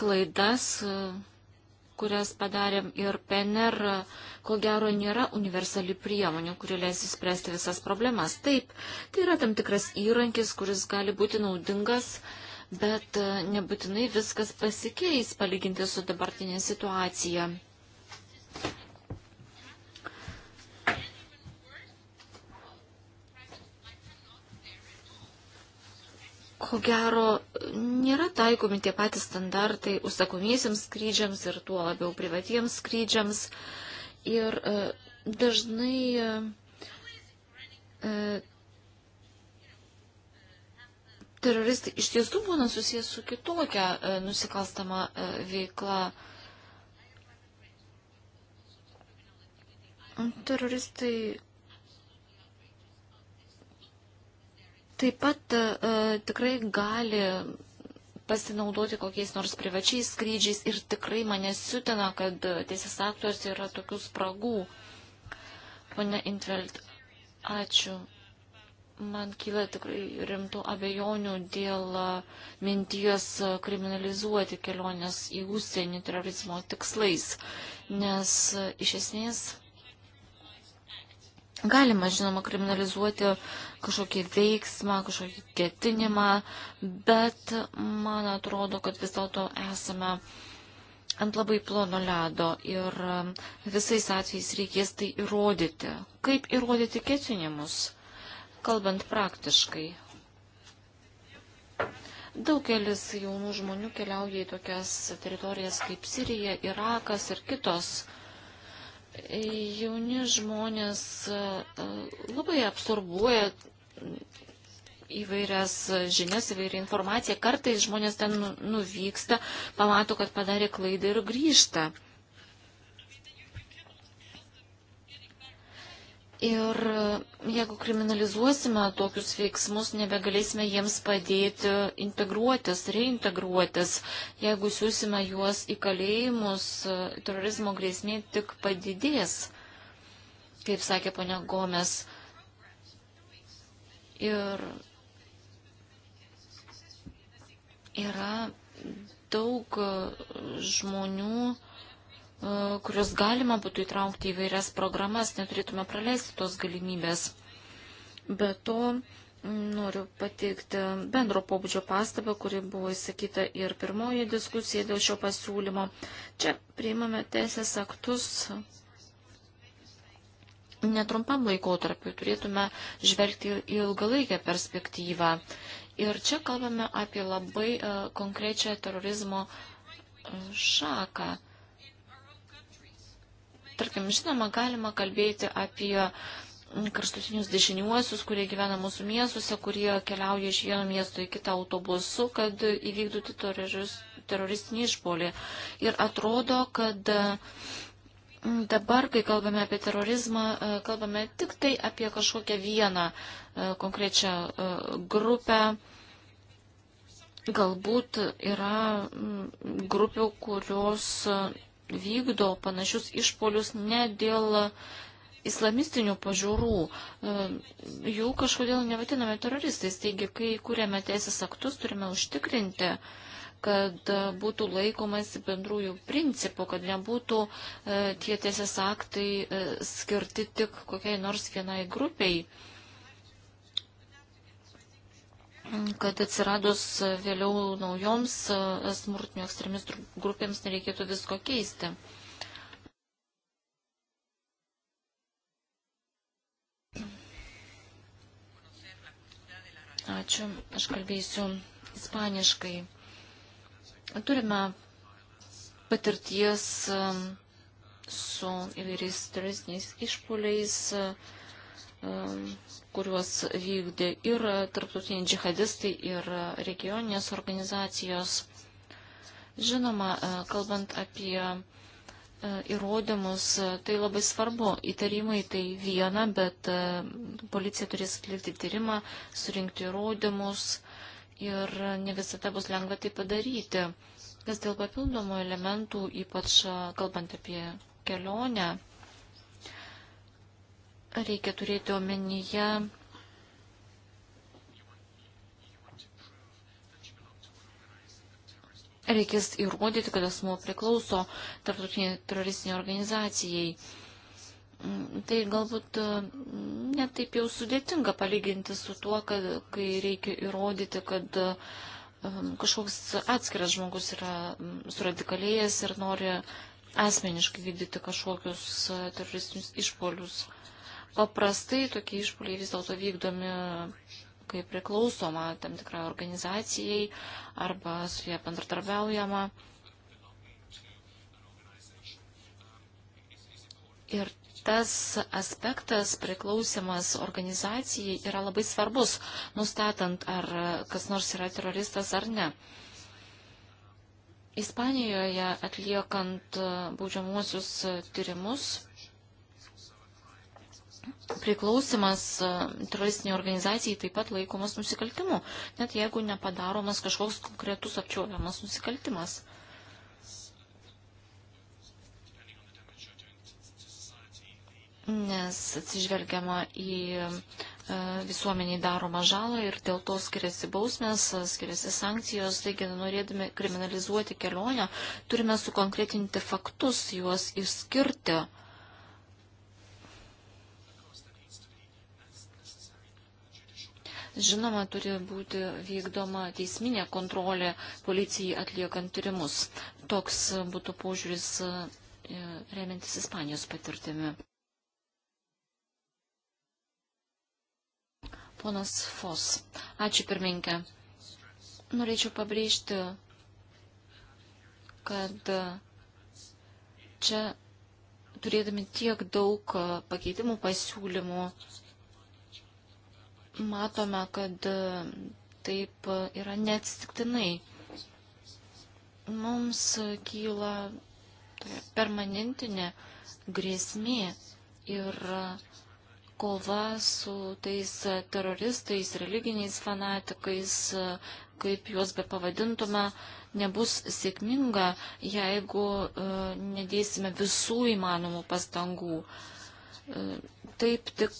klaidas, kurias padarėm ir PNR, ko gero nėra universali priemonė, kuri leis įspręsti visas problemas. Taip, tai yra tam tikras įrankis, kuris gali būti naudingas, bet e, nebūtinai viskas pasikeis palyginti su dabartinė situacija. ko gero, nėra taikomi tie patys standartai užsakomiesiams skrydžiams ir tuo labiau privatiems skrydžiams. Ir e, dažnai e, e, teroristai iš tiesų būna susijęs su kitokia e, nusikalstama e, veikla. Teroristai taip pat e, e, tikrai gali pasinaudoti kokiais nors privačiais skrydžiais ir tikrai mane siutina, kad teisės aktuose yra tokių spragų. Pane Intveld, ačiū. Man kyla tikrai rimtų abejonių dėl e, minties kriminalizuoti keliones į užsienį terorizmo tikslais, nes iš esmės galima, žinoma, kriminalizuoti kažkokį veiksmą, kažkokį ketinimą, bet man atrodo, kad vis dėlto esame ant labai plono ledo ir um, visais atvejais reikės tai įrodyti. Kaip įrodyti ketinimus, kalbant praktiškai? Daugelis jaunų žmonių keliauja į tokias teritorijas kaip Sirija, Irakas ir kitos jauni žmonės uh, labai absorbuoja įvairias žinias, įvairią informaciją. Kartais žmonės ten nu, nuvyksta, pamato, kad padarė klaidą ir grįžta. Ir jeigu kriminalizuosime tokius veiksmus, nebegalėsime jiems padėti integruotis, reintegruotis. Jeigu siūsime juos į kalėjimus, terorizmo grėsmė tik padidės, kaip sakė ponia Gomes. Ir yra daug žmonių, kuriuos galima būtų įtraukti į vairias programas, neturėtume praleisti tos galimybės. Be to, noriu pateikti bendro pobūdžio pastabą, kuri buvo įsakyta ir pirmoji diskusija dėl šio pasiūlymo. Čia priimame teisės aktus, netrumpam laikotarpiu, turėtume žvelgti ilgalaikę perspektyvą. Ir čia kalbame apie labai e, konkrečią terorizmo e, šaką. Tarkim, žinoma, galima kalbėti apie karštutinius dešiniuosius, kurie gyvena mūsų miestuose, kurie keliauja iš vieno miesto į kitą autobusu, kad įvykdytų teroristinį išpolį. Ir atrodo, kad uh, Dabar, kai kalbame apie terorizmą, e, kalbame tik tai apie kažkokią vieną e, konkrečią e, grupę. Galbūt yra grupių, kurios vykdo panašius išpolius ne dėl islamistinių pažiūrų. Jų kažkodėl nevadiname teroristais. Taigi, kai kūrėme teisės aktus, turime užtikrinti, kad e, būtų laikomasi bendrųjų principų, kad nebūtų e, tie tiesias aktai e, skirti tik kokiai nors vienai grupiai kad atsiradus vėliau naujoms smurtinių ekstremistų grupėms nereikėtų visko keisti. Ačiū, aš kalbėsiu ispaniškai. Turime patirties um, su įvairiais teroristiniais išpoliais, um, kuriuos vykdė ir tarptautiniai džihadistai, ir regioninės organizacijos. Žinoma, e, kalbant apie e, įrodymus, e, tai labai svarbu. Įtarimai tai viena, bet policija turės atlikti tyrimą, surinkti įrodymus ir ne visada bus lengva tai padaryti. Kas dėl papildomų elementų, ypač kalbant apie kelionę, reikia turėti omenyje Reikės įrodyti, kad asmo priklauso tarptautiniai teroristiniai organizacijai. Tai galbūt e, netaip jau sudėtinga palyginti su tuo, kad, kai reikia įrodyti, kad e, kažkoks atskiras žmogus yra suradikalėjęs ir nori asmeniškai vykdyti kažkokius e, teroristinius išpolius. Paprastai tokie išpoliai vis dėlto vykdomi kai priklausoma tam tikrai organizacijai arba su jie bendradarbiaujama. Ir tas aspektas priklausimas organizacijai yra labai svarbus, nustatant, ar kas nors yra teroristas ar ne. Ispanijoje atliekant baudžiamuosius tyrimus, priklausimas teroristiniai organizacijai taip pat laikomas nusikaltimu, net jeigu nepadaromas kažkoks konkretus apčiuopiamas nusikaltimas. nes atsižvelgiama į e, visuomeniai daromą žalą ir dėl to skiriasi bausmės, skiriasi sankcijos. Taigi, norėdami kriminalizuoti kelionę, turime sukonkretinti faktus, juos išskirti. Žinoma, turi būti vykdoma teisminė kontrolė policijai atliekant tyrimus. Toks būtų požiūris e, remiantis Ispanijos patirtimi. Ponas Fos. Ačiū pirminkė. Norėčiau pabrėžti, kad čia turėdami tiek daug pakeitimų pasiūlymų, matome, kad taip yra neatsitiktinai. Mums kyla permanentinė grėsmė ir uh, kova su tais e, teroristais, religiniais fanatikais, e, kaip juos be pavadintume, nebus sėkminga, jeigu e, nedėsime visų įmanomų pastangų. Taip tik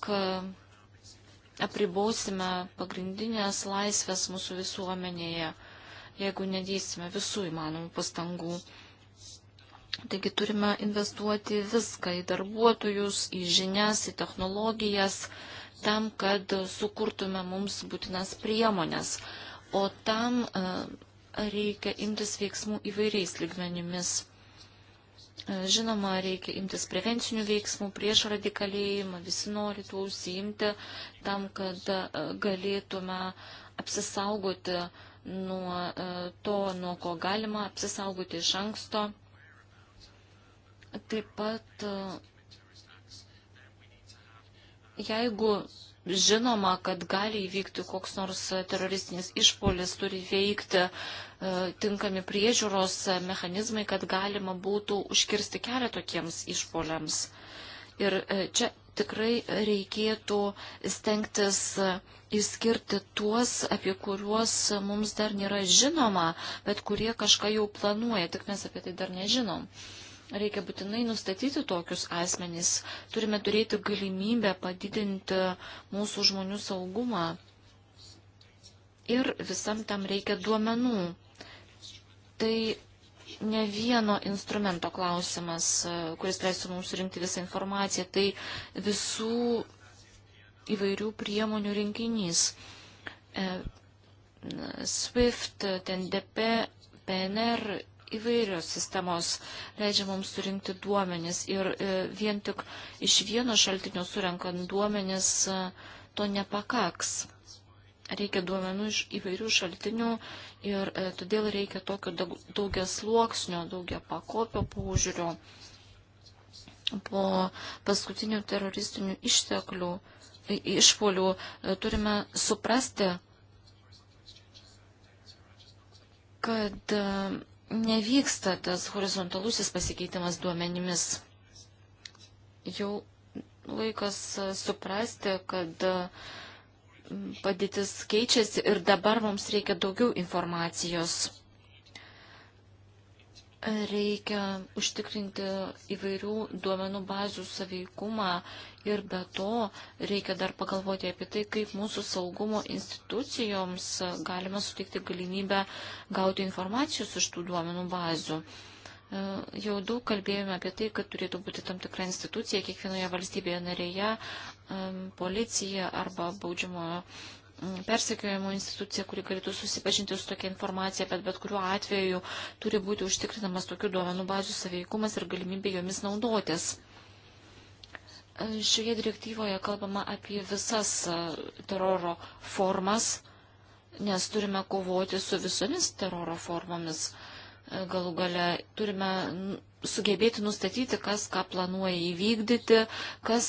apribosime pagrindinės laisvės mūsų visuomenėje, jeigu nedėsime visų įmanomų pastangų. Taigi turime investuoti viską į darbuotojus, į žinias, į technologijas, tam, kad sukurtume mums būtinas priemonės. O tam e, reikia imtis veiksmų įvairiais ligmenimis. E, žinoma, reikia imtis prevencinių veiksmų prieš radikalėjimą, visi nori tuo užsiimti, tam, kad e, galėtume apsisaugoti nuo to, nuo ko galima apsisaugoti iš anksto. Taip pat, e, jeigu žinoma, kad gali įvykti koks nors teroristinis išpolis, turi veikti e, tinkami priežiūros mechanizmai, kad galima būtų užkirsti kelią tokiems išpoliams. Ir e, čia tikrai reikėtų stengtis įskirti tuos, apie kuriuos mums dar nėra žinoma, bet kurie kažką jau planuoja, tik mes apie tai dar nežinom. Uh, Reikia būtinai nustatyti tokius asmenys. Turime turėti galimybę padidinti mūsų žmonių saugumą. Ir visam tam reikia duomenų. Tai ne vieno instrumento klausimas, kuris leistų mums surinkti visą informaciją, tai visų įvairių priemonių rinkinys. E, SWIFT, TNDP, PNR įvairios sistemos leidžia mums surinkti duomenis ir e, vien tik iš vieno šaltinio surinkant duomenis e, to nepakaks. Reikia duomenų iš įvairių šaltinių ir e, todėl reikia tokio daugia sluoksnio, daugia pakopio paužiūrio po paskutinių teroristinių išteklių, išpolių turime suprasti, kad nevyksta tas horizontalusis pasikeitimas duomenimis. Jau laikas e, suprasti, kad e, padėtis keičiasi ir dabar mums reikia daugiau informacijos. Reikia užtikrinti įvairių duomenų bazių saveikumą ir be to reikia dar pagalvoti apie tai, kaip mūsų saugumo institucijoms galima suteikti galimybę gauti informacijos iš tų duomenų bazių. E, jau daug kalbėjome apie tai, kad turėtų būti tam tikra institucija kiekvienoje valstybėje narėje, e, policija arba baudžiamojo persekiojimo institucija, kuri galėtų susipažinti su tokia informacija, bet bet kuriuo atveju turi būti užtikrinamas tokių duomenų bazių saveikumas ir galimybė jomis naudotis. Šioje direktyvoje kalbama apie visas teroro formas, nes turime kovoti su visomis teroro formomis. Galų gale turime sugebėti nustatyti, kas ką planuoja įvykdyti, kas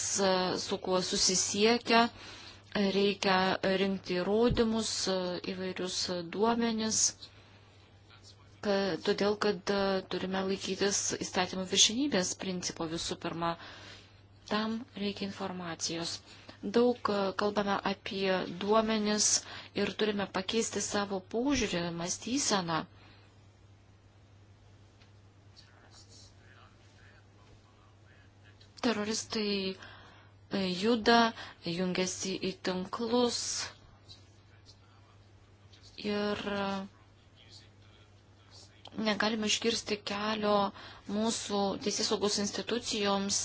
su kuo susisiekia. Uh, reikia rinkti įrodymus, įvairius duomenis, kad, todėl kad e, turime laikytis įstatymų viršinybės principo visų pirma. Tam reikia informacijos. Daug e, kalbame apie duomenis ir turime pakeisti savo požiūrį, mąstyseną. Teroristai juda, jungiasi į tinklus ir e, negalime išgirsti kelio mūsų teisės saugos institucijoms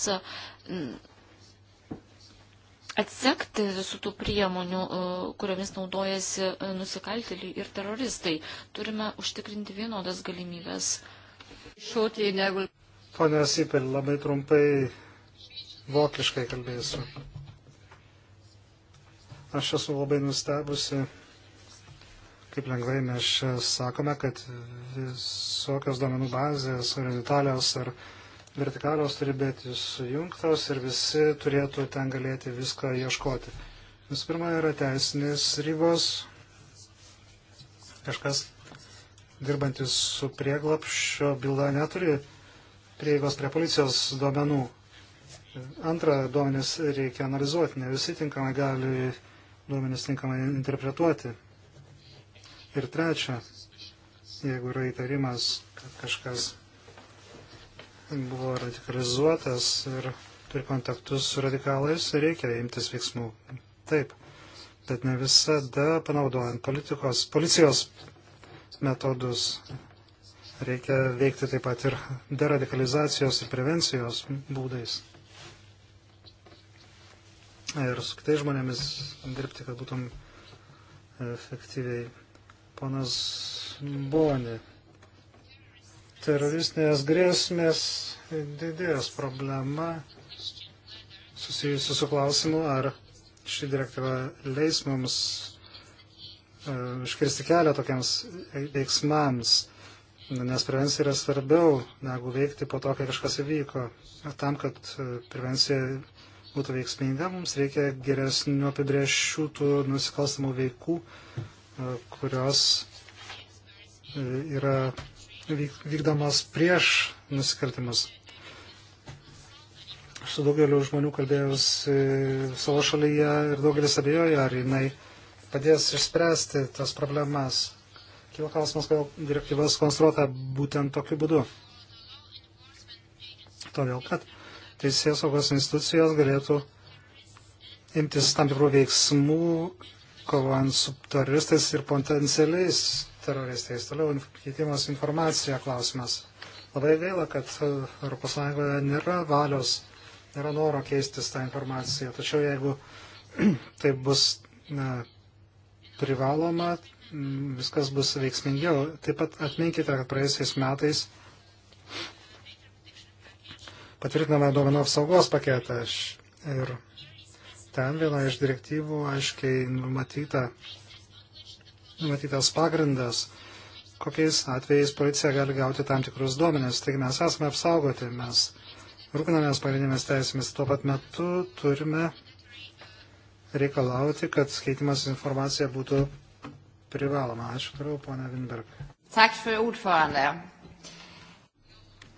atsekti visų tų priemonių, e, kuriomis naudojasi e, nusikaltėliai ir teroristai. Turime užtikrinti vienodas galimybės. Pone Sipel, labai trumpai vokiškai kalbėsiu. Aš esu labai nustebusi, kaip lengvai mes sakome, kad visokios domenų bazės, ar detalios, ar vertikalios turi būti sujungtos ir visi turėtų ten galėti viską ieškoti. Visų pirma, yra teisinės ribos. Kažkas dirbantis su prieglapščio byla neturi prieigos prie policijos duomenų. Antra, duomenis reikia analizuoti, ne visi tinkamai gali duomenis tinkamai interpretuoti. Ir trečia, jeigu yra įtarimas, kad kažkas buvo radikalizuotas ir turi kontaktus su radikalais, reikia imtis veiksmų. Taip, bet ne visada panaudojant politikos, policijos metodus. Reikia veikti taip pat ir deradikalizacijos ir prevencijos būdais ir su kitais žmonėmis dirbti, kad būtum efektyviai. Ponas Boni, teroristinės grėsmės didės problema susijusi su klausimu, ar ši direktyva leis mums e, uh, iškirsti kelią tokiems veiksmams, nes prevencija yra svarbiau negu veikti po to, kai kažkas įvyko. Tam, kad e, prevencija būtų veiksminga, mums reikia geresnių apibrėžčių tų nusikalstamų veikų, e, kurios e, yra vykdomas prieš nusikaltimus. Aš su daugeliu žmonių kalbėjus e, savo šalyje ir daugelis abejoja, ar jinai padės išspręsti tas problemas. Kilo klausimas, kodėl direktyva sukonstruota būtent tokiu būdu. Todėl, kad teisės saugos institucijos galėtų imtis tam tikrų veiksmų, kovojant su teroristais ir potencialiais teroristais. Toliau keitimas informacija klausimas. Labai gaila, kad ES nėra valios, nėra noro keistis tą informaciją. Tačiau jeigu tai bus na, privaloma, viskas bus veiksmingiau. Taip pat atminkite, kad praėjusiais metais patvirtiname duomenų apsaugos paketą. Ir ten viena iš direktyvų aiškiai numatyta, numatytas pagrindas, kokiais atvejais policija gali gauti tam tikrus duomenis. Taigi mes esame apsaugoti, mes rūpinamės pagrindinėmis teisėmis. Tuo pat metu turime reikalauti, kad skaitimas informacija būtų privaloma. Ačiū toliau, ponia Vinberg. Tak for ordförande.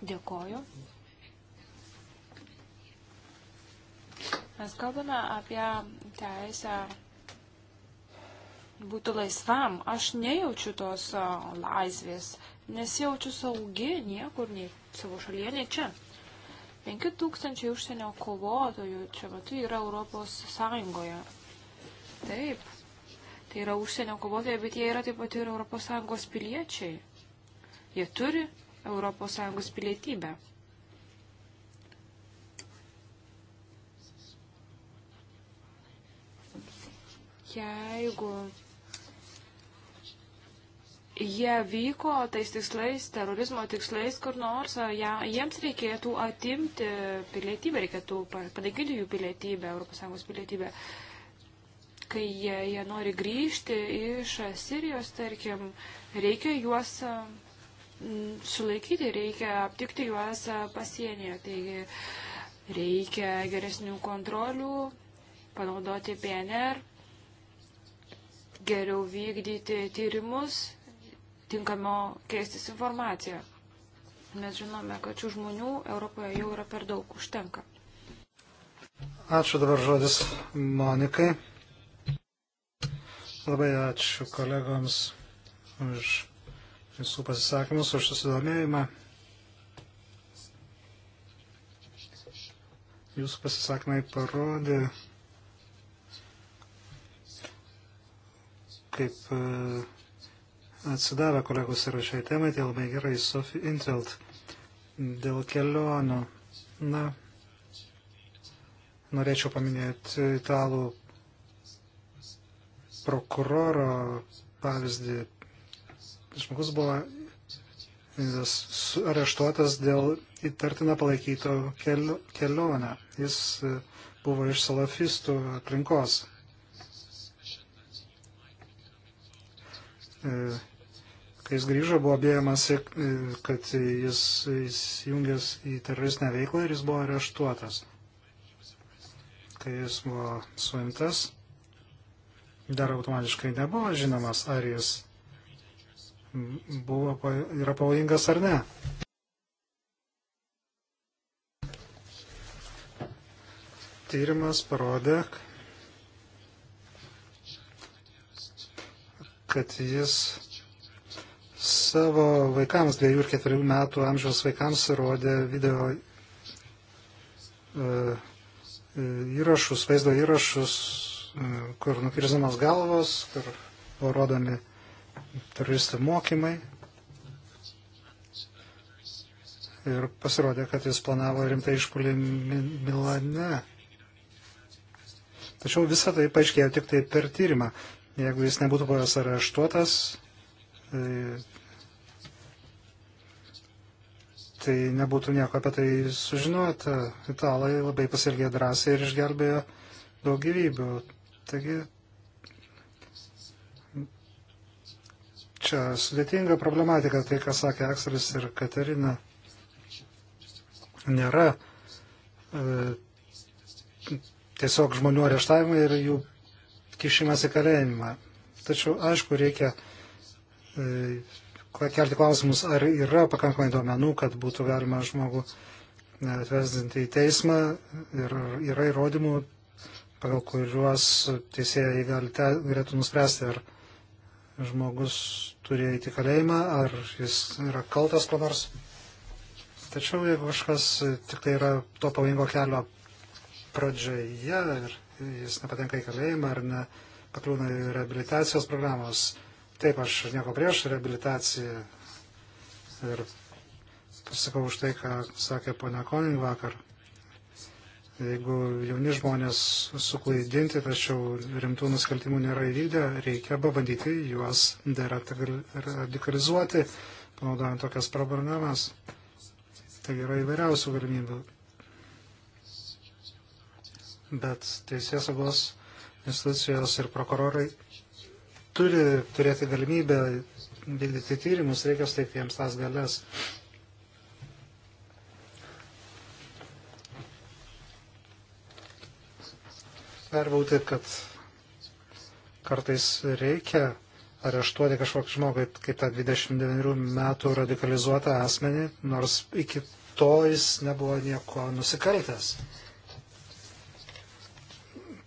Dėkoju. Mes kalbame apie teisę būti laisvam. Aš nejaučiu tos laisvės, nesijaučiu saugi niekur, nei savo šalyje, nei čia. 5000 užsienio kovotojų čia metu yra Europos Sąjungoje. Taip, tai yra užsienio kovotojai, bet jie yra taip pat ir Europos Sąjungos piliečiai. Jie turi Europos Sąjungos pilietybę. jeigu jie vyko tais tikslais, terorizmo tikslais kur nors, ja, jiems reikėtų atimti pilietybę, reikėtų padaryti jų pilietybę, ES pilietybę. Kai jie, jie nori grįžti iš Sirijos, tarkim, reikia juos sulaikyti, reikia aptikti juos pasienyje. Taigi reikia geresnių kontrolių, panaudoti PNR geriau vykdyti tyrimus, tinkamo keistis informaciją. Mes žinome, kad šių žmonių Europoje jau yra per daug, užtenka. Ačiū dabar žodis Monikai. Labai ačiū kolegoms už visų pasisakymus, už susidomėjimą. Jūsų pasisakymai parodė, kaip e, atsidavę kolegos yra šiai temai, tai labai gerai, Sophie Intveld, dėl kelionių. Na, norėčiau paminėti italų prokuroro pavyzdį. Žmogus buvo areštuotas dėl įtartina palaikyto kelionę. Jis e, buvo iš salafistų aplinkos. E, kai jis grįžo, buvo bėjamasi, e, kad jis įsijungęs į teroristinę veiklą ir jis buvo areštuotas. Kai jis buvo suimtas, dar automatiškai nebuvo žinomas, ar jis buvo, yra pavojingas ar ne. Tyrimas parodė, kad jis savo vaikams, dviejų ir ketverių metų amžiaus vaikams rodė video e, e, įrašus, vaizdo įrašus, e, kur nukirzimas galvos, kur buvo rodomi teroristų mokymai. Ir pasirodė, kad jis planavo rimtai išpulį Milane. Tačiau visą tai paaiškėjo tik tai per tyrimą. Jeigu jis nebūtų buvęs areštuotas, tai, tai nebūtų nieko apie tai sužinoti. Italai labai pasilgė drąsiai ir išgelbėjo daug gyvybių. Taigi čia sudėtinga problematika, tai ką sakė Akselis ir Katerina. Nėra e, tiesiog žmonių areštavimai ir jų kišimas į kalėjimą. Tačiau, aišku, reikia e, kelti klausimus, ar yra pakankamai duomenų, kad būtų galima žmogų e, atvesdinti į teismą ir yra įrodymų, pagal kuriuos teisėjai gali te, galėtų nuspręsti, ar žmogus turi eiti į kalėjimą, ar jis yra kaltas kuo nors. Tačiau jeigu kažkas tik tai yra to pavojingo kelio pradžioje ir jis nepatenka į kalėjimą ar ne, pakliūna į rehabilitacijos programos. Taip, aš nieko prieš rehabilitaciją ir pasakau už tai, ką sakė ponia Koning vakar. Jeigu jauni žmonės suklaidinti, tačiau rimtų nusikaltimų nėra įvykdę, reikia pabandyti juos deradikalizuoti, panaudojant tokias problemas. Tai yra įvairiausių galimybių bet teisės saugos institucijos ir prokurorai turi turėti galimybę vykdyti tyrimus, reikia suteikti jiems tas galės. Gali būti, kad kartais reikia areštuoti kažkokį žmogų, kaip tą 29 metų radikalizuotą asmenį, nors iki to jis nebuvo nieko nusikaltęs.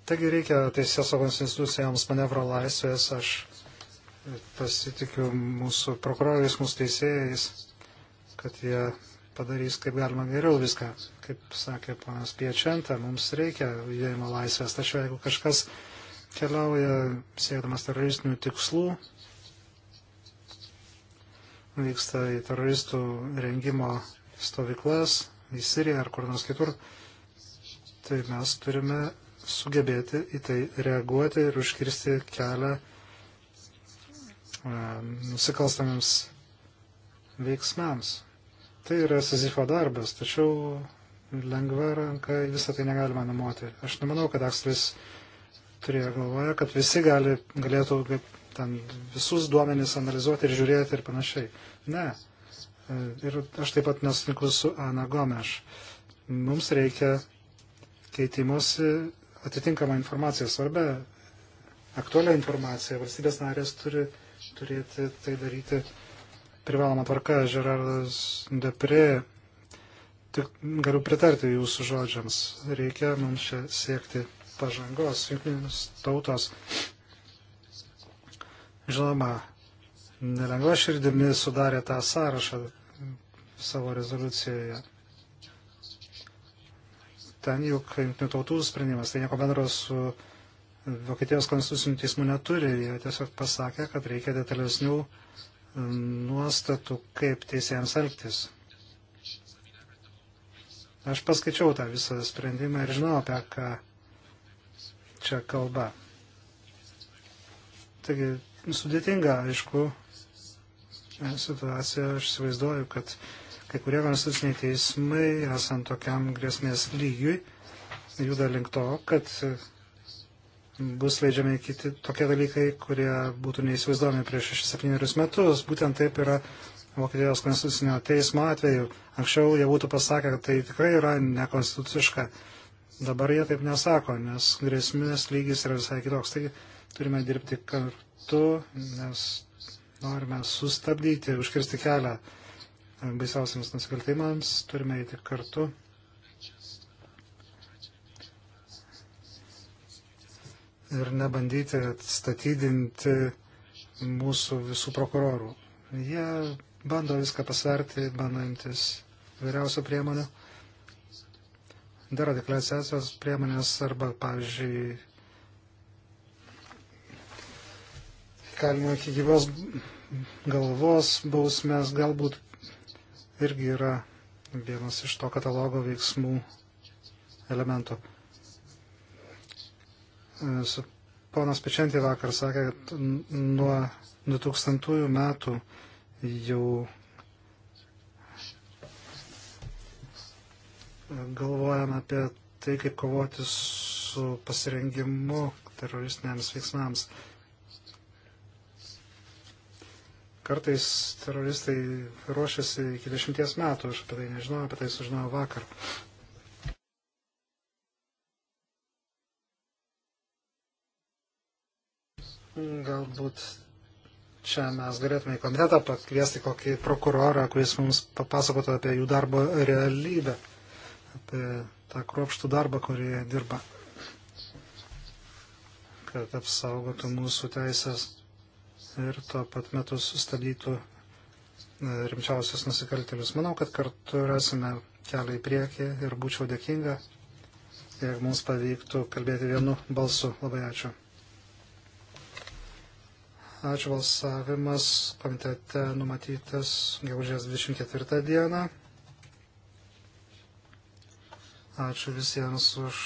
Taigi reikia teisės saugos institucijams manevro laisvės, aš pasitikiu mūsų prokurorais, mūsų teisėjais, kad jie padarys kaip galima geriau viską. Kaip sakė panas Piečenta, mums reikia judėjimo laisvės, tačiau jeigu kažkas keliauja siekdamas teroristinių tikslų, vyksta į teroristų rengimo stovyklas, į Siriją ar kur nors kitur, tai mes turime sugebėti į tai reaguoti ir užkirsti kelią e, nusikalstamiams veiksmams. Tai yra Sizifo darbas, tačiau lengva ranka visą tai negalima namuoti. Aš nemanau, kad Akselis turėjo galvoje, kad visi gali, galėtų kaip, ten visus duomenys analizuoti ir žiūrėti ir panašiai. Ne. E, ir aš taip pat nesutinku su Ana Gomeš. Mums reikia keitimosi atitinkamą informaciją, svarbę, aktualią informaciją. Valstybės narės turi turėti tai daryti privaloma tvarka. Žerardas Deprė, tik galiu pritarti jūsų žodžiams. Reikia mums čia siekti pažangos, jungtinės tautos. Žinoma, nelengva širdimi sudarė tą sąrašą savo rezoliucijoje ten juk jungtinių tautų sprendimas, tai nieko bendro su Vokietijos konstituciniu teismu neturi. Jie tiesiog pasakė, kad reikia detalesnių um, nuostatų, kaip teisėjams elgtis. Aš paskaičiau tą visą sprendimą ir žinau, apie ką čia kalba. Taigi, sudėtinga, aišku, situacija, aš įsivaizduoju, kad Kai kurie konstituciniai teismai, esant tokiam grėsmės lygiui, juda link to, kad bus leidžiami kiti tokie dalykai, kurie būtų neįsivaizduomi prieš 6-7 metus. Būtent taip yra Vokietijos konstitucinio teismo atveju. Anksčiau jie būtų pasakę, kad tai tikrai yra nekonstituciška. Dabar jie taip nesako, nes grėsmės lygis yra visai kitoks. Taigi turime dirbti kartu, nes norime sustabdyti, užkirsti kelią baisiausiams nusikaltimams, turime eiti kartu. Ir nebandyti atstatydinti mūsų visų prokurorų. Jie bando viską pasverti, bando imtis vyriausių priemonių deradikalizacijos priemonės arba, pavyzdžiui, kalinio iki gyvos galvos bausmės galbūt irgi yra vienas iš to katalogo veiksmų elementų. E, ponas Pečentė vakar sakė, kad nuo 2000 metų jau e, galvojame apie tai, kaip kovoti su pasirengimu teroristiniams veiksmams. Kartais teroristai ruošiasi iki dešimties metų, aš apie tai nežinau, apie tai sužinojau vakar. Galbūt čia mes galėtume į komitetą pakviesti kokį prokurorą, kuris mums papasakotų apie jų darbo realybę, apie tą kruopštų darbą, kurį dirba, kad apsaugotų mūsų teisės ir tuo pat metu sustabdytų e, rimčiausius nusikaltėlius. Manau, kad kartu rasime kelią į priekį ir būčiau dėkinga, jeigu mums pavyktų kalbėti vienu balsu. Labai ačiū. Ačiū balsavimas komitete numatytas gegužės 24 dieną. Ačiū visiems už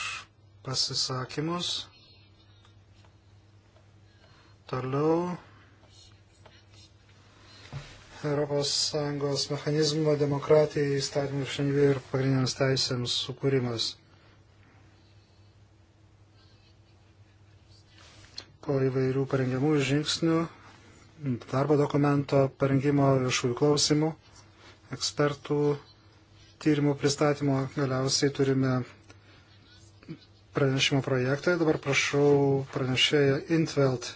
pasisakymus. Toliau. ES mechanizmo demokratijai, įstatymų viršenybė ir pagrindiniams teisėms sukūrimas. Po įvairių parengiamų žingsnių, darbo dokumento parengimo viešųjų klausimų, ekspertų tyrimų pristatymo galiausiai turime pranešimo projektą. Dabar prašau pranešėją Intveld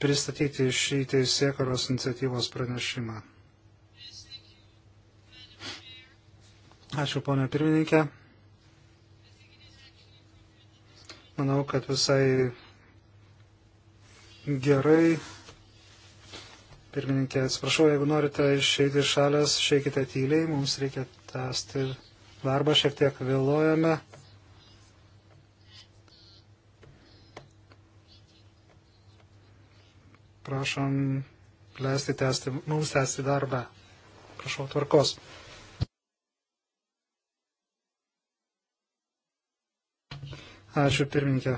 pristatyti šį teisėkaros iniciatyvos pranešimą. Ačiū, ponė pirmininkė. Manau, kad visai gerai. Pirmininkė, atsiprašau, jeigu norite išeiti iš šalės, išeikite tyliai, mums reikia tęsti darbą, šiek tiek vėluojame. prašom leisti tęsti, mums tęsti darbą. Prašau tvarkos. Ačiū pirmininkė.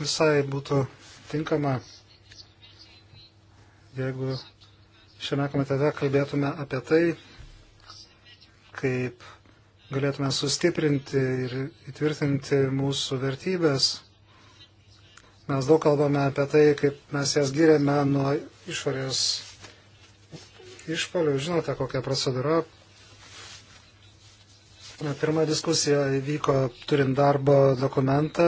Visai būtų tinkama, jeigu šiame komitete kalbėtume apie tai, kaip galėtume sustiprinti ir įtvirtinti mūsų vertybės Mes daug kalbame apie tai, kaip mes jas gyrėme nuo išorės išpolių. Žinote, kokia procedūra. Pirma diskusija įvyko turint darbo dokumentą,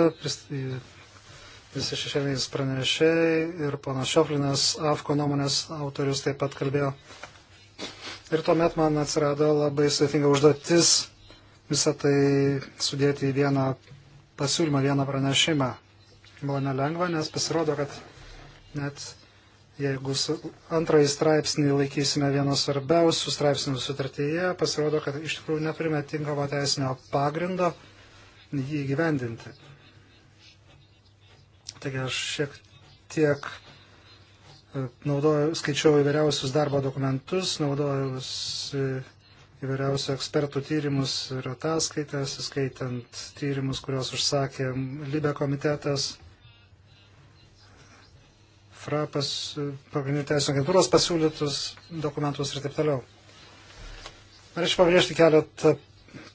visi šešėliniais pranešėjai ir panas Šioflinas, AFKO nuomonės autorius taip pat kalbėjo. Ir tuomet man atsirado labai sudėtinga užduotis visą tai sudėti į vieną pasiūlymą, vieną pranešimą buvo nelengva, nes pasirodo, kad net jeigu antrąjį straipsnį laikysime vienu svarbiausių straipsnių sutartyje, pasirodo, kad iš tikrųjų neturime tinkamo teisinio pagrindo jį gyvendinti. Taigi aš šiek tiek e, naudoju, skaičiau įvairiausius darbo dokumentus, naudoju įvairiausių ekspertų tyrimus ir ataskaitas, skaitant tyrimus, kuriuos užsakė Libe komitetas frapas, pagrindinių teisų agentūros pasiūlytus dokumentus ir taip toliau. Norėčiau pabrėžti keletą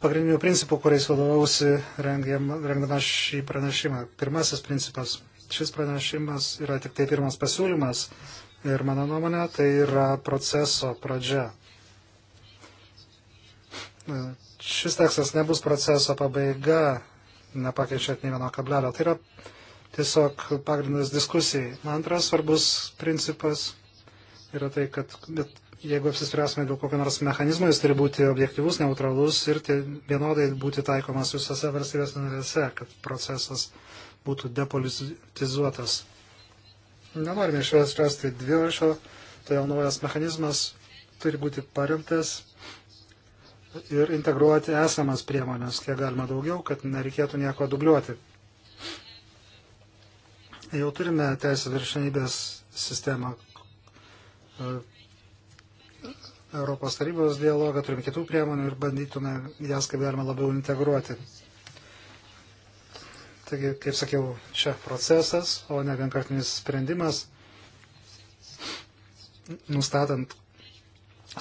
pagrindinių principų, kuriais vadovausi rengdama šį pranešimą. Pirmasis principas. Šis pranešimas yra tik tai pirmas pasiūlymas ir mano nuomonė tai yra proceso pradžia. Šis tekstas nebus proceso pabaiga, nepakeičiant nei vieno kablelio. Tai yra tiesiog pagrindas diskusijai. Antras svarbus principas yra tai, kad jeigu apsispręsime dėl kokio nors mechanizmo, jis turi būti objektivus, neutralus ir vienodai būti taikomas visose valstybės narėse, kad procesas būtų depolitizuotas. Nenorime išvesti dviračio, todėl tai naujas mechanizmas turi būti paremtas ir integruoti esamas priemonės, kiek galima daugiau, kad nereikėtų nieko dubliuoti jau turime teisės viršenybės sistemą e, Europos tarybos dialogą, turime kitų priemonių ir bandytume jas kaip galima labiau integruoti. Taigi, kaip sakiau, čia procesas, o ne vienkartinis sprendimas, nustatant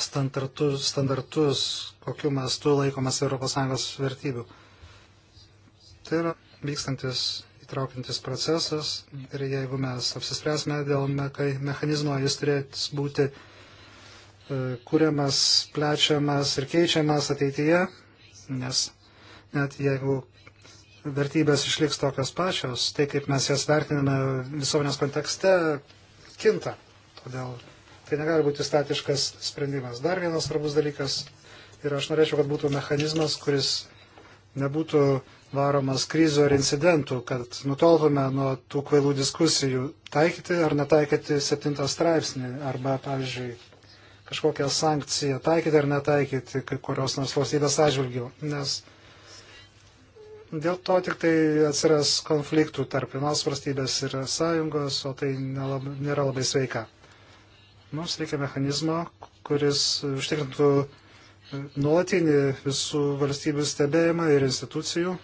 standartus, standartus kokiu mastu laikomas ES vertybių. Tai yra vykstantis traukintis procesas ir jeigu mes apsispręsime dėl mechanizmo, jis turės būti e, kuriamas, plečiamas ir keičiamas ateityje, nes net jeigu vertybės išliks tokios pačios, tai kaip mes jas vertiname visuomenės kontekste, kinta. Todėl tai negali būti statiškas sprendimas. Dar vienas svarbus dalykas ir aš norėčiau, kad būtų mechanizmas, kuris nebūtų varomas krizių ar incidentų, kad nutoltume nuo tų kvailų diskusijų taikyti ar netaikyti septintą straipsnį, arba, pavyzdžiui, kažkokią sankciją taikyti ar netaikyti kai kurios nors valstybės atžvilgių, nes dėl to tik tai atsiras konfliktų tarp vienos valstybės ir sąjungos, o tai nelab, nėra labai sveika. Mums reikia mechanizmo, kuris užtikrintų nuolatinį visų valstybių stebėjimą ir institucijų.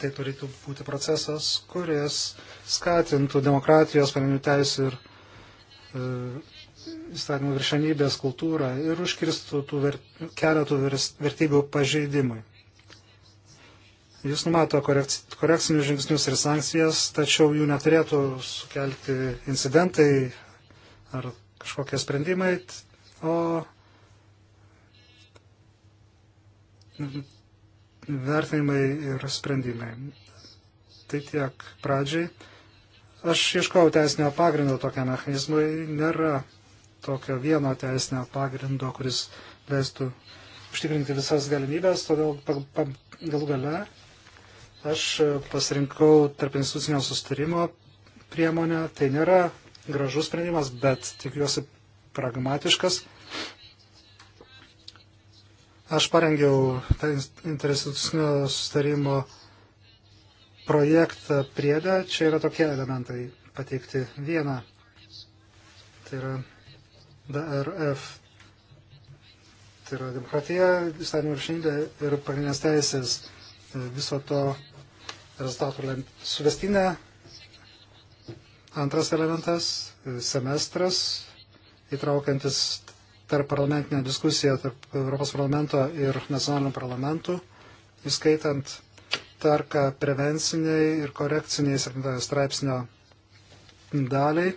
Tai turėtų būti procesas, kuris skatintų demokratijos, pagrindinių teisų ir e, įstatymų viršenybės kultūrą ir užkirstų tų ver, keletų vertybių pažeidimui. Jis numato korek, korekcinius žingsnius ir sankcijas, tačiau jų neturėtų sukelti incidentai ar kažkokie sprendimai, o vertinimai ir sprendimai. Tai tiek pradžiai. Aš ieškau teisinio pagrindo tokiam mechanizmui. Nėra tokio vieno teisinio pagrindo, kuris leistų užtikrinti visas galimybės, todėl galų gale aš pasirinkau tarp institucinio sustarimo priemonę. Tai nėra gražus sprendimas, bet tikiuosi pragmatiškas Aš parengiau tą interinstitucinio sustarimo projektą priedą. Čia yra tokie elementai pateikti. Viena, tai yra DRF, tai yra demokratija, įstatymų viršinybė ir pagrindinės teisės viso to rezultatų suvestinė. Antras elementas - semestras, įtraukiantis tarp parlamentinę diskusiją tarp Europos parlamento ir nacionalinių parlamentų, įskaitant tarką prevenciniai ir korekciniai 7 straipsnio daliai,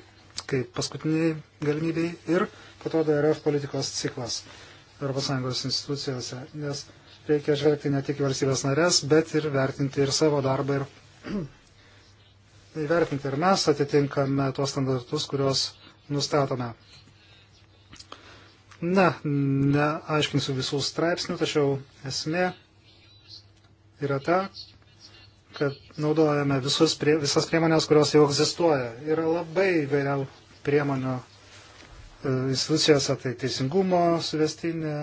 kaip paskutiniai galimybei ir po to DRF politikos ciklas ES institucijose, nes reikia žvelgti ne tik valstybės narės, bet ir vertinti ir savo darbą ir įvertinti, ar mes atitinkame tuos standartus, kuriuos nustatome. Na, neaiškinsiu visų straipsnių, tačiau esmė yra ta, kad naudojame visus, prie, visas priemonės, kurios jau egzistuoja. Yra labai įvairių priemonių e, institucijose, tai teisingumo suvestinė,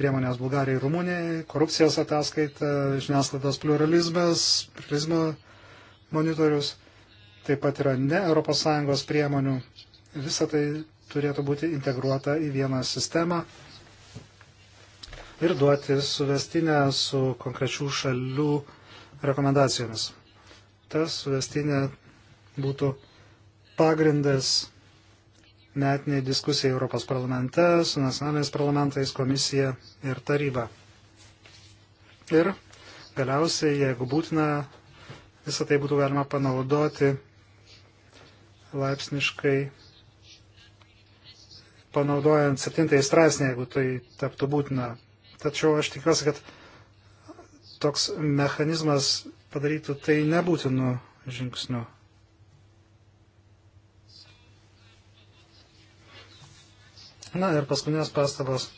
priemonės Bulgarijai, Rumunijai, korupcijos ataskaita, žiniasklaidos pluralizmas, pluralizmo monitorius, taip pat yra ne ES priemonių. Visą tai turėtų būti integruota į vieną sistemą ir duoti suvestinę su konkrečių šalių rekomendacijomis. Ta suvestinė būtų pagrindas metiniai diskusijai Europos parlamente, su nacionaliniais parlamentais, komisija ir taryba. Ir galiausiai, jeigu būtina, visą tai būtų galima panaudoti laipsniškai panaudojant septintąjį straipsnį, jeigu tai taptų būtina. Tačiau aš tikiuosi, kad toks mechanizmas padarytų tai nebūtinu žingsniu. Na ir paskutinės pastabos.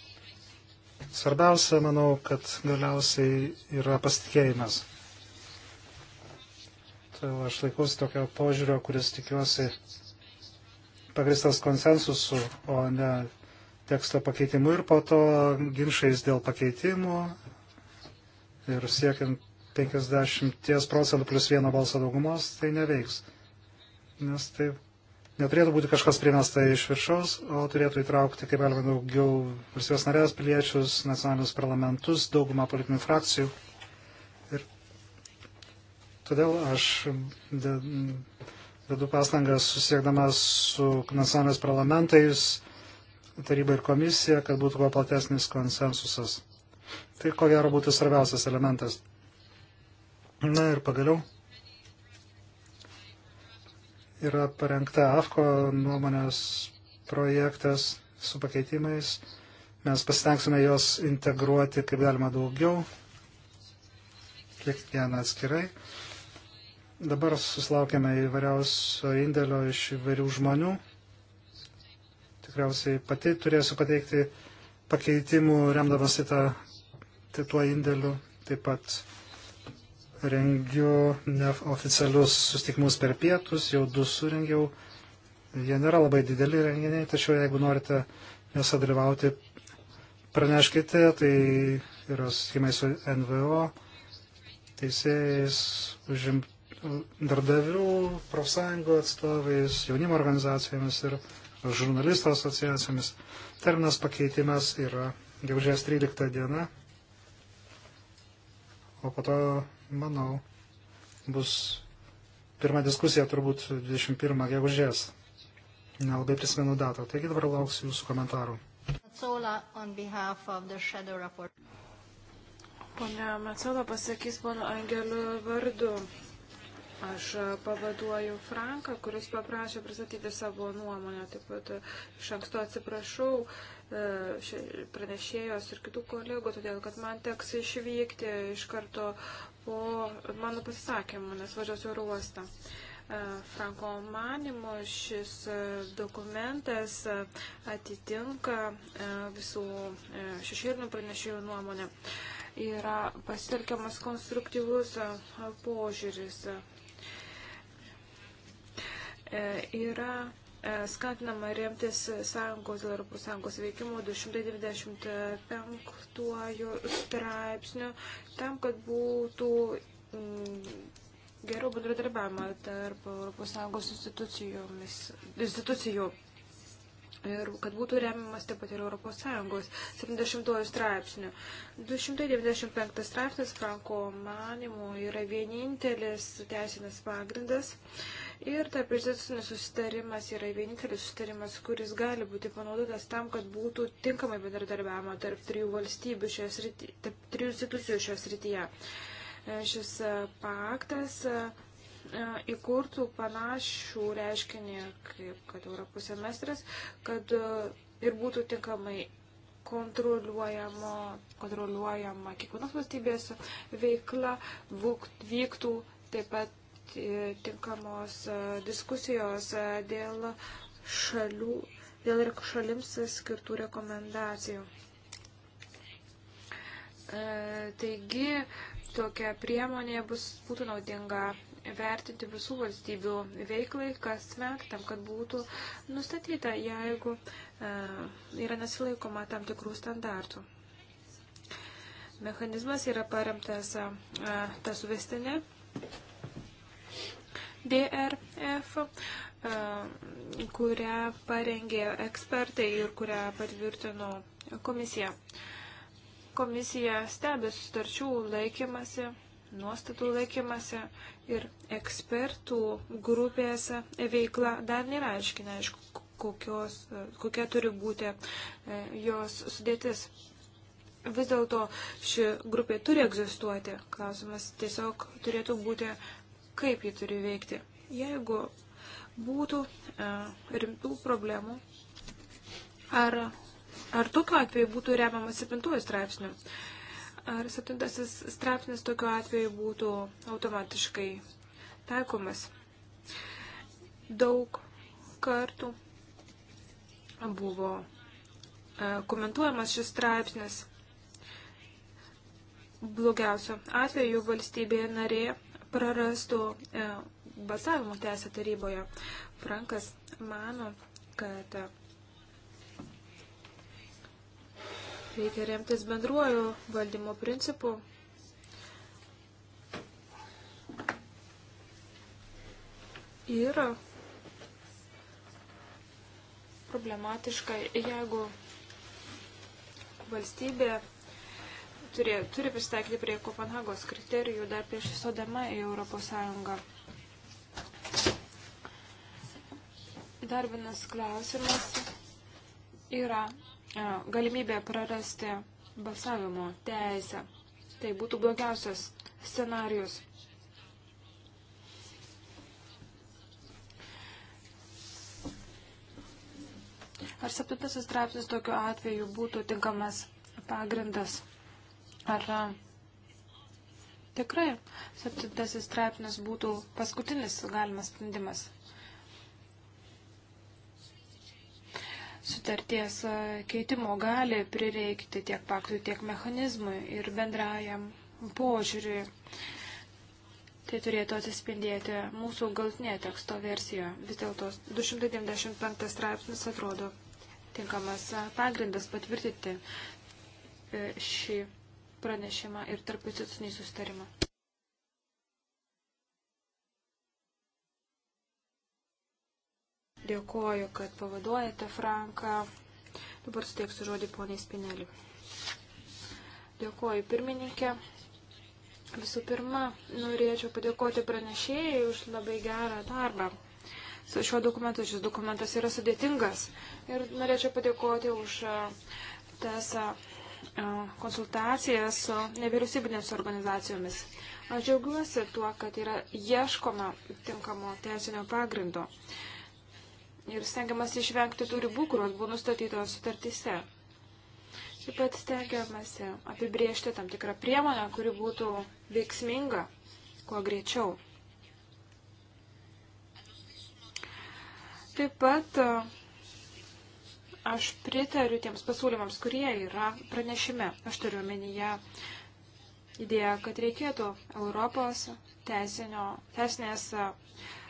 Svarbiausia, manau, kad galiausiai yra pasitikėjimas. Tai aš laikausi tokio požiūrio, kuris tikiuosi pagristas konsensusu, o ne teksto pakeitimu ir po to ginčiais dėl pakeitimų ir siekiant 50 procentų plus vieno balso daugumos, tai neveiks. Nes tai neturėtų būti kažkas primesta iš viršaus, o turėtų įtraukti kaip galima daugiau valstybės narės, piliečius, nacionalinius parlamentus, daugumą politinių frakcijų. Ir todėl aš dedu pastangas susiekdamas su nacionalinės parlamentais, taryba ir komisija, kad būtų kuo platesnis konsensusas. Tai ko gero būtų svarbiausias elementas. Na ir pagaliau yra parengta AFKO nuomonės projektas su pakeitimais. Mes pasitengsime juos integruoti kaip galima daugiau, kiekvieną atskirai. Dabar susilaukėme įvairiausio indėlio iš įvairių žmonių. Tikriausiai pati turėsiu pateikti pakeitimų, remdamas į tą, tai tuo indėliu. Taip pat rengiu neoficialius sustikimus per pietus, jau du surengiau. Jie nėra labai dideli renginiai, tačiau jeigu norite juose dalyvauti, praneškite, tai yra sustikimai su NVO, teisėjais, užimt darbdavių, profsąjungų atstovais, jaunimo organizacijomis ir žurnalistų asociacijomis. Terminas pakeitimas yra gegužės 13 diena, o po to, manau, bus pirma diskusija turbūt 21 gegužės. Nelabai prisimenu datą, taigi dabar lauksiu jūsų komentarų. Pone Macola pasakys pono Angelių vardu. Aš pavaduoju Franką, kuris paprašė pristatyti savo nuomonę. Taip pat iš anksto atsiprašau e, pranešėjos ir kitų kolegų, todėl kad man teks išvykti iš karto po mano pasisakymų, nes važiuosiu oro uostą. E, Franko manimo šis e, dokumentas atitinka visų šešėlinių pranešėjų nuomonę. Yra pasitelkiamas konstruktyvus požiūris E, yra e, skatinama remtis sąjungos dėl Europos sąjungos veikimo 295 straipsniu tam, kad būtų mm, geriau bendradarbiavimą tarp Europos sąjungos institucijų ir kad būtų remiamas taip pat ir Europos Sąjungos 70 straipsnių. 295 straipsnis Franko manimo yra vienintelis teisinės pagrindas. Uh, Ir tarp institucinis susitarimas yra vienintelis susitarimas, kuris gali būti panaudotas tam, kad būtų tinkamai bendradarbiavimo tarp trijų valstybių šioje srityje, tarp trijų institucijų šioje srityje. E, šis e, paktas e, įkurtų panašų reiškinį, kaip kad Europos semestras, kad ir būtų tinkamai kontroliuojama, kontroliuojama kiekvienos valstybės veikla, vyktų taip pat tinkamos e, diskusijos e, dėl šalių, dėl šalims skirtų rekomendacijų. E, taigi, tokia priemonė bus, būtų naudinga vertinti visų valstybių veiklai kasmet, tam, kad būtų nustatyta, jeigu e, yra nesilaikoma tam tikrų standartų. Mechanizmas yra paremtas e, ta suvestinė DRF, e, kurią parengė ekspertai ir kurią patvirtino komisija. Komisija stebi sutarčių laikymasi, nuostatų laikymasi ir ekspertų grupės veikla dar nėra aiškina, aišku, kokios, kokia turi būti e, jos sudėtis. Vis dėlto ši grupė turi egzistuoti. Klausimas tiesiog turėtų būti kaip ji turi veikti. Jeigu būtų e, rimtų problemų, ar, ar tokiu atveju būtų remiamas septintuoju straipsniu, ar septintasis straipsnis tokiu atveju būtų automatiškai taikomas. Daug kartų buvo e, komentuojamas šis straipsnis blogiausio atveju valstybėje narėje prarastų e, balsavimo teisę taryboje. Frankas mano, kad reikia remtis bendruoju valdymo principu. Ir problematiška, jeigu valstybė turė, turi pristaikyti prie Kopenhagos kriterijų dar prieš įsodama į Europos Sąjungą. Dar vienas klausimas yra e, galimybė prarasti balsavimo teisę. Tai būtų blogiausias scenarius. Ar septintasis straipsnis tokiu atveju būtų tinkamas pagrindas ar tikrai septintasis straipsnis būtų paskutinis galimas sprendimas. Sutarties keitimo gali prireikti tiek paktui, tiek mechanizmui ir bendrajam požiūriui. Tai turėtų atsispindėti mūsų galtinėje teksto versijoje. Vis dėlto 295 straipsnis atrodo tinkamas pagrindas patvirtinti e, šį pranešimą ir tarp institucinį sustarimą. Dėkoju, kad pavaduojate Franką. Dabar suteiksiu žodį poniai Spinelį. Dėkoju pirmininkė. Visų pirma, norėčiau padėkoti pranešėjai už labai gerą darbą su šiuo dokumentu. Šis dokumentas yra sudėtingas. Ir norėčiau padėkoti už tas konsultacijas su nevyriausybinėmis organizacijomis. Aš džiaugiuosi tuo, kad yra ieškoma tinkamo teisinio pagrindo ir stengiamas išvengti tų ribų, kurios buvo nustatytos sutartyse. Taip pat stengiamasi apibriežti tam tikrą priemonę, kuri būtų veiksminga kuo greičiau. Taip pat Aš pritariu tiems pasiūlymams, kurie yra pranešime. Aš turiu omenyje idėją, kad reikėtų Europos teisinio, teisinės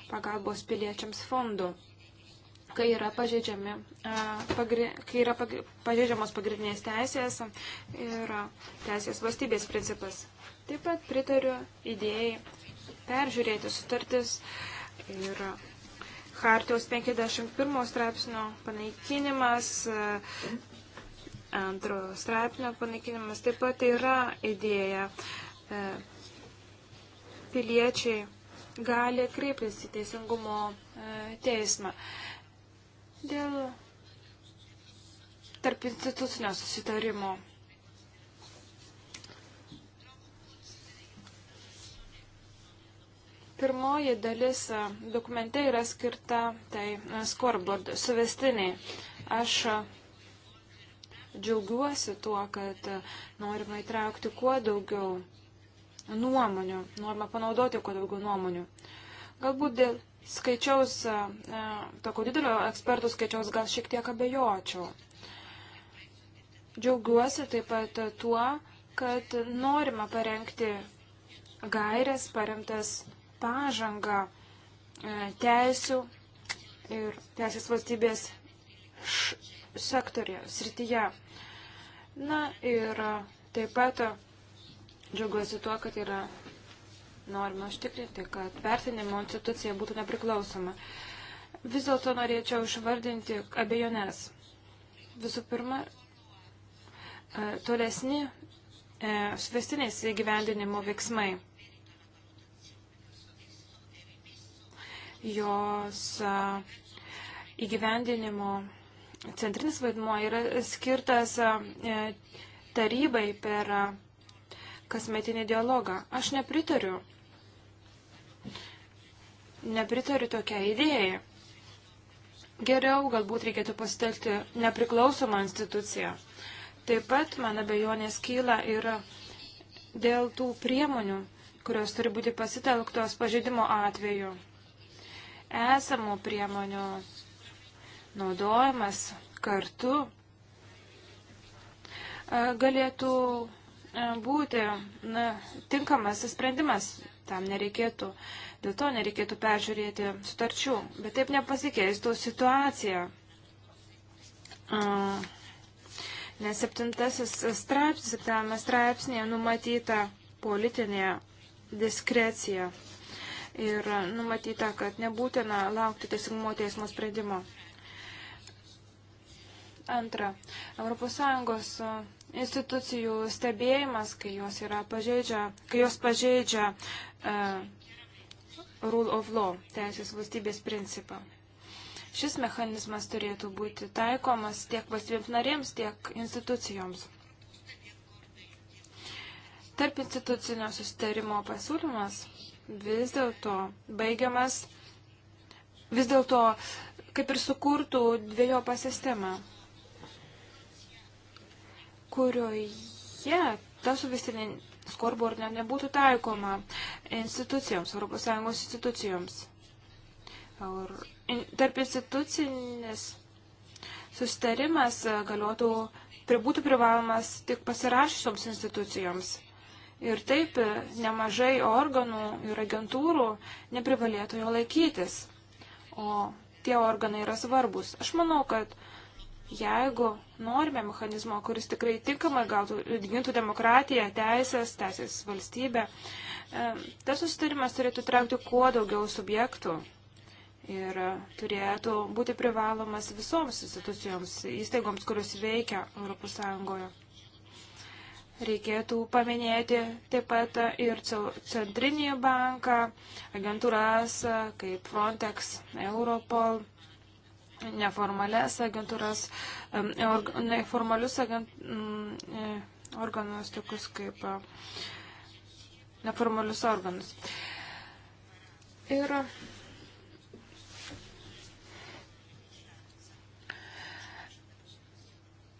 pagalbos piliečiams fondų, kai yra, pagri, kai yra pagri, pažeidžiamos pagrindinės teisės ir teisės valstybės principas. Taip pat pritariu idėjai peržiūrėti sutartis ir Hartijos 51 straipsnio panaikinimas, e, antro straipsnio panaikinimas taip pat yra idėja. E, piliečiai gali kreiptis į teisingumo e, teismą. Dėl tarp institucinio susitarimo Pirmoji dalis dokumente yra skirta tai scoreboard suvestiniai. Aš džiaugiuosi tuo, kad norima įtraukti kuo daugiau nuomonių, norima panaudoti kuo daugiau nuomonių. Galbūt dėl skaičiaus, tokio didelio ekspertų skaičiaus gal šiek tiek abejočiau. Džiaugiuosi taip pat tuo, kad norima parengti gairias paremtas pažangą e, teisų ir teisės valstybės sektorė, srityje. Na ir e, taip pat e, džiaugiuosi tuo, kad yra norima užtikrinti, kad vertinimo institucija būtų nepriklausoma. Vis dėlto norėčiau išvardinti abejonės. Visų pirma, tolesni svestiniais įgyvendinimo veiksmai. jos įgyvendinimo centrinis vaidmuo yra skirtas e, tarybai per kasmetinį dialogą. Aš nepritariu. Nepritariu tokia idėjai. Geriau galbūt reikėtų pasitelkti nepriklausomą instituciją. Taip pat man abejonės kyla ir dėl tų priemonių, kurios turi būti pasitelktos pažeidimo atveju esamų priemonių naudojimas kartu e, galėtų e, būti na, tinkamas sprendimas. Tam nereikėtų, dėl to nereikėtų peržiūrėti sutarčių, bet taip nepasikeistų situacija. Nes septintasis straipsnis, septintame straipsnėje numatyta politinė diskrecija ir numatyta, kad nebūtina laukti teisingumo teismo sprendimo. Antra, ES institucijų stebėjimas, kai jos, yra pažeidžia, kai jos pažeidžia uh, rule of law, teisės valstybės principą. Šis mechanizmas turėtų būti taikomas tiek valstybėms narėms, tiek institucijoms. Tarp institucinio susitarimo pasiūlymas vis dėlto baigiamas, vis dėlto kaip ir sukurtų dviejopą sistemą, kurioje ta suvestinė skorbornė nebūtų taikoma institucijoms, ES institucijoms. Ar tarp institucinis sustarimas galėtų, būtų privalomas tik pasirašysioms institucijoms. Ir taip e, nemažai organų ir agentūrų neprivalėtų jo laikytis. O tie organai yra svarbus. Aš manau, kad jeigu norime mechanizmo, kuris tikrai tinkamai gautų, gintų demokratiją, teisės, teisės valstybę, e, tas susitarimas turėtų traukti kuo daugiau subjektų. Ir turėtų būti privalomas visoms institucijoms, įstaigoms, kurios veikia ES. Reikėtų paminėti taip pat ir centrinį banką, agentūras kaip Frontex, Europol, neformalias agentūras, neformalius agent, mm, organus, tokius kaip neformalius organus. Ir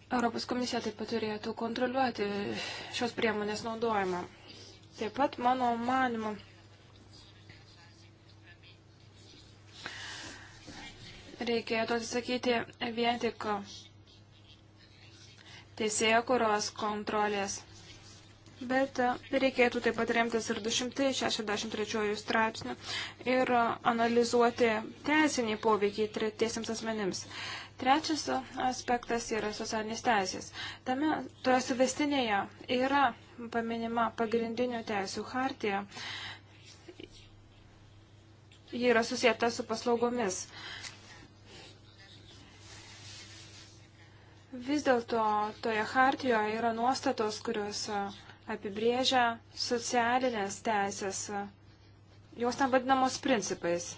Europos komisija taip pat turėtų kontroliuoti šios priemonės naudojimą. Taip pat mano manimo. Reikėtų atsisakyti vien tik teisėjo kurios kontrolės. Bet reikėtų taip pat remtis ir 263 straipsnių ir analizuoti teisinį poveikį tretiesiams asmenims. Trečias aspektas yra socialinės teisės. Tame, toje suvestinėje yra paminima pagrindinių teisų hartija. Ji yra susijęta su paslaugomis. Vis dėlto toje hartijoje yra nuostatos, kurios apibrėžia socialinės teisės. Jos tam vadinamos principais.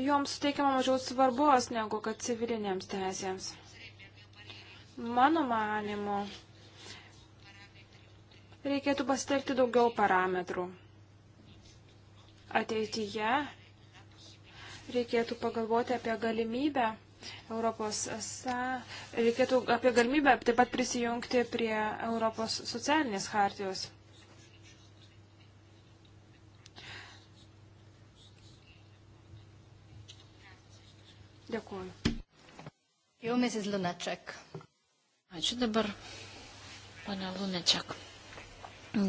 joms suteikiama mažiau svarbos negu kad civilinėms teisėms. Mano manimu, reikėtų pasitelkti daugiau parametrų. Ateityje reikėtų pagalvoti apie galimybę Europos, sa, reikėtų apie galimybę taip pat prisijungti prie Europos socialinės hartijos. Dėkuoju. Jau Mrs. Lunaček. Ačiū dabar, ponia Lunaček.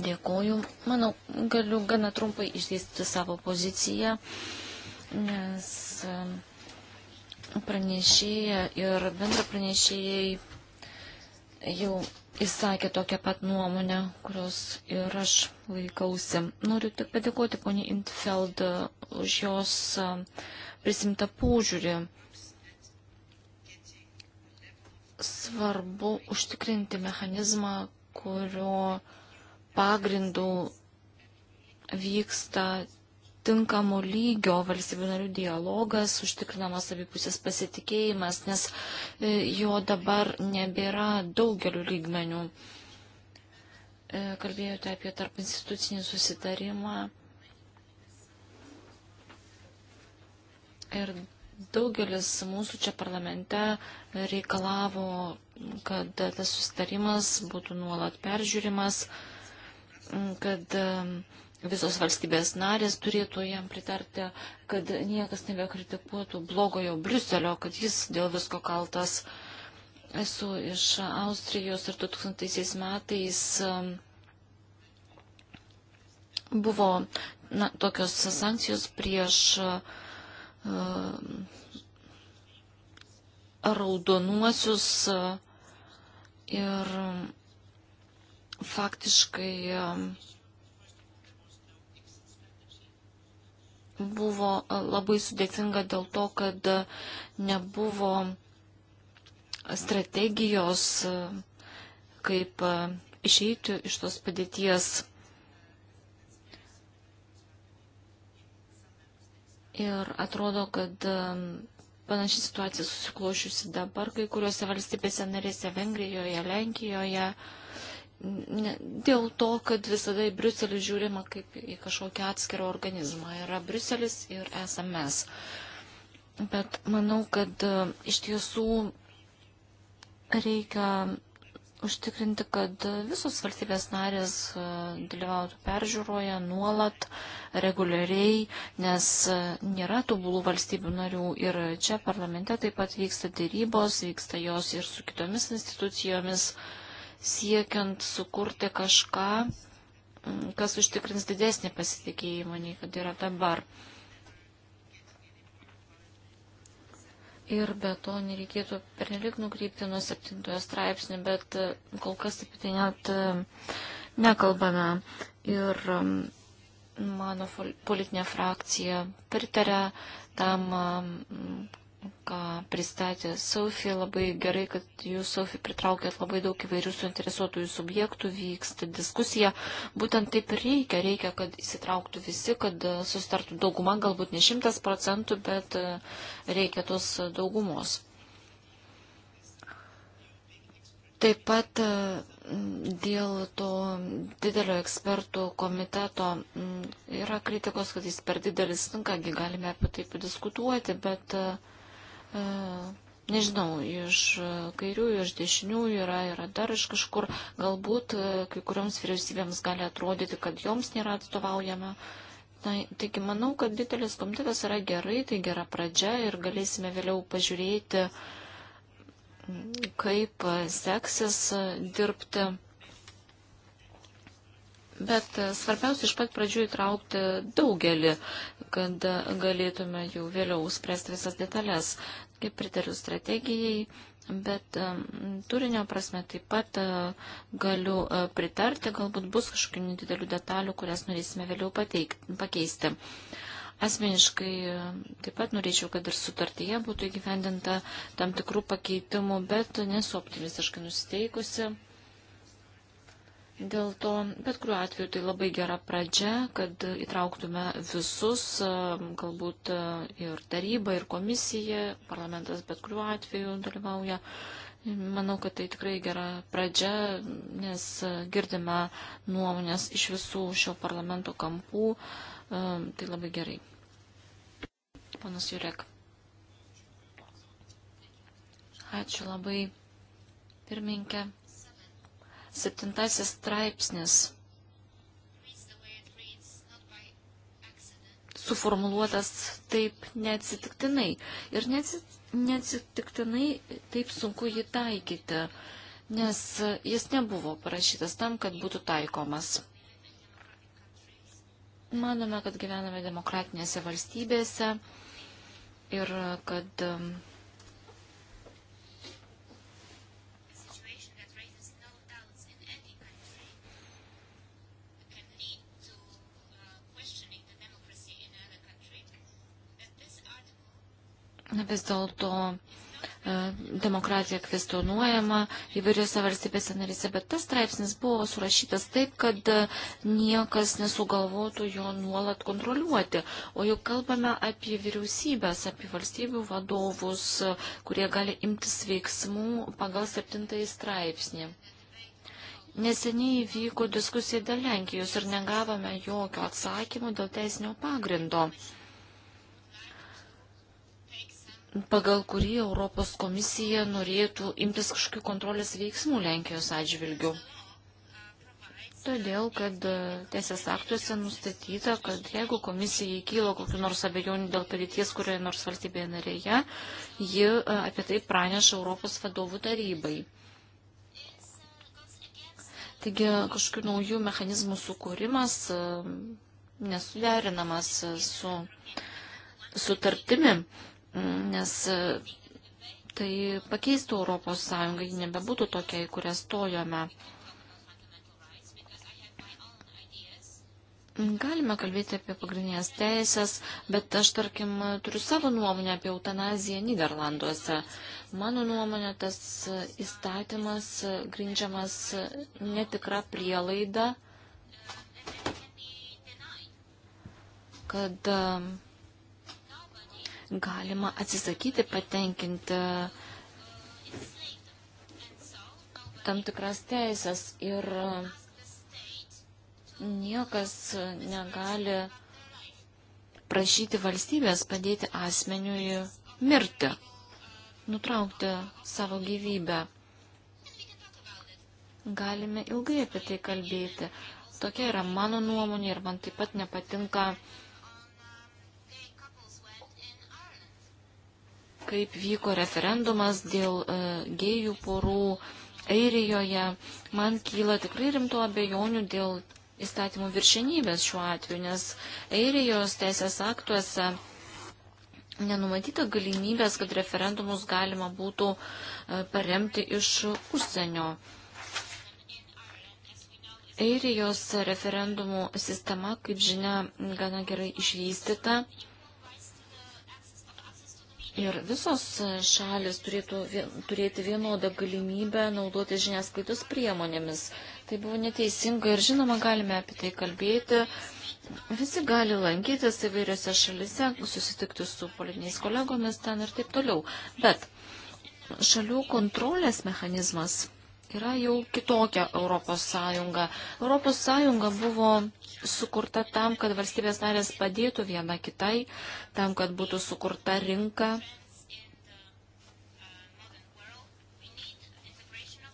Dėkuoju. Manau, galiu gana trumpai išdėstyti savo poziciją, nes e, pranešėja ir bendra pranešėjai jau įsakė tokią pat nuomonę, kurios ir aš laikausi. Noriu tik padėkoti poniai Intfeld už jos e, prisimtą požiūrį svarbu užtikrinti mechanizmą, kurio pagrindų vyksta tinkamo lygio valstybių narių dialogas, užtikrinamas abipusės pasitikėjimas, nes e, jo dabar nebėra daugeliu lygmenių. E, kalbėjote apie tarp institucinį susitarimą. Ir daugelis mūsų čia parlamente reikalavo kad tas sustarimas būtų nuolat peržiūrimas, kad um, visos valstybės narės turėtų jam pritarti, kad niekas nebekritikuotų blogojo Briuselio, kad jis dėl visko kaltas. Esu iš Austrijos ir 2000 metais um, buvo na, tokios sankcijos prieš uh, raudonuosius e, ir faktiškai e, buvo e, labai sudėtinga dėl to, kad nebuvo strategijos, kaip išeiti iš tos padėties. Ir atrodo, kad Panaši situacija susiklošiusi dabar kai kuriuose valstybėse narėse - Vengrijoje, Lenkijoje. Dėl to, kad visada į Briuselį žiūrima kaip į kažkokį atskirą organizmą. Yra Briuselis ir esame mes. Bet manau, kad e, iš tiesų reikia užtikrinti, kad visos valstybės narės e, dalyvautų peržiūroje nuolat, reguliariai, nes e, nėra tobulų valstybių narių. Ir čia parlamente taip pat vyksta dėrybos, vyksta jos ir su kitomis institucijomis, siekiant sukurti kažką, kas užtikrins didesnį pasitikėjimą nei kad yra dabar. Ir be to nereikėtų pernelik nukrypti nuo septintojo straipsnio, bet e, kol kas apie tai net e, nekalbame. Ir mano politinė frakcija pritarė tam ką pristatė Sofija. Labai gerai, kad jūs, Sofija, pritraukėt labai daug įvairių suinteresuotųjų subjektų, vyksta diskusija. Būtent taip ir reikia. Reikia, kad įsitrauktų visi, kad e, sustartų dauguma, galbūt ne šimtas procentų, bet e, reikia tos e, daugumos. Taip pat dėl to didelio ekspertų komiteto yra kritikos, kad jis per didelis, nu kągi galime apie tai padiskutuoti, bet uh, nežinau, iš kairiųjų, iš dešiniųjų yra, yra dar iš kažkur, galbūt kai kurioms vyriausybėms gali atrodyti, kad joms nėra atstovaujama. Tai, taigi manau, kad didelis komitetas yra gerai, tai gera pradžia ir galėsime vėliau pažiūrėti, kaip seksis dirbti. Bet svarbiausia iš pat pradžių įtraukti daugelį kad galėtume jau vėliau spręsti visas detalės. Kaip pritariu strategijai, bet turinio prasme taip pat e, galiu e, pritarti, galbūt bus kažkokių nedidelių detalių, kurias norėsime vėliau pateikti, pakeisti. Asmeniškai e, taip pat norėčiau, kad ir sutartyje būtų įgyvendinta tam tikrų pakeitimų, bet nesu optimistiškai nusiteikusi. Dėl to, bet kuriuo atveju, tai labai gera pradžia, kad įtrauktume visus, galbūt ir taryba, ir komisija, parlamentas bet kuriuo atveju dalyvauja. Manau, kad tai tikrai gera pradžia, nes girdime nuomonės iš visų šio parlamento kampų. Tai labai gerai. Panas Jurek. Ačiū labai, pirminkė. Septintasis straipsnis suformuluotas taip neatsitiktinai. Ir neatsitiktinai taip sunku jį taikyti, nes jis nebuvo parašytas tam, kad būtų taikomas. Manome, kad gyvename demokratinėse valstybėse ir kad um, vis dėlto e, demokratija kvestionuojama įvairiose valstybėse narise, bet tas straipsnis buvo surašytas taip, kad e, niekas nesugalvotų jo nuolat kontroliuoti. O juk kalbame apie vyriausybės, apie valstybių vadovus, e, kurie gali imtis veiksmų pagal septintąjį straipsnį. Neseniai vyko diskusija dėl Lenkijos ir negavome jokio atsakymo dėl teisinio pagrindo pagal kurį Europos komisija norėtų imtis kažkokių kontrolės veiksmų Lenkijos atžvilgių. Todėl, kad e, teisės aktuose nustatyta, kad jeigu komisijai kylo kokiu nors abejonių dėl padėties kurioje nors valstybėje narėje, ji e, apie tai praneša Europos vadovų tarybai. Taigi kažkokių naujų mechanizmų sukūrimas e, nesuderinamas su sutartimi nes e, tai pakeistų Europos Sąjungą, ji nebebūtų tokia, į kurią stojome. Galime kalbėti apie pagrindinės teisės, bet aš, tarkim, turiu savo nuomonę apie eutanaziją Niderlanduose. Mano nuomonė, tas įstatymas grindžiamas netikra prielaida, kad uh, galima atsisakyti patenkinti tam tikras teisės ir niekas negali prašyti valstybės padėti asmeniui mirti, nutraukti savo gyvybę. Galime ilgai apie tai kalbėti. Tokia yra mano nuomonė ir man taip pat nepatinka uh, kaip vyko referendumas dėl e, gėjų porų Airijoje, man kyla tikrai rimtų abejonių dėl įstatymų viršenybės šiuo atveju, nes Airijos teisės aktuose nenumatyta galimybės, kad referendumus galima būtų e, paremti iš užsienio. Airijos referendumų sistema, kaip žinia, gana gerai išvystyta. Ir visos šalis turėtų turėti vienodą galimybę naudoti žiniasklaidos priemonėmis. Tai buvo neteisinga ir žinoma, galime apie tai kalbėti. Visi gali lankytis įvairiose šalise, susitikti su politiniais kolegomis ten ir taip toliau. Bet šalių kontrolės mechanizmas yra jau kitokia Europos Sąjunga. Europos Sąjunga buvo sukurta tam, kad valstybės narės padėtų viena kitai, tam, kad būtų sukurta rinka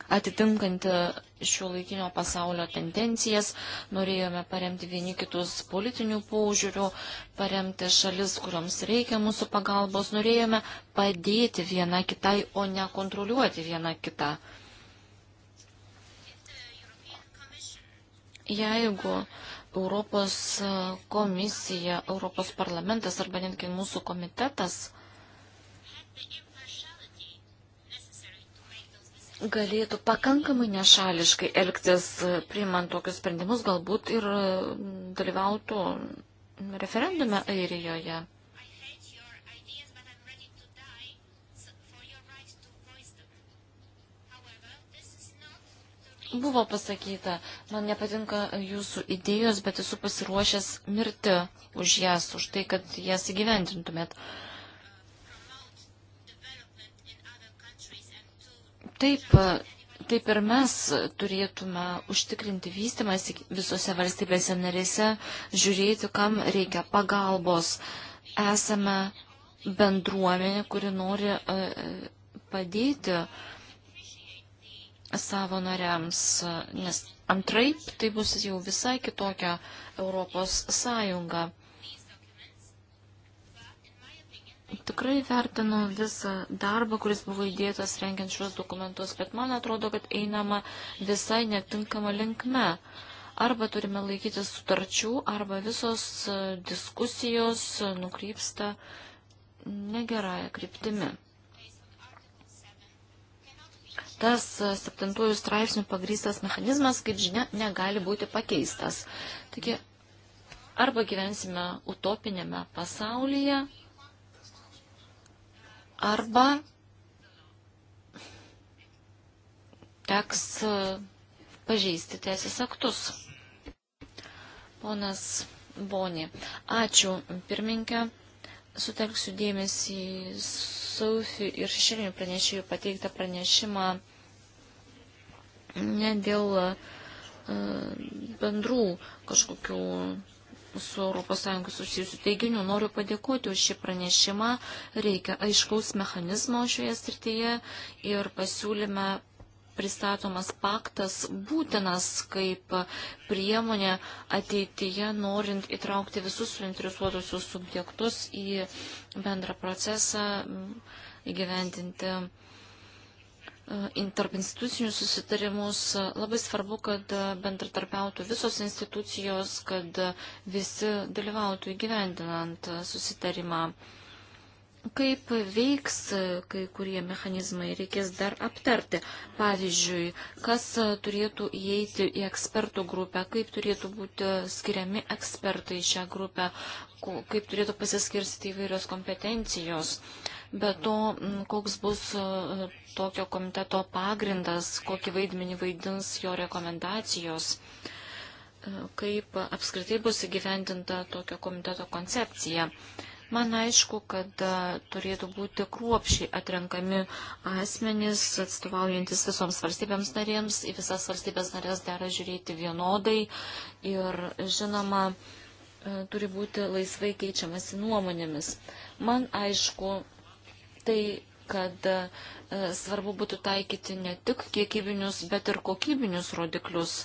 atitinkant šio laikinio pasaulio tendencijas, norėjome paremti vieni kitus politinių paužiūrių, paremti šalis, kuriams reikia mūsų pagalbos, norėjome padėti viena kitai, o ne kontroliuoti viena kitą. Jeigu Europos e, komisija, Europos parlamentas arba netgi mūsų komitetas galėtų pakankamai nešališkai elgtis, e, priimant tokius sprendimus, galbūt ir e, dalyvautų referendume Airijoje. buvo pasakyta, man nepatinka jūsų idėjos, bet esu pasiruošęs mirti už jas, už tai, kad jas įgyvendintumėt. Taip, taip ir mes turėtume užtikrinti vystimas visose valstybėse narėse, žiūrėti, kam reikia pagalbos. Esame bendruomenė, kuri nori e, e, padėti uh, savo nariams, nes antraip tai bus jau visai kitokia Europos sąjunga. Tikrai vertinu visą darbą, kuris buvo įdėtas rengiant šios dokumentus, bet man atrodo, kad einama visai netinkama linkme. Arba turime laikytis sutarčių, arba visos e, diskusijos nukrypsta negerąją kryptimi tas e, septintųjų straipsnių pagrystas mechanizmas, kaip žinia, negali būti pakeistas. Taigi, arba gyvensime utopinėme pasaulyje, arba teks e, pažeisti teisės aktus. Ponas Boni, ačiū pirminkę sutelksiu dėmesį Saufi ir šešėlinių pranešėjų pateiktą pranešimą ne dėl e, bendrų kažkokių su ES susijusių teiginių. Noriu padėkoti už šį pranešimą. Reikia aiškaus mechanizmo šioje srityje ir pasiūlyme pristatomas paktas būtinas kaip priemonė ateityje, norint įtraukti visus suinteresuotusius subjektus į bendrą procesą, įgyventinti e, tarp institucinius susitarimus. Labai svarbu, kad bendratarpiautų visos institucijos, kad visi dalyvautų įgyvendinant susitarimą. Kaip veiks e, kai kurie mechanizmai, reikės dar aptarti. Pavyzdžiui, kas e, turėtų įeiti į ekspertų grupę, kaip turėtų būti skiriami ekspertai šią grupę, kaip turėtų pasiskirsti įvairios kompetencijos. Be to, koks bus e, tokio komiteto pagrindas, kokį vaidmenį vaidins jo rekomendacijos, kaip apskritai bus įgyvendinta tokio komiteto koncepcija. Man aišku, kad turėtų būti kruopšiai atrenkami asmenys, atstovaujantis visoms valstybėms narėms, į visas valstybės narės dera žiūrėti vienodai ir, žinoma, turi būti laisvai keičiamasi nuomonėmis. Man aišku, tai kad svarbu būtų taikyti ne tik kiekybinius, bet ir kokybinius rodiklius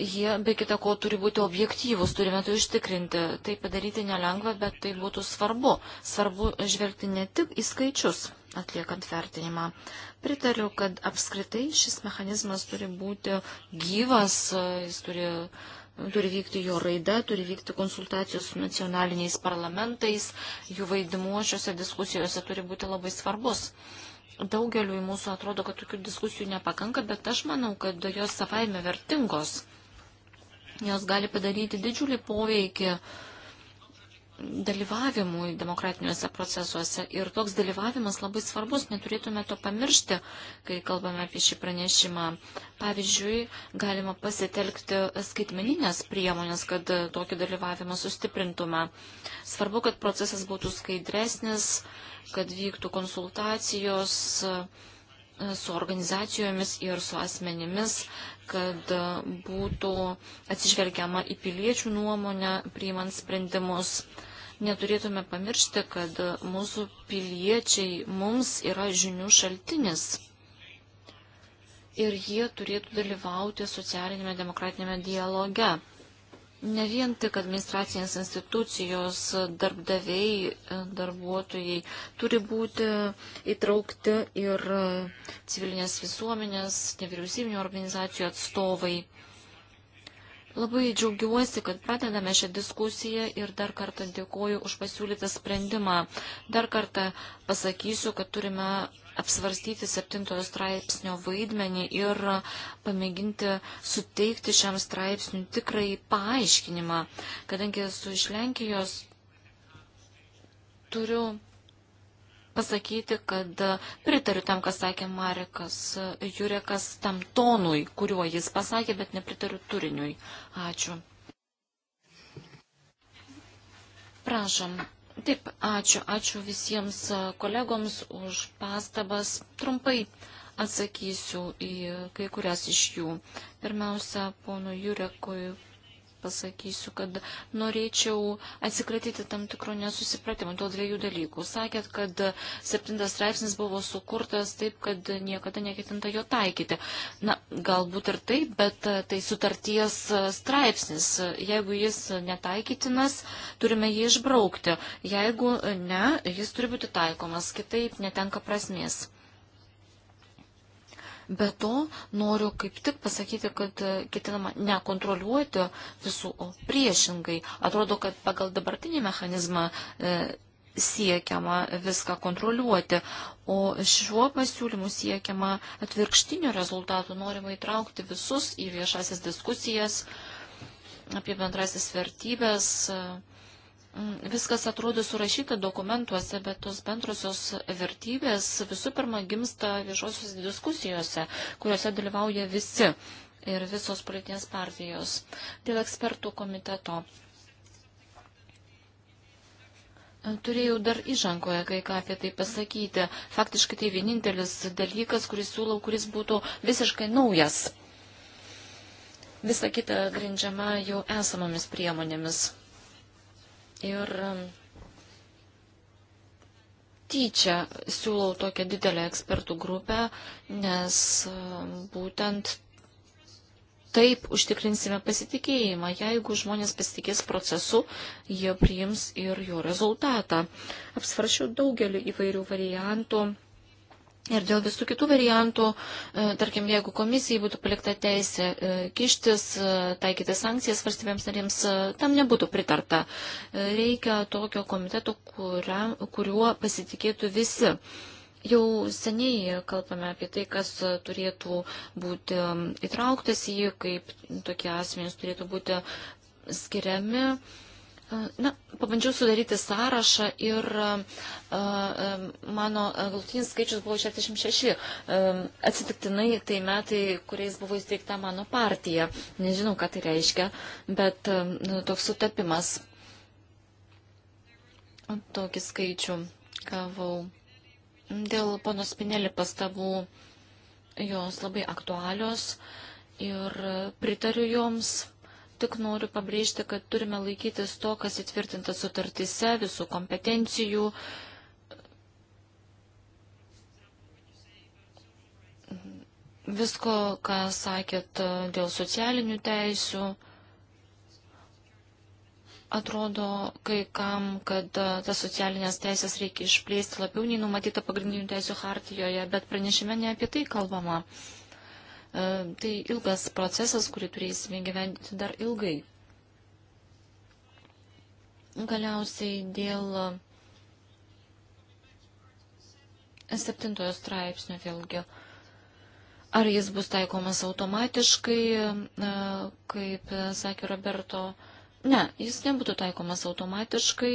jie be kita ko turi būti objektyvūs, turime tai užtikrinti. Tai padaryti nelengva, bet tai būtų svarbu. Svarbu žvelgti ne tik į skaičius atliekant vertinimą. Pritariu, kad apskritai šis mechanizmas turi būti gyvas, e, jis turi, turi vykti jo raida, turi vykti konsultacijos su nacionaliniais parlamentais, jų vaidmuo šiuose diskusijose turi būti labai svarbus. Uh, Daugeliu į mūsų atrodo, kad tokių diskusijų nepakanka, bet aš manau, kad jos savaime vertingos. Jos gali padaryti didžiulį poveikį uh, dalyvavimui demokratiniuose procesuose. Ir toks dalyvavimas labai svarbus, neturėtume to pamiršti, kai kalbame apie šį pranešimą. Pavyzdžiui, galima pasitelkti skaitmeninės priemonės, kad tokį dalyvavimą sustiprintume. Svarbu, kad procesas būtų skaidresnis, kad vyktų konsultacijos e, su organizacijomis ir su asmenimis, kad e, būtų atsižvelgiama į piliečių nuomonę, priimant sprendimus neturėtume pamiršti, kad mūsų piliečiai mums yra žinių šaltinis. Ir jie turėtų dalyvauti socialinėme demokratinėme dialoge. Ne vien tik administracinės institucijos, darbdaviai, darbuotojai turi būti įtraukti ir civilinės visuomenės, nevyriausybinio organizacijų atstovai. Labai džiaugiuosi, kad pradedame šią diskusiją ir dar kartą dėkoju už pasiūlytą sprendimą. Dar kartą pasakysiu, kad turime apsvarstyti septintojo straipsnio vaidmenį ir pamėginti suteikti šiam straipsniu tikrai paaiškinimą, kadangi esu iš Lenkijos, turiu pasakyti, kad e, pritariu tam, kas sakė Marekas e, Jurekas, tam tonui, kuriuo jis pasakė, bet nepritariu turiniui. Ačiū. Prašom. Taip, ačiū. Ačiū visiems e, kolegoms už pastabas. Trumpai atsakysiu į kai kurias iš jų. Pirmiausia, pono Jurekui pasakysiu, kad norėčiau atsikratyti tam tikro nesusipratimo dėl dviejų dalykų. Sakėt, kad septintas straipsnis buvo sukurtas taip, kad niekada neketinta jo taikyti. Na, galbūt ir taip, bet tai sutarties straipsnis. Jeigu jis netaikytinas, turime jį išbraukti. Jeigu ne, jis turi būti taikomas, kitaip netenka prasmės. Be to, noriu kaip tik pasakyti, kad e, ketinama nekontroliuoti visų, o priešingai. Atrodo, kad pagal dabartinį mechanizmą e, siekiama viską kontroliuoti, o šiuo pasiūlymu siekiama atvirkštinio rezultato, norima įtraukti visus į viešasis diskusijas apie bendrasis vertybės. E, Mm, viskas atrodo surašyta dokumentuose, bet tos bendrosios vertybės visų pirma gimsta viešosios diskusijose, kuriuose dalyvauja visi ir visos politinės partijos dėl ekspertų komiteto. Turėjau dar įžankoje kai ką apie tai pasakyti. Faktiškai tai vienintelis dalykas, kurį siūlau, kuris būtų visiškai naujas. Visa kita grindžiama jau esamomis priemonėmis. Ir um, tyčia siūlau tokią didelę ekspertų grupę, nes um, būtent taip užtikrinsime pasitikėjimą. Jeigu žmonės pasitikės procesu, jie priims ir jo rezultatą. Apsvaršiau daugelį įvairių variantų Ir dėl visų kitų variantų, e, tarkim, jeigu komisijai būtų palikta teisė e, kištis, e, taikyti sankcijas valstybėms narėms, tam nebūtų pritarta. Reikia tokio komiteto, kuria, kuriuo pasitikėtų visi. Jau seniai kalbame apie tai, kas turėtų būti įtrauktas į jį, kaip tokie asmenys turėtų būti skiriami. Na, pabandžiau sudaryti sąrašą ir mano galutinis skaičius buvo 66. Atsitiktinai tai metai, kuriais buvo įsteigta mano partija. Nežinau, ką tai reiškia, bet nu, toks sutapimas. Tokį skaičių gavau. Dėl pono Spinelį pastabų jos labai aktualios ir pritariu joms tik noriu pabrėžti, kad turime laikytis to, kas įtvirtinta sutartise, visų kompetencijų. Visko, ką sakėt dėl socialinių teisių, atrodo kai kam, kad tas socialinės teisės reikia išplėsti labiau nei numatyta pagrindinių teisų hartijoje, bet pranešime ne apie tai kalbama. Uh, E, tai ilgas procesas, kurį turėsime gyventi dar ilgai. Galiausiai dėl septintojo straipsnio vėlgi. Ar jis bus taikomas automatiškai, e, kaip sakė Roberto, Ne, jis nebūtų taikomas automatiškai,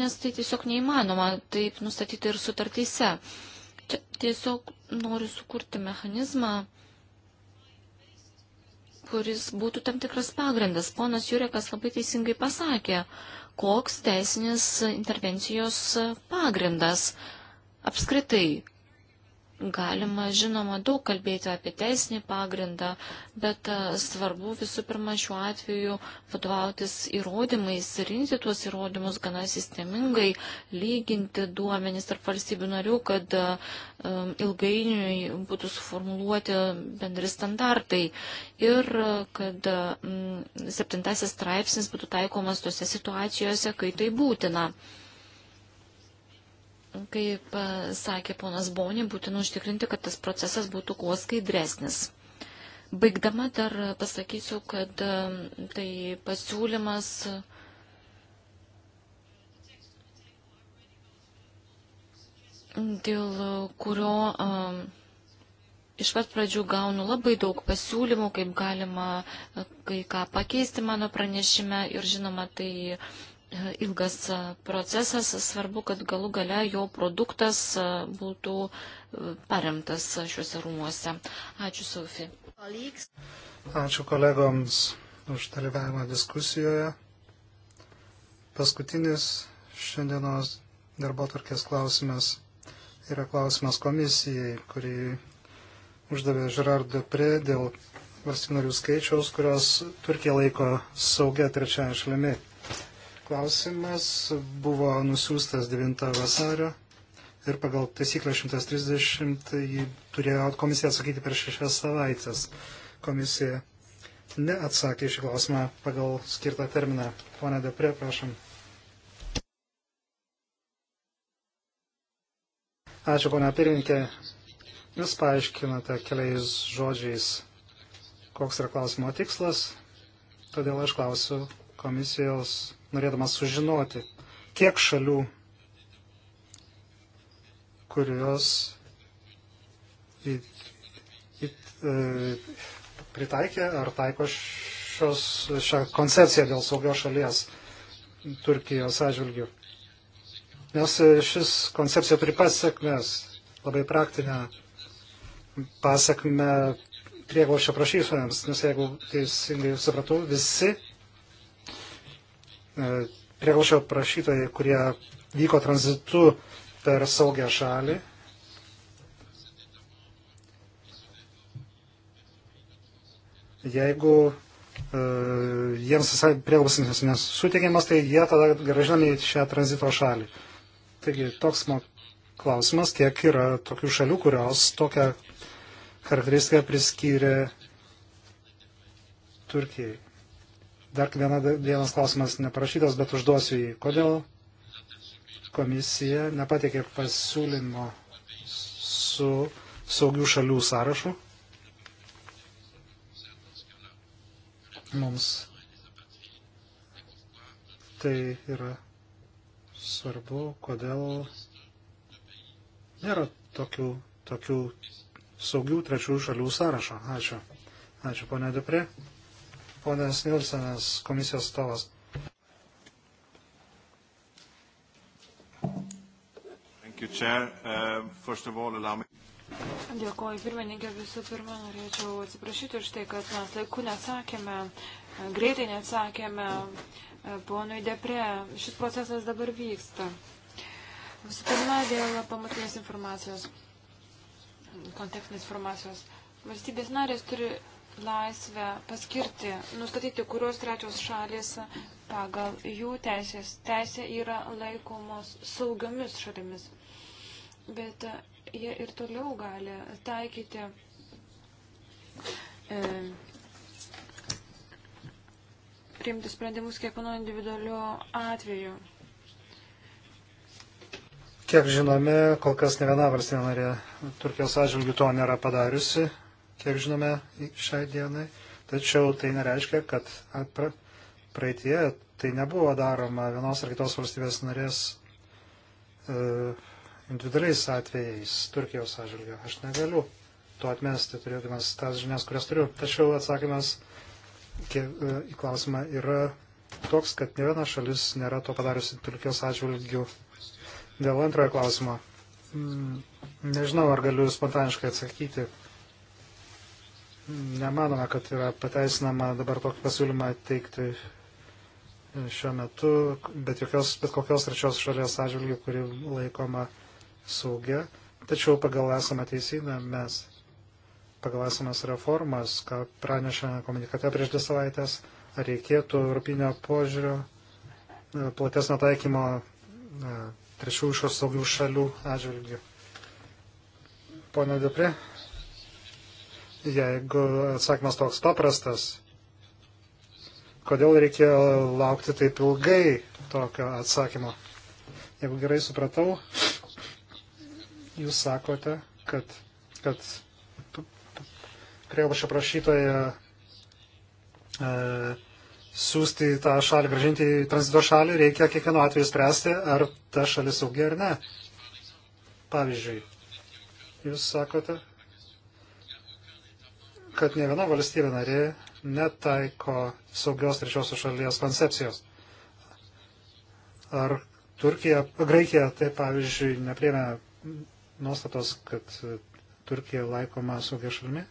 nes tai tiesiog neįmanoma taip nustatyti ir sutartyse. Čia tiesiog noriu sukurti mechanizmą, kuris būtų tam tikras pagrindas. Ponas Jurekas labai teisingai pasakė, koks teisinis intervencijos pagrindas apskritai Galima, žinoma, daug kalbėti apie teisinį pagrindą, bet e, svarbu visų pirma šiuo atveju vadovautis įrodymais, rinkti tuos įrodymus gana sistemingai, lyginti duomenys tarp valstybių narių, kad um, ilgainiui būtų suformuluoti bendri standartai ir kad um, septintasis straipsnis būtų taikomas tose situacijose, kai tai būtina. Um, Kaip e, sakė ponas Bonė, būtina užtikrinti, kad tas procesas būtų kuo skaidresnis. Baigdama dar pasakysiu, kad e, tai pasiūlymas dėl kurio um, iš pat pradžių gaunu labai daug pasiūlymų, kaip galima kai ką pakeisti mano pranešime ir žinoma, tai ilgas procesas, svarbu, kad galų gale jo produktas būtų paremtas šiuose rūmuose. Ačiū, Sofi. Ačiū kolegoms už dalyvavimą diskusijoje. Paskutinis šiandienos darbo tvarkės klausimas yra klausimas komisijai, kurį uždavė Žerard Dupre dėl valstybinarių skaičiaus, kurios Turkija laiko saugia trečiaja šalimi. Klausimas buvo nusiųstas 9 vasario ir pagal taisyklę 130 jį turėjo komisija atsakyti per šešias savaitės. Komisija neatsakė šį klausimą pagal skirtą terminą. Pone Depre, prašom. Ačiū, ponia pirmininkė. Jūs paaiškinate keliais žodžiais, koks yra klausimo tikslas, todėl aš klausiu, komisijos norėdamas sužinoti, kiek šalių, kurios į, į, e, pritaikė ar taiko šios, šią koncepciją dėl saugios šalies Turkijos atžvilgių. Nes šis koncepcija turi pasiekmes, labai praktinę pasiekmę prieglošio prašytojams, nes jeigu teisingai supratau, visi E, prieglaušio prašytojai, kurie vyko tranzitu per saugią šalį. Jeigu uh, jiems visai prieglausinis nesuteikiamas, tai jie tada gražinami į šią tranzito šalį. Taigi toks klausimas, kiek yra tokių šalių, kurios tokią charakteristiką priskyrė Turkijai. Dar viena, vienas klausimas neparašytas, bet užduosiu jį. Kodėl komisija nepateikė pasiūlymo su saugių šalių sąrašu? Mums tai yra svarbu, kodėl nėra tokių, tokių saugių trečių šalių sąrašo. Ačiū. Ačiū, ponė Dupre ponas Nilsenas, komisijos stovas. Uh, Dėkuoju, pirmininkė, visų pirma, norėčiau atsiprašyti už tai, kad mes laiku nesakėme, greitai nesakėme uh, ponui Depre. Šis procesas dabar vyksta. Visų pirma, dėl pamatinės informacijos, kontekstinės informacijos. Valstybės narės turi laisvę paskirti, nustatyti, kurios trečios šalis pagal jų teisės teisė yra laikomos saugiomis šalimis. Bet jie ir toliau gali taikyti e, priimti sprendimus kiekvieno individualiu atveju. Kiek žinome, kol kas ne viena valstybė narė Turkijos atžvilgių to nėra padariusi kiek žinome šiai dienai. Tačiau tai nereiškia, kad praeitie tai nebuvo daroma vienos ar kitos valstybės narės e, individualiais atvejais Turkijos atžvilgiu. Aš negaliu to atmesti, turėdamas tas žinias, kurias turiu. Tačiau atsakymas e, į klausimą yra toks, kad ne viena šalis nėra to padariusi Turkijos atžvilgių. Dėl antrojo klausimo. Mm, nežinau, ar galiu spontaniškai atsakyti nemanome, kad yra pateisinama dabar tokį pasiūlymą teikti šiuo metu, bet, jokios, bet kokios trečios šalies atžvilgių, kuri laikoma saugia. Tačiau pagal esamą teisyną mes, pagal esamas reformas, ką pranešėme komunikate prieš dvi savaitės, ar reikėtų europinio požiūrio e, platesnio taikymo e, trečiųjų šios saugių šalių atžvilgių. Pone Dupri, jeigu atsakymas toks paprastas, kodėl reikėjo laukti taip ilgai tokio atsakymo? Jeigu gerai supratau, jūs sakote, kad, kad prievašio prašytoje e, siūsti tą šalį, gražinti į tranzito šalį, reikia kiekvienu atveju spręsti, ar ta šalis saugi ar ne. Pavyzdžiui, jūs sakote, kad ne viena valstybė narė netaiko saugios trečiosios šalies koncepcijos. Ar Turkija, Graikija, tai pavyzdžiui, neprėmė nuostatos, kad Turkija laikoma saugia šalimi?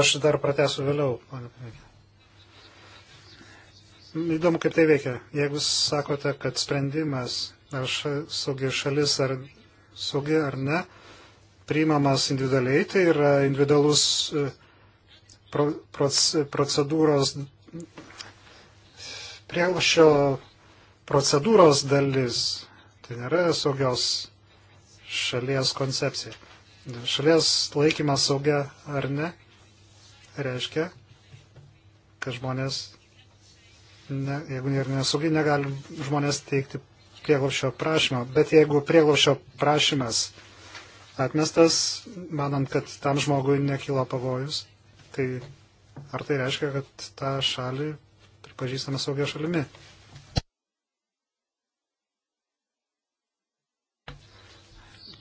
Aš dar pratęsiu vėliau, pane Pamėgė įdomu, kaip tai veikia. Jeigu sakote, kad sprendimas, ar saugi šalis, ar saugi ar ne, priimamas individualiai, tai yra individualus e, pro, proc, procedūros, prieglašio procedūros dalis. Tai nėra saugios šalies koncepcija. Šalies laikymas saugia ar ne, reiškia, kad žmonės ne, jeigu ir nesaugi, negali žmonės teikti prieglopšio prašymą. Bet jeigu prieglopšio prašymas atmestas, manant, kad tam žmogui nekyla pavojus, tai ar tai reiškia, kad tą šalį pripažįstame saugia šalimi?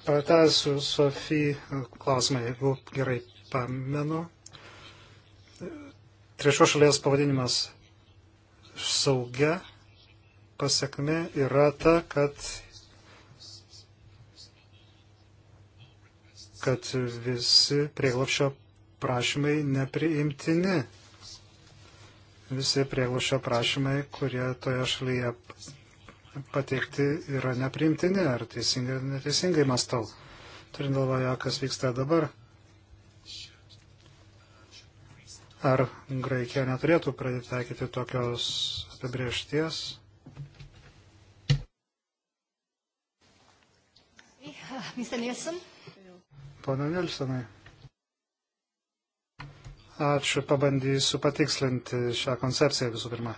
Pratęsiu Sofijai klausimą, jeigu gerai pamenu. Trečios šalies pavadinimas saugia pasiekme yra ta, kad kad visi prieglopšio prašymai nepriimtini. Visi prieglopšio prašymai, kurie toje šalyje pateikti, yra nepriimtini, ar teisingai ar neteisingai mastau. Turint galvoje, kas vyksta dabar, Ar Graikija neturėtų pradėti taikyti tokios apibriešties? Mr. Nilsson. Pana Nilsonai. Ačiū, pabandysiu patikslinti šią koncepciją visų pirma.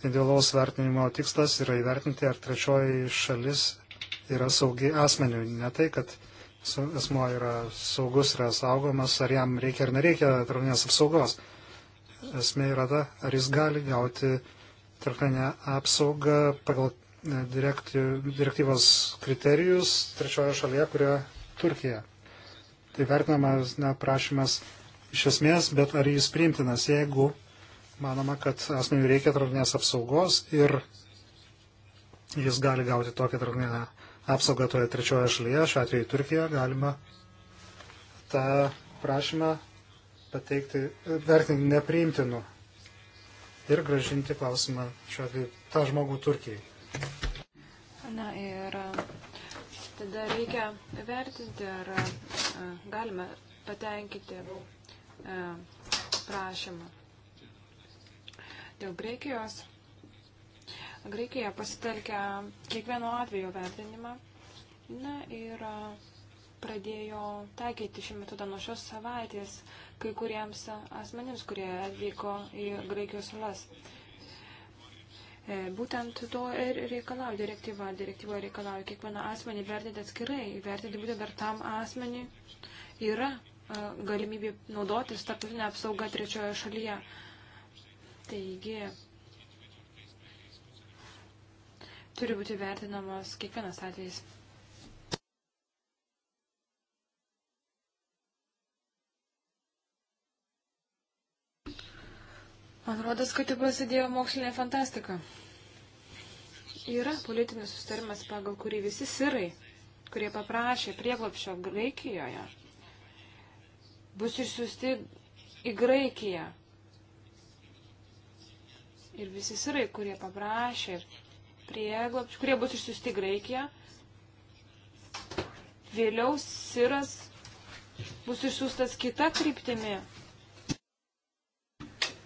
Individualaus vertinimo tikslas yra įvertinti, ar trečioji šalis yra saugi asmeniu, ne tai, kad asmo yra saugus, yra saugomas, ar jam reikia ar nereikia tarptautinės apsaugos. Esmė yra ta, ar jis gali gauti tarptautinę apsaugą pagal e, direkty, direktyvos kriterijus trečiojo šalyje, kurioje Turkija. Tai vertinamas ne, prašymas iš esmės, bet ar jis priimtinas, jeigu manoma, kad asmeniui reikia tarptautinės apsaugos ir jis gali gauti tokią tarptautinę apsaugą toje trečioje šalyje, šiuo atveju Turkijoje, galima tą prašymą pateikti, vertinti nepriimtinu ir gražinti klausimą šiuo atveju tą žmogų Turkijai. Na ir tada reikia vertinti, ar galime patenkinti prašymą. Dėl Graikijos Graikija pasitelkia kiekvieno atvejo vertinimą na, ir pradėjo taikyti šį metodą nuo šios savaitės kai kuriems asmenims, kurie atvyko į Graikijos salas. E, būtent to ir reikalauja direktyva. Direktyva reikalauja kiekvieną asmenį vertinti atskirai, vertinti būtent dar tam asmenį yra e, galimybė naudotis tarptautinę apsaugą trečiojo šalyje. Taigi, turi būti vertinamos kiekvienas atvejis. Man rodas, kad jau prasidėjo mokslinė fantastika. Yra politinis sustarimas, pagal kurį visi sirai, kurie paprašė prieglopšio Graikijoje, bus išsiusti į Graikiją. Ir visi sirai, kurie paprašė prieglapčių, kurie bus išsiusti Graikiją. Vėliau Siras bus išsiustas kita kryptimi.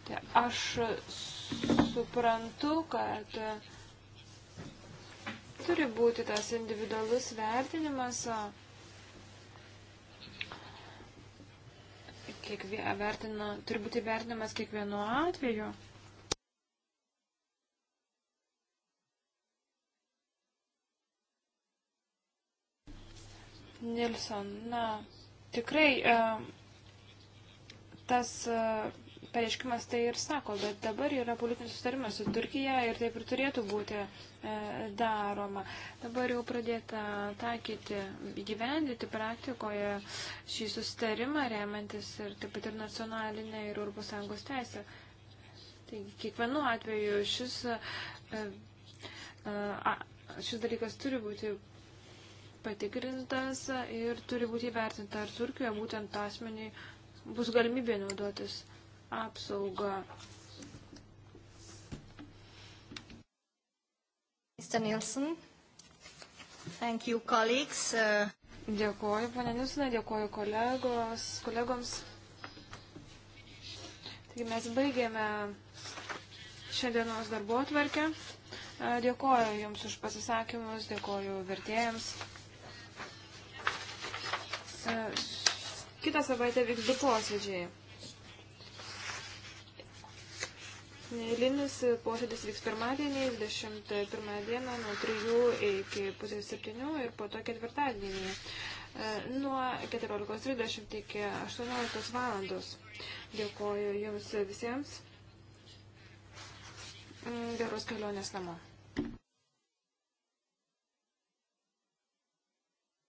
Tai aš suprantu, kad turi būti tas individualus vertinimas. Kiekvie, vertina, turi būti vertinamas kiekvienu atveju. Nilsson, na, tikrai e, tas e, pareiškimas tai ir sako, bet dabar yra politinis sustarimas su Turkija ir taip ir turėtų būti e, daroma. Dabar jau pradėta taikyti, gyvendyti praktikoje šį sustarimą, remiantis ir taip pat ir nacionalinę ir Europos Sąjungos teisę. Taigi kiekvienu atveju šis, e, e a, šis dalykas turi būti patikrintas ir turi būti įvertinta, ar Turkijoje būtent asmeniai bus galimybė naudotis apsaugą. Mr. Nielsen. Thank you, colleagues. Uh, dėkoju, ponė Nielsenai, dėkoju kolegos, kolegoms. Taigi mes baigėme šiandienos darbo atvarkę. Uh, dėkoju Jums už pasisakymus, dėkoju vertėjams. E, kitą savaitę vyks du posėdžiai. Neįlinis posėdis vyks pirmadienį, 21 dieną nuo 3 iki pusės 7 ir po to ketvirtadienį e, nuo 14.30 iki 18 valandos. Dėkoju Jums visiems. Mm, geros kelionės namo.